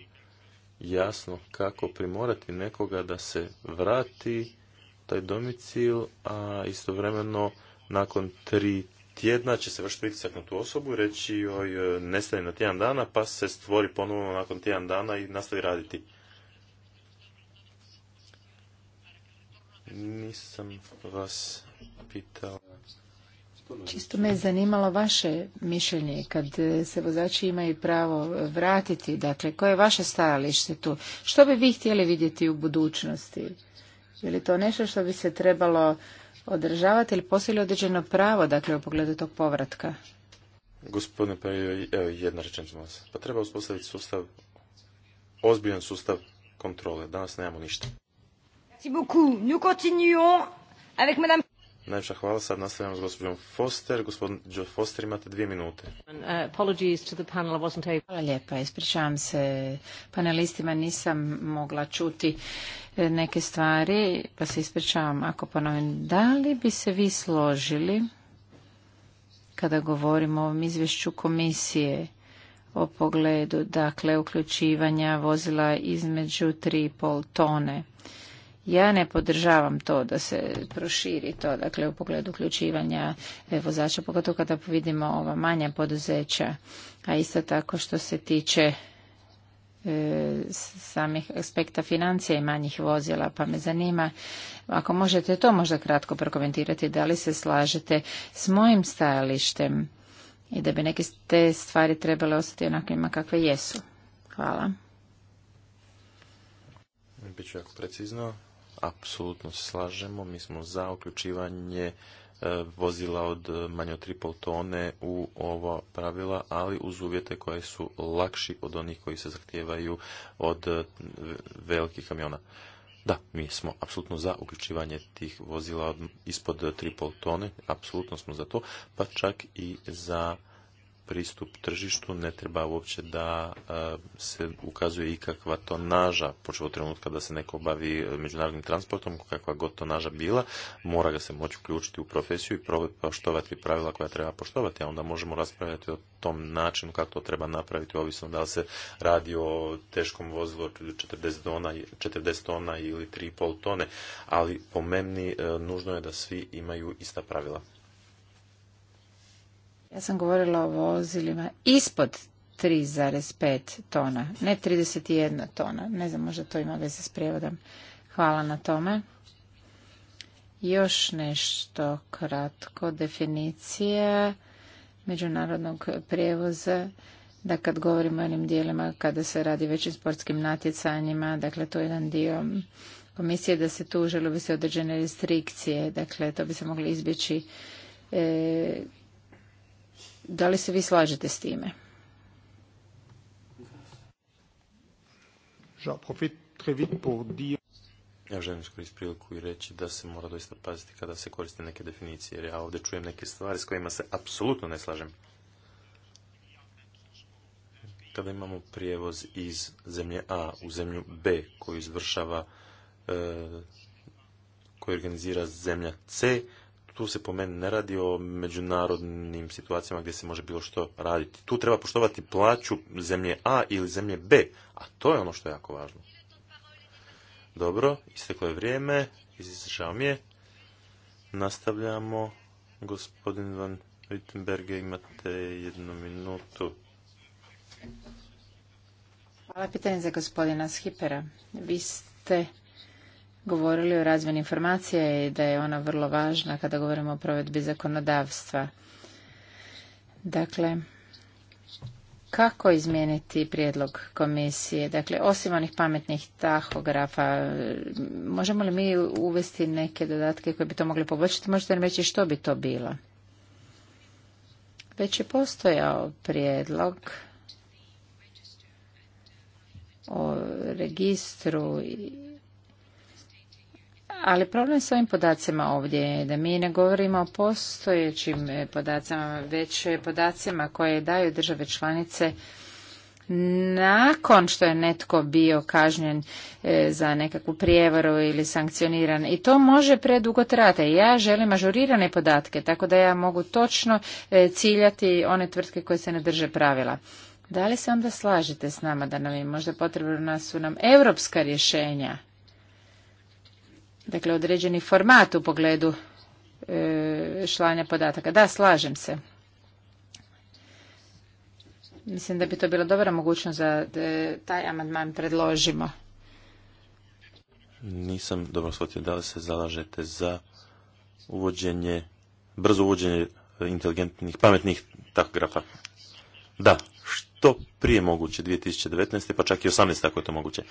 jasno kako primorati nekoga da se vrati taj domicil, a istovremeno nakon tri tjedna će se vršiti pritisak na tu osobu i reći joj e, nestane na tjedan dana pa se stvori ponovno nakon tjedan dana i nastavi raditi. Nisam vas pitao. Čisto me je zanimalo vaše mišljenje kad e, se vozači imaju pravo vratiti. Dakle, koje je vaše stajalište tu? Što bi vi htjeli vidjeti u budućnosti? Je li to nešto što bi se trebalo održavate ili postoji određeno pravo, dakle, u pogledu tog povratka? Gospodine, pa evo, jedna rečenica vas. Pa treba uspostaviti sustav, ozbiljan sustav kontrole. Danas nemamo ništa. Merci beaucoup. Nous continuons avec madame... Najviše hvala. Sad nastavljamo s gospođom Foster. Gospodin Foster, imate dvije minute. Uh, hvala lijepa. Ispričavam se panelistima. Nisam mogla čuti e, neke stvari, pa se ispričavam ako ponovim. Da li bi se vi složili kada govorimo o ovom izvješću komisije o pogledu, dakle, uključivanja vozila između 3,5 tone? Ja ne podržavam to da se proširi to, dakle u pogledu uključivanja e, vozača, pogotovo kada vidimo ova manja poduzeća, a isto tako što se tiče e, samih aspekta financija i manjih vozila, pa me zanima ako možete to možda kratko prokomentirati, da li se slažete s mojim stajalištem i da bi neke te stvari trebale ostati onakvima kakve jesu. Hvala. Biću jako precizno apsolutno slažemo. Mi smo za uključivanje e, vozila od e, manje od pol tone u ova pravila, ali uz uvjete koje su lakši od onih koji se zahtijevaju od e, velikih kamiona. Da, mi smo apsolutno za uključivanje tih vozila ispod 3,5 tone, apsolutno smo za to, pa čak i za pristup tržištu, ne treba uopće da e, se ukazuje ikakva tonaža, počeo trenutka da se neko bavi e, međunarodnim transportom, kakva god tonaža bila, mora ga se moći uključiti u profesiju i poštovati pravila koja treba poštovati, a onda možemo raspravljati o tom načinu kako to treba napraviti, ovisno da li se radi o teškom vozilu 40 tona, 40 tona ili 3,5 tone, ali po meni e, nužno je da svi imaju ista pravila. Ja sam govorila o vozilima ispod 3,5 tona, ne 31 tona. Ne znam, možda to ima veze s prijevodom. Hvala na tome. Još nešto kratko. Definicija međunarodnog prijevoza. Da kad govorimo o onim dijelima kada se radi većim sportskim natjecanjima, dakle to je jedan dio komisije da se tu žele bi se određene restrikcije, dakle to bi se moglo izbjeći e, da li se vi slažete s time? Ja želim iskoristiti priliku i reći da se mora doista paziti kada se koriste neke definicije, jer ja ovdje čujem neke stvari s kojima se apsolutno ne slažem. Kada imamo prijevoz iz zemlje A u zemlju B koju izvršava, e, koju organizira zemlja C, tu se po meni ne radi o međunarodnim situacijama gdje se može bilo što raditi. Tu treba poštovati plaću zemlje A ili zemlje B, a to je ono što je jako važno. Dobro, isteklo je vrijeme, izvršao mi je. Nastavljamo. Gospodin Van Wittenberge, imate jednu minutu. Hvala pitanje za gospodina Schipera. Vi ste govorili o razmjeni informacija i da je ona vrlo važna kada govorimo o provedbi zakonodavstva. Dakle, kako izmijeniti prijedlog komisije? Dakle, osim onih pametnih tahografa, možemo li mi uvesti neke dodatke koje bi to mogli poboljšati? Možete nam reći što bi to bilo? Već je postojao prijedlog o registru i ali problem s ovim podacima ovdje je da mi ne govorimo o postojećim e, podacima, već e, podacima koje daju države članice nakon što je netko bio kažnjen e, za nekakvu prijevaru ili sankcioniran i to može predugo trajati. Ja želim ažurirane podatke tako da ja mogu točno ciljati one tvrtke koje se ne drže pravila. Da li se onda slažete s nama da nam je možda potrebna su nam europska rješenja dakle određeni format u pogledu e, šlanja podataka. Da, slažem se. Mislim da bi to bila dobra mogućnost da taj amandman predložimo. Nisam dobro shvatio da li se zalažete za uvođenje, brzo uvođenje inteligentnih, pametnih takografa. Da, što prije moguće, 2019. pa čak i 18. ako je to moguće.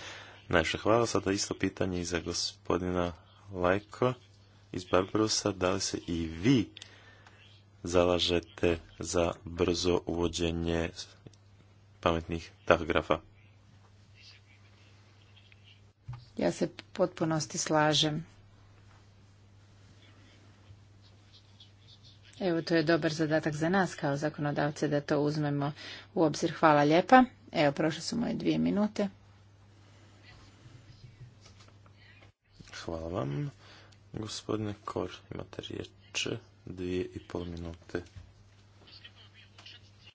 Najviše hvala. Sada isto pitanje i za gospodina Lajko iz Barbarosa. Da li se i vi zalažete za brzo uvođenje pametnih tahografa? Ja se potpunosti slažem. Evo, to je dobar zadatak za nas kao zakonodavce da to uzmemo u obzir. Hvala lijepa. Evo, prošle su moje dvije minute. Hvala vam. Gospodine Kor, imate riječ dvije i pol minute.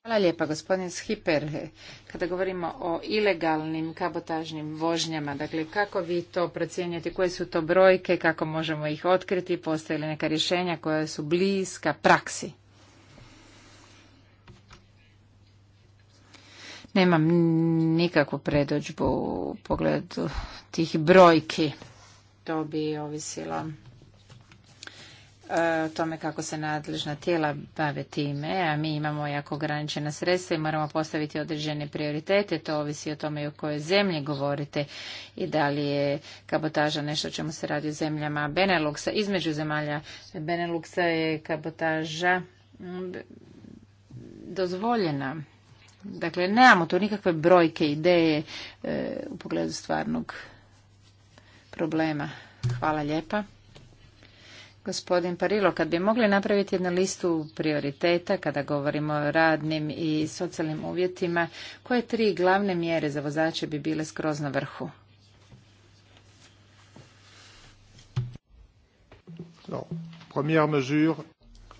Hvala lijepa gospodin Schiper. Kada govorimo o ilegalnim kabotažnim vožnjama, dakle kako vi to procjenjujete, koje su to brojke, kako možemo ih otkriti, postoje li neka rješenja koja su bliska praksi? Nemam nikakvu predođbu u pogledu tih brojki to bi ovisilo e, o tome kako se nadležna tijela bave time, a mi imamo jako ograničena sredstva i moramo postaviti određene prioritete, to ovisi o tome i o kojoj zemlji govorite i da li je kabotaža nešto o čemu se radi u zemljama Beneluxa. Između zemalja Beneluxa je kabotaža dozvoljena. Dakle, nemamo tu nikakve brojke, ideje e, u pogledu stvarnog problema. Hvala lijepa. Gospodin Parilo, kad bi mogli napraviti jednu listu prioriteta kada govorimo o radnim i socijalnim uvjetima, koje tri glavne mjere za vozače bi bile skroz na vrhu?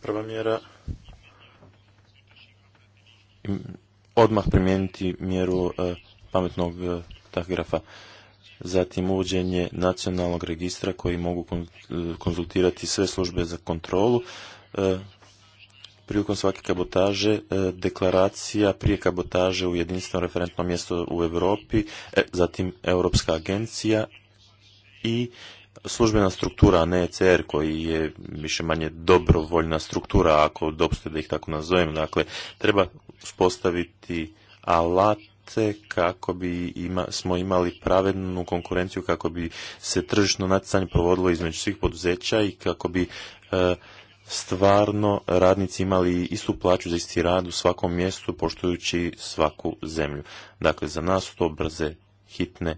Prva mjera odmah primijeniti mjeru eh, pametnog eh, tahografa zatim uvođenje nacionalnog registra koji mogu eh, konzultirati sve službe za kontrolu. Eh, prilikom svake kabotaže, eh, deklaracija prije kabotaže u jedinstveno referentno mjesto u Europi, zatim Europska agencija i službena struktura, a ne ECR koji je više manje dobrovoljna struktura, ako dopustite da ih tako nazovem. Dakle, treba uspostaviti alat alate kako bi ima, smo imali pravednu konkurenciju, kako bi se tržišno natjecanje provodilo između svih poduzeća i kako bi e, stvarno radnici imali istu plaću za isti rad u svakom mjestu poštujući svaku zemlju. Dakle, za nas su to brze, hitne,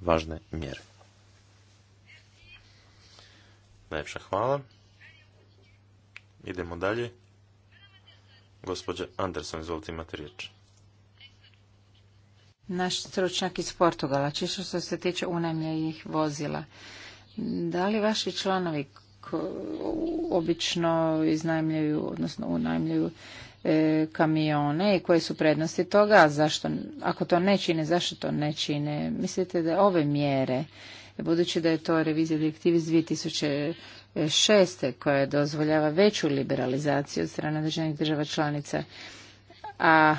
važne mjere. Najljepša hvala. Idemo dalje. Gospođa Anderson, izvolite imate riječ naš stručnjak iz Portugala, čisto što se tiče unajmljenih vozila. Da li vaši članovi obično iznajmljuju, odnosno unajmljuju e, kamione i koje su prednosti toga, zašto, ako to ne čine, zašto to ne čine? Mislite da ove mjere, budući da je to revizija direktive iz 2006. koja dozvoljava veću liberalizaciju od strane državnih država članica, a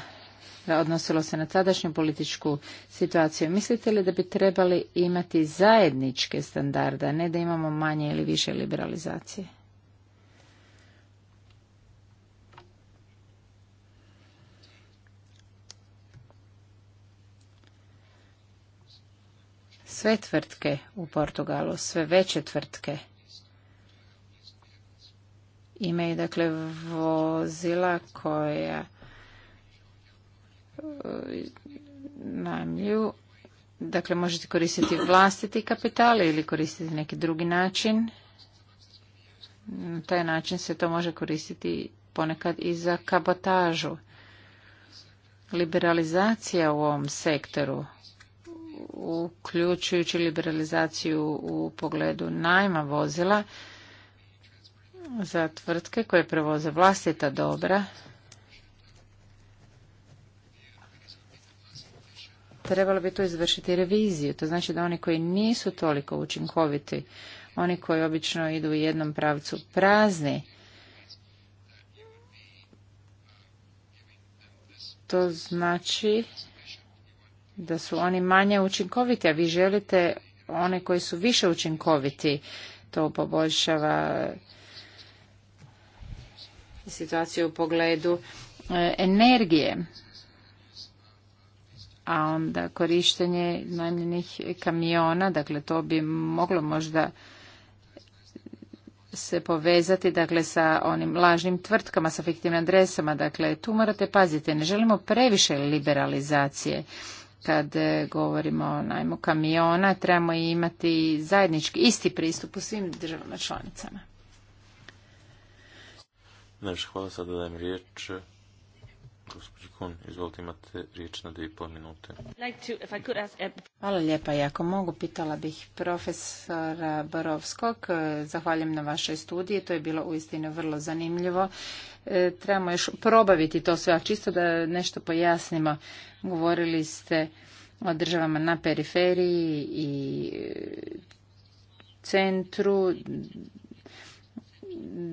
odnosilo se na tadašnju političku situaciju. Mislite li da bi trebali imati zajedničke standarde, a ne da imamo manje ili više liberalizacije? Sve tvrtke u Portugalu, sve veće tvrtke imaju dakle vozila koja najmlju. Dakle, možete koristiti vlastiti kapital ili koristiti neki drugi način. Na taj način se to može koristiti ponekad i za kabotažu. Liberalizacija u ovom sektoru, uključujući liberalizaciju u pogledu najma vozila za tvrtke koje prevoze vlastita dobra, trebalo bi tu izvršiti reviziju. To znači da oni koji nisu toliko učinkoviti, oni koji obično idu u jednom pravcu prazni, to znači da su oni manje učinkoviti, a vi želite one koji su više učinkoviti. To poboljšava e, situaciju u pogledu e, energije a onda korištenje najmljenih kamiona, dakle to bi moglo možda se povezati dakle sa onim lažnim tvrtkama, sa fiktivnim adresama. Dakle, tu morate paziti, ne želimo previše liberalizacije kad e, govorimo o najmu kamiona, trebamo imati zajednički isti pristup u svim državama članicama. Najviše hvala sada dajem riječ Hvala lijepa, i ako mogu, pitala bih profesora Borovskog. Zahvaljujem na vašoj studiji, to je bilo uistinu vrlo zanimljivo. E, trebamo još probaviti to sve, a čisto da nešto pojasnimo. Govorili ste o državama na periferiji i centru,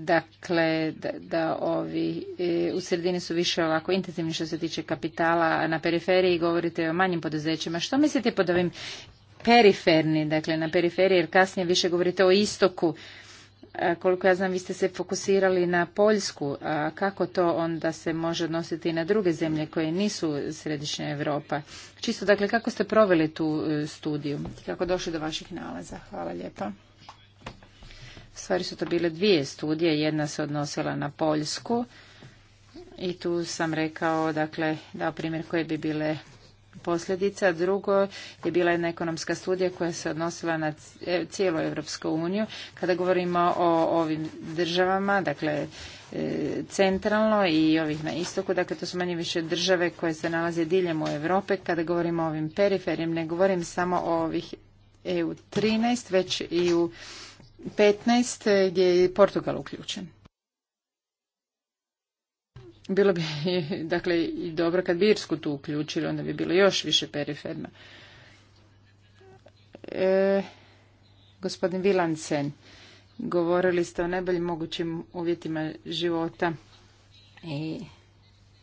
dakle da, da ovi e, u sredini su više ovako intenzivni što se tiče kapitala, a na periferiji govorite o manjim poduzećima. Što mislite pod ovim periferni, dakle na periferiji, jer kasnije više govorite o istoku. koliko ja znam, vi ste se fokusirali na Poljsku. A kako to onda se može odnositi i na druge zemlje koje nisu središnja Europa? Čisto, dakle, kako ste proveli tu e, studiju? Kako došli do vaših nalaza? Hvala lijepa. U stvari su to bile dvije studije, jedna se odnosila na Poljsku i tu sam rekao, dakle, dao primjer koje bi bile posljedica. Drugo je bila jedna ekonomska studija koja se odnosila na e, cijelu Europsku uniju. Kada govorimo o ovim državama, dakle e, centralno i ovih na istoku, dakle to su manje više države koje se nalaze diljem u Europe. Kada govorimo o ovim periferijem, ne govorim samo o ovih EU 13, već i u 15 gdje je Portugal uključen. Bilo bi, dakle, i dobro kad bi Irsku tu uključili, onda bi bilo još više periferno. E, gospodin Vilansen, govorili ste o najboljim mogućim uvjetima života i,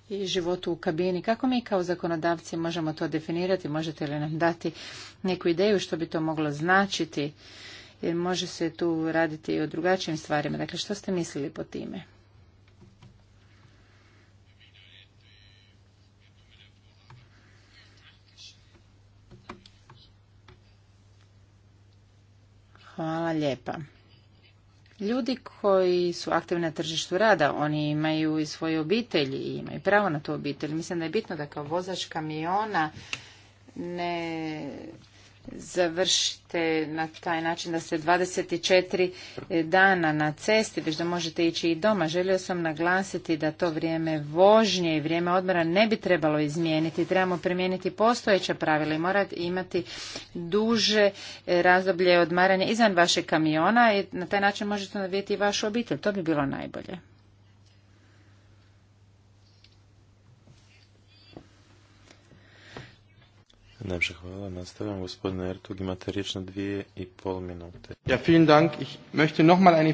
i životu u kabini. Kako mi kao zakonodavci možemo to definirati? Možete li nam dati neku ideju što bi to moglo značiti? jer može se tu raditi i o drugačijim stvarima. Dakle, što ste mislili po time? Hvala lijepa. Ljudi koji su aktivni na tržištu rada, oni imaju i svoje obitelji i imaju pravo na tu obitelj. Mislim da je bitno da kao vozač kamiona ne završite na taj način da ste 24 dana na cesti, već da možete ići i doma. Želio sam naglasiti da to vrijeme vožnje i vrijeme odmora ne bi trebalo izmijeniti. Trebamo primijeniti postojeća pravila i morate imati duže razdoblje odmaranja izvan vašeg kamiona i na taj način možete navijeti i vašu obitelj. To bi bilo najbolje. Najpša hvala. Nastavljam, gospodine Ertug, imate riječ na dvije i pol minute. Ja, vielen dank. Ich möchte noch mal eine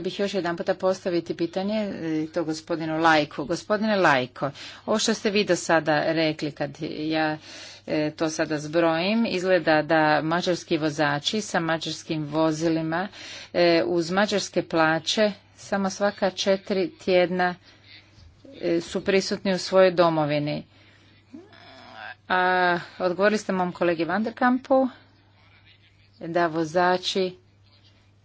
bih još jedan puta postaviti pitanje e, to gospodinu Lajku. Gospodine Lajko, ovo što ste vi do sada rekli kad ja e, to sada zbrojim, izgleda da mađarski vozači sa mađarskim vozilima e, uz mađarske plaće samo svaka četiri tjedna su prisutni u svojoj domovini odgovorili ste mom kolegi Vanderkampu da vozači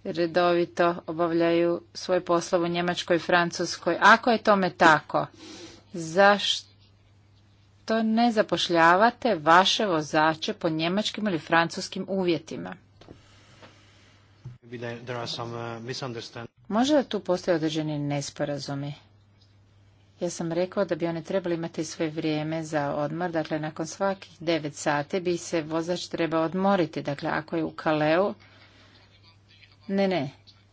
redovito obavljaju svoj posao u Njemačkoj i Francuskoj. Ako je tome tako, zašto ne zapošljavate vaše vozače po njemačkim ili francuskim uvjetima? Uh, Možda tu postoje određeni nesporazumi. Ja sam rekao da bi oni trebali imati svoje vrijeme za odmor, dakle nakon svakih devet sati bi se vozač trebao odmoriti, dakle ako je u Kaleu. Ne, ne,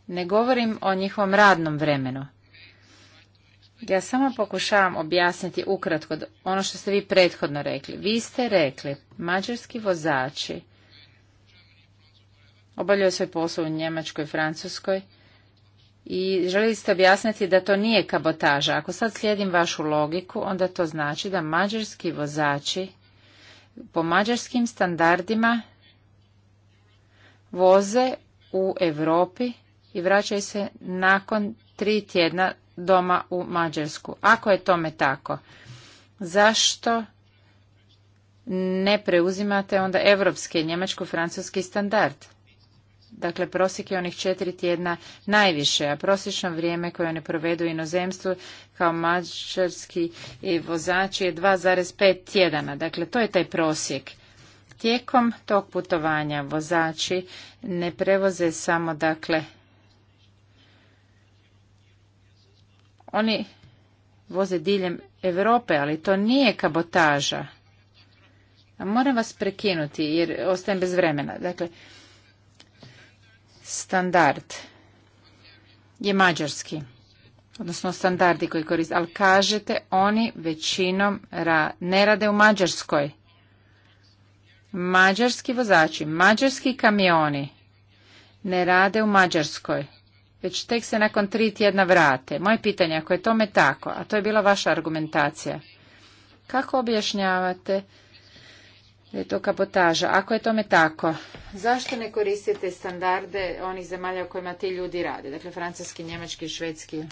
ne govorim o njihovom radnom vremenu. Ja samo pokušavam objasniti ukratko ono što ste vi prethodno rekli. Vi ste rekli, mađarski vozači obavljaju svoj posao u Njemačkoj, Francuskoj, i želili ste objasniti da to nije kabotaža. Ako sad slijedim vašu logiku, onda to znači da mađarski vozači po mađarskim standardima voze u Europi i vraćaju se nakon tri tjedna doma u Mađarsku. Ako je tome tako, zašto ne preuzimate onda evropski, njemačko-francuski standard? Dakle, prosjek je onih četiri tjedna najviše, a prosječno vrijeme koje oni provedu u inozemstvu kao mađarski vozači je 2,5 tjedana. Dakle, to je taj prosjek. Tijekom tog putovanja vozači ne prevoze samo, dakle, oni voze diljem Europe, ali to nije kabotaža. Moram vas prekinuti jer ostajem bez vremena. Dakle, standard je mađarski, odnosno standardi koji koriste, ali kažete oni većinom ne rade u Mađarskoj. Mađarski vozači, mađarski kamioni ne rade u Mađarskoj, već tek se nakon tri tjedna vrate. Moje pitanje, ako je tome tako, a to je bila vaša argumentacija, kako objašnjavate je to kabotaža. Ako je tome tako, zašto ne koristite standarde onih zemalja u kojima ti ljudi rade? Dakle, francuski, njemački, švedski.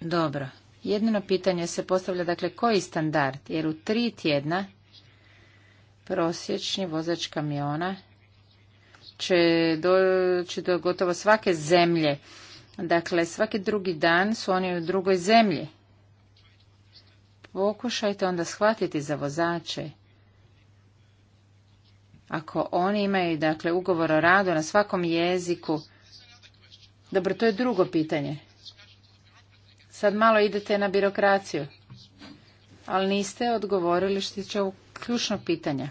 Dobro. Jedino pitanje se postavlja, dakle, koji standard? Jer u tri tjedna prosječni vozač kamiona će doći do gotovo svake zemlje. Dakle, svaki drugi dan su oni u drugoj zemlji. Pokušajte onda shvatiti za vozače ako oni imaju dakle ugovor o radu na svakom jeziku, dobro, to je drugo pitanje. Sad malo idete na birokraciju, ali niste odgovorili što će ovog ključnog pitanja.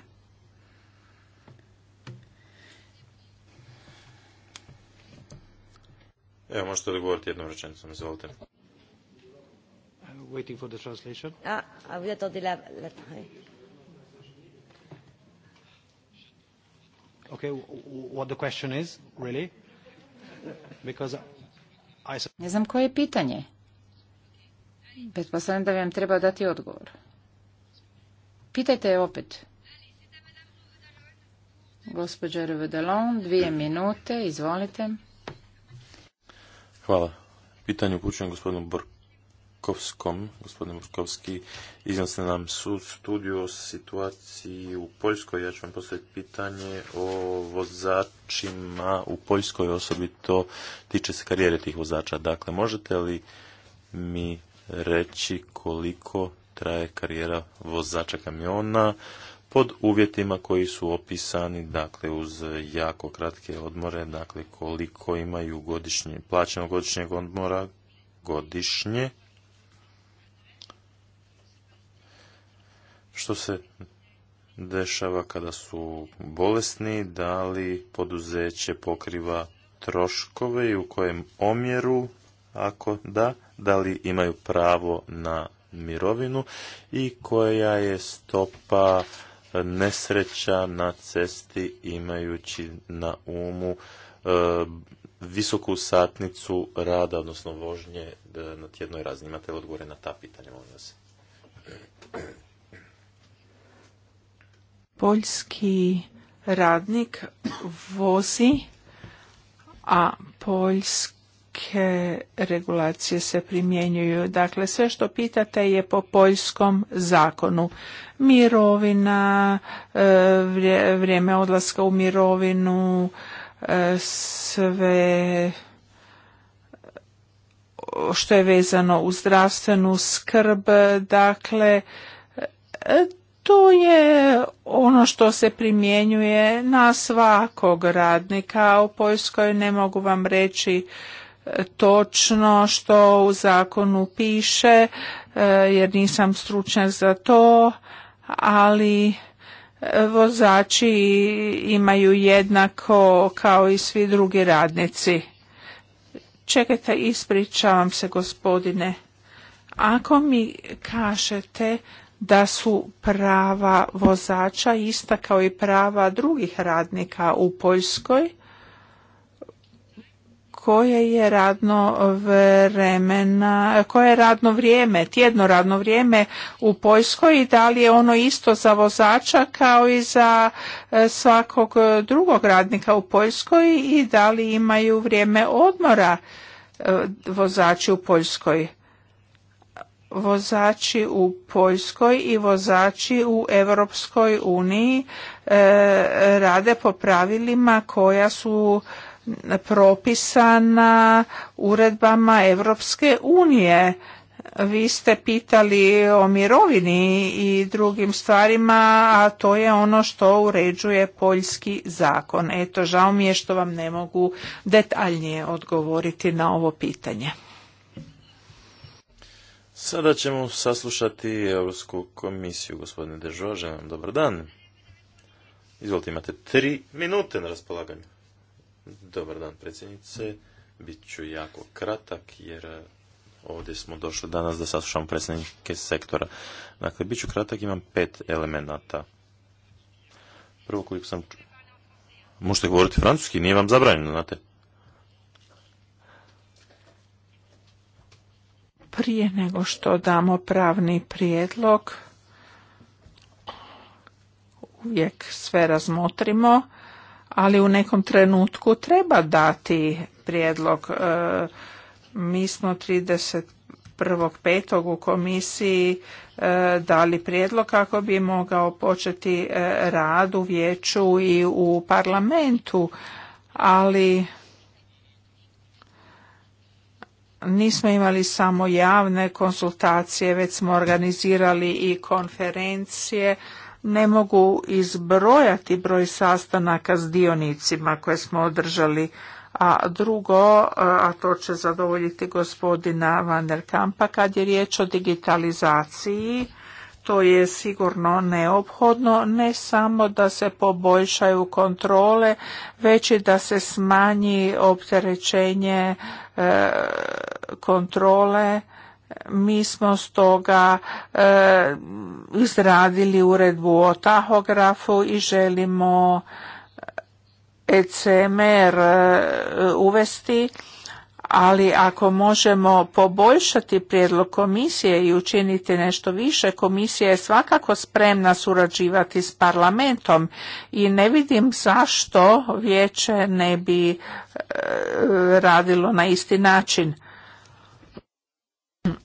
Evo, možete odgovoriti jednom rečenicom, izvolite. Waiting for the translation. Ah, a, a okay, what the question is, really? Because I... Ne znam koje je pitanje. Pretpostavljam da bi vam treba dati odgovor. Pitajte je opet. Gospođa Revedalon, dvije minute, izvolite. Hvala. Pitanje upućujem gospodinu Borku. Burkovskom, gospodine Burkovski, iznosili nam su studiju o situaciji u Poljskoj. Ja ću vam postaviti pitanje o vozačima u Poljskoj, osobito tiče se karijere tih vozača. Dakle, možete li mi reći koliko traje karijera vozača kamiona pod uvjetima koji su opisani, dakle uz jako kratke odmore, dakle koliko imaju godišnje, plaćeno godišnjeg odmora godišnje što se dešava kada su bolesni, da li poduzeće pokriva troškove i u kojem omjeru, ako da, da li imaju pravo na mirovinu i koja je stopa nesreća na cesti imajući na umu e, visoku satnicu rada, odnosno vožnje e, na tjednoj razini. Imate odgovore na ta pitanja, molim vas. Poljski radnik vozi, a poljske regulacije se primjenjuju. Dakle, sve što pitate je po poljskom zakonu. Mirovina, e, vrijeme odlaska u mirovinu, e, sve što je vezano uz zdravstvenu skrb, dakle to je ono što se primjenjuje na svakog radnika u Poljskoj. Ne mogu vam reći e, točno što u zakonu piše e, jer nisam stručnjak za to, ali e, vozači imaju jednako kao i svi drugi radnici. Čekajte, ispričavam se gospodine. Ako mi kažete da su prava vozača ista kao i prava drugih radnika u Poljskoj koje je radno vremena, koje je radno vrijeme, tjedno radno vrijeme u Poljskoj i da li je ono isto za vozača kao i za e, svakog drugog radnika u Poljskoj i da li imaju vrijeme odmora e, vozači u Poljskoj vozači u Poljskoj i vozači u Europskoj uniji e, rade po pravilima koja su propisana uredbama Europske unije. Vi ste pitali o mirovini i drugim stvarima, a to je ono što uređuje poljski zakon. Eto, žao mi je što vam ne mogu detaljnije odgovoriti na ovo pitanje. Sada ćemo saslušati Europsku komisiju, gospodine Dežo, želim dobar dan. Izvolite, imate tri minute na raspolaganju. Dobar dan, predsjednice. ću jako kratak, jer ovdje smo došli danas da saslušamo predstavnike sektora. Dakle, bit ću kratak, imam pet elemenata. Prvo koliko sam... Možete govoriti francuski, nije vam zabranjeno, znate. Prije nego što damo pravni prijedlog, uvijek sve razmotrimo, ali u nekom trenutku treba dati prijedlog. E, mi smo 31.5. u komisiji e, dali prijedlog kako bi mogao početi e, rad u vijeću i u parlamentu, ali nismo imali samo javne konsultacije, već smo organizirali i konferencije. Ne mogu izbrojati broj sastanaka s dionicima koje smo održali. A drugo, a to će zadovoljiti gospodina Van der Kampa, kad je riječ o digitalizaciji, što je sigurno neophodno ne samo da se poboljšaju kontrole, već i da se smanji opterećenje kontrole. Mi smo stoga izradili uredbu o tahografu i želimo ECMR uvesti ali ako možemo poboljšati prijedlog komisije i učiniti nešto više, komisija je svakako spremna surađivati s parlamentom i ne vidim zašto vijeće ne bi e, radilo na isti način.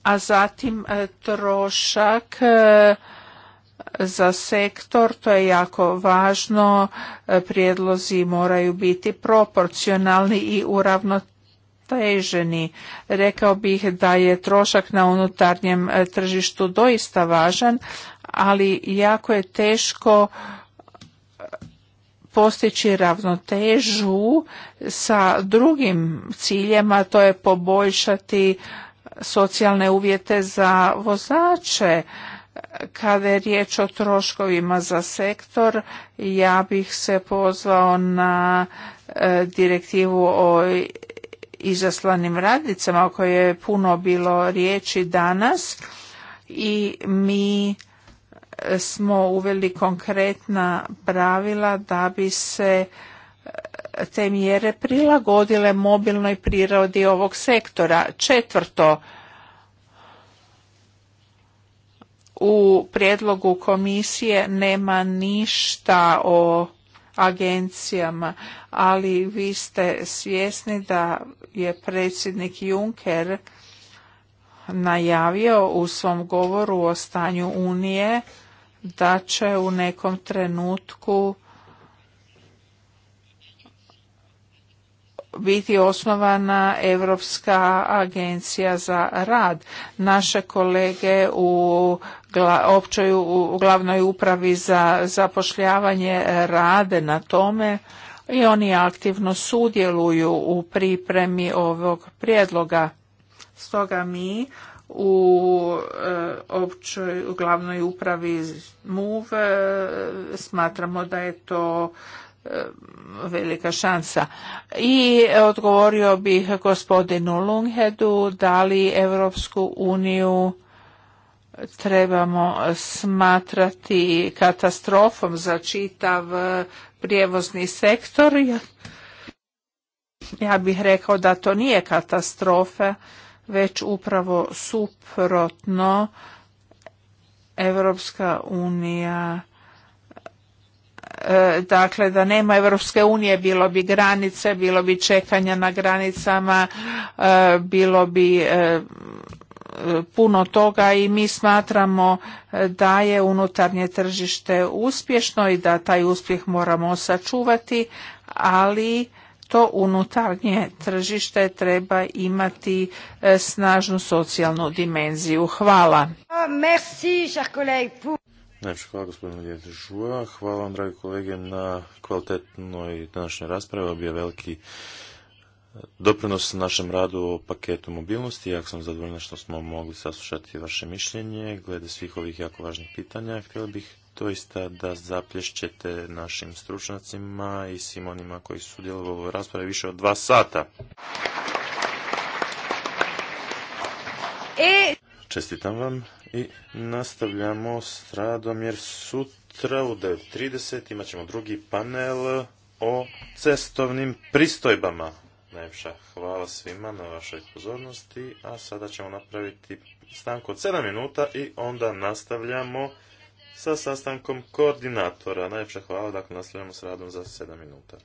A zatim e, trošak e, za sektor, to je jako važno, prijedlozi moraju biti proporcionalni i uravnoteženi uravnoteženi. Rekao bih da je trošak na unutarnjem e, tržištu doista važan, ali jako je teško e, postići ravnotežu sa drugim ciljema, to je poboljšati socijalne uvjete za vozače. Kada je riječ o troškovima za sektor, ja bih se pozvao na e, direktivu o izaslanim radnicama o kojoj je puno bilo riječi danas i mi e, smo uveli konkretna pravila da bi se e, te mjere prilagodile mobilnoj prirodi ovog sektora. Četvrto, u prijedlogu komisije nema ništa o agencijama, ali vi ste svjesni da je predsjednik Juncker najavio u svom govoru o stanju Unije da će u nekom trenutku biti osnovana Europska agencija za rad. Naše kolege u općoj u glavnoj upravi za zapošljavanje rade na tome i oni aktivno sudjeluju u pripremi ovog prijedloga. Stoga mi u e, općoj glavnoj upravi MUV e, smatramo da je to e, velika šansa. I odgovorio bih gospodinu Lunghedu da li Europsku uniju trebamo smatrati katastrofom za čitav prijevozni sektor. Ja bih rekao da to nije katastrofe, već upravo suprotno Evropska unija e, dakle da nema Evropske unije bilo bi granice, bilo bi čekanja na granicama, e, bilo bi e, puno toga i mi smatramo e, da je unutarnje tržište uspješno i da taj uspjeh moramo sačuvati, ali to unutarnje tržište treba imati e, snažnu socijalnu dimenziju. Hvala. Ah, Najprej hvala gospodinu Hvala vam dragi kolege na kvalitetnoj današnjoj raspravi. Bio veliki doprinos našem radu o paketu mobilnosti. jak sam zadovoljna što smo mogli saslušati vaše mišljenje glede svih ovih jako važnih pitanja. Htio bih doista da zaplješćete našim stručnacima i svim onima koji su sudjelovali u ovoj raspravi više od dva sata. E... Čestitam vam i nastavljamo s radom jer sutra u 9.30 imat ćemo drugi panel o cestovnim pristojbama. Najljepša hvala svima na vašoj pozornosti, a sada ćemo napraviti stanku od 7 minuta i onda nastavljamo sa sastankom koordinatora. Najljepša hvala, dakle nastavljamo s radom za 7 minuta.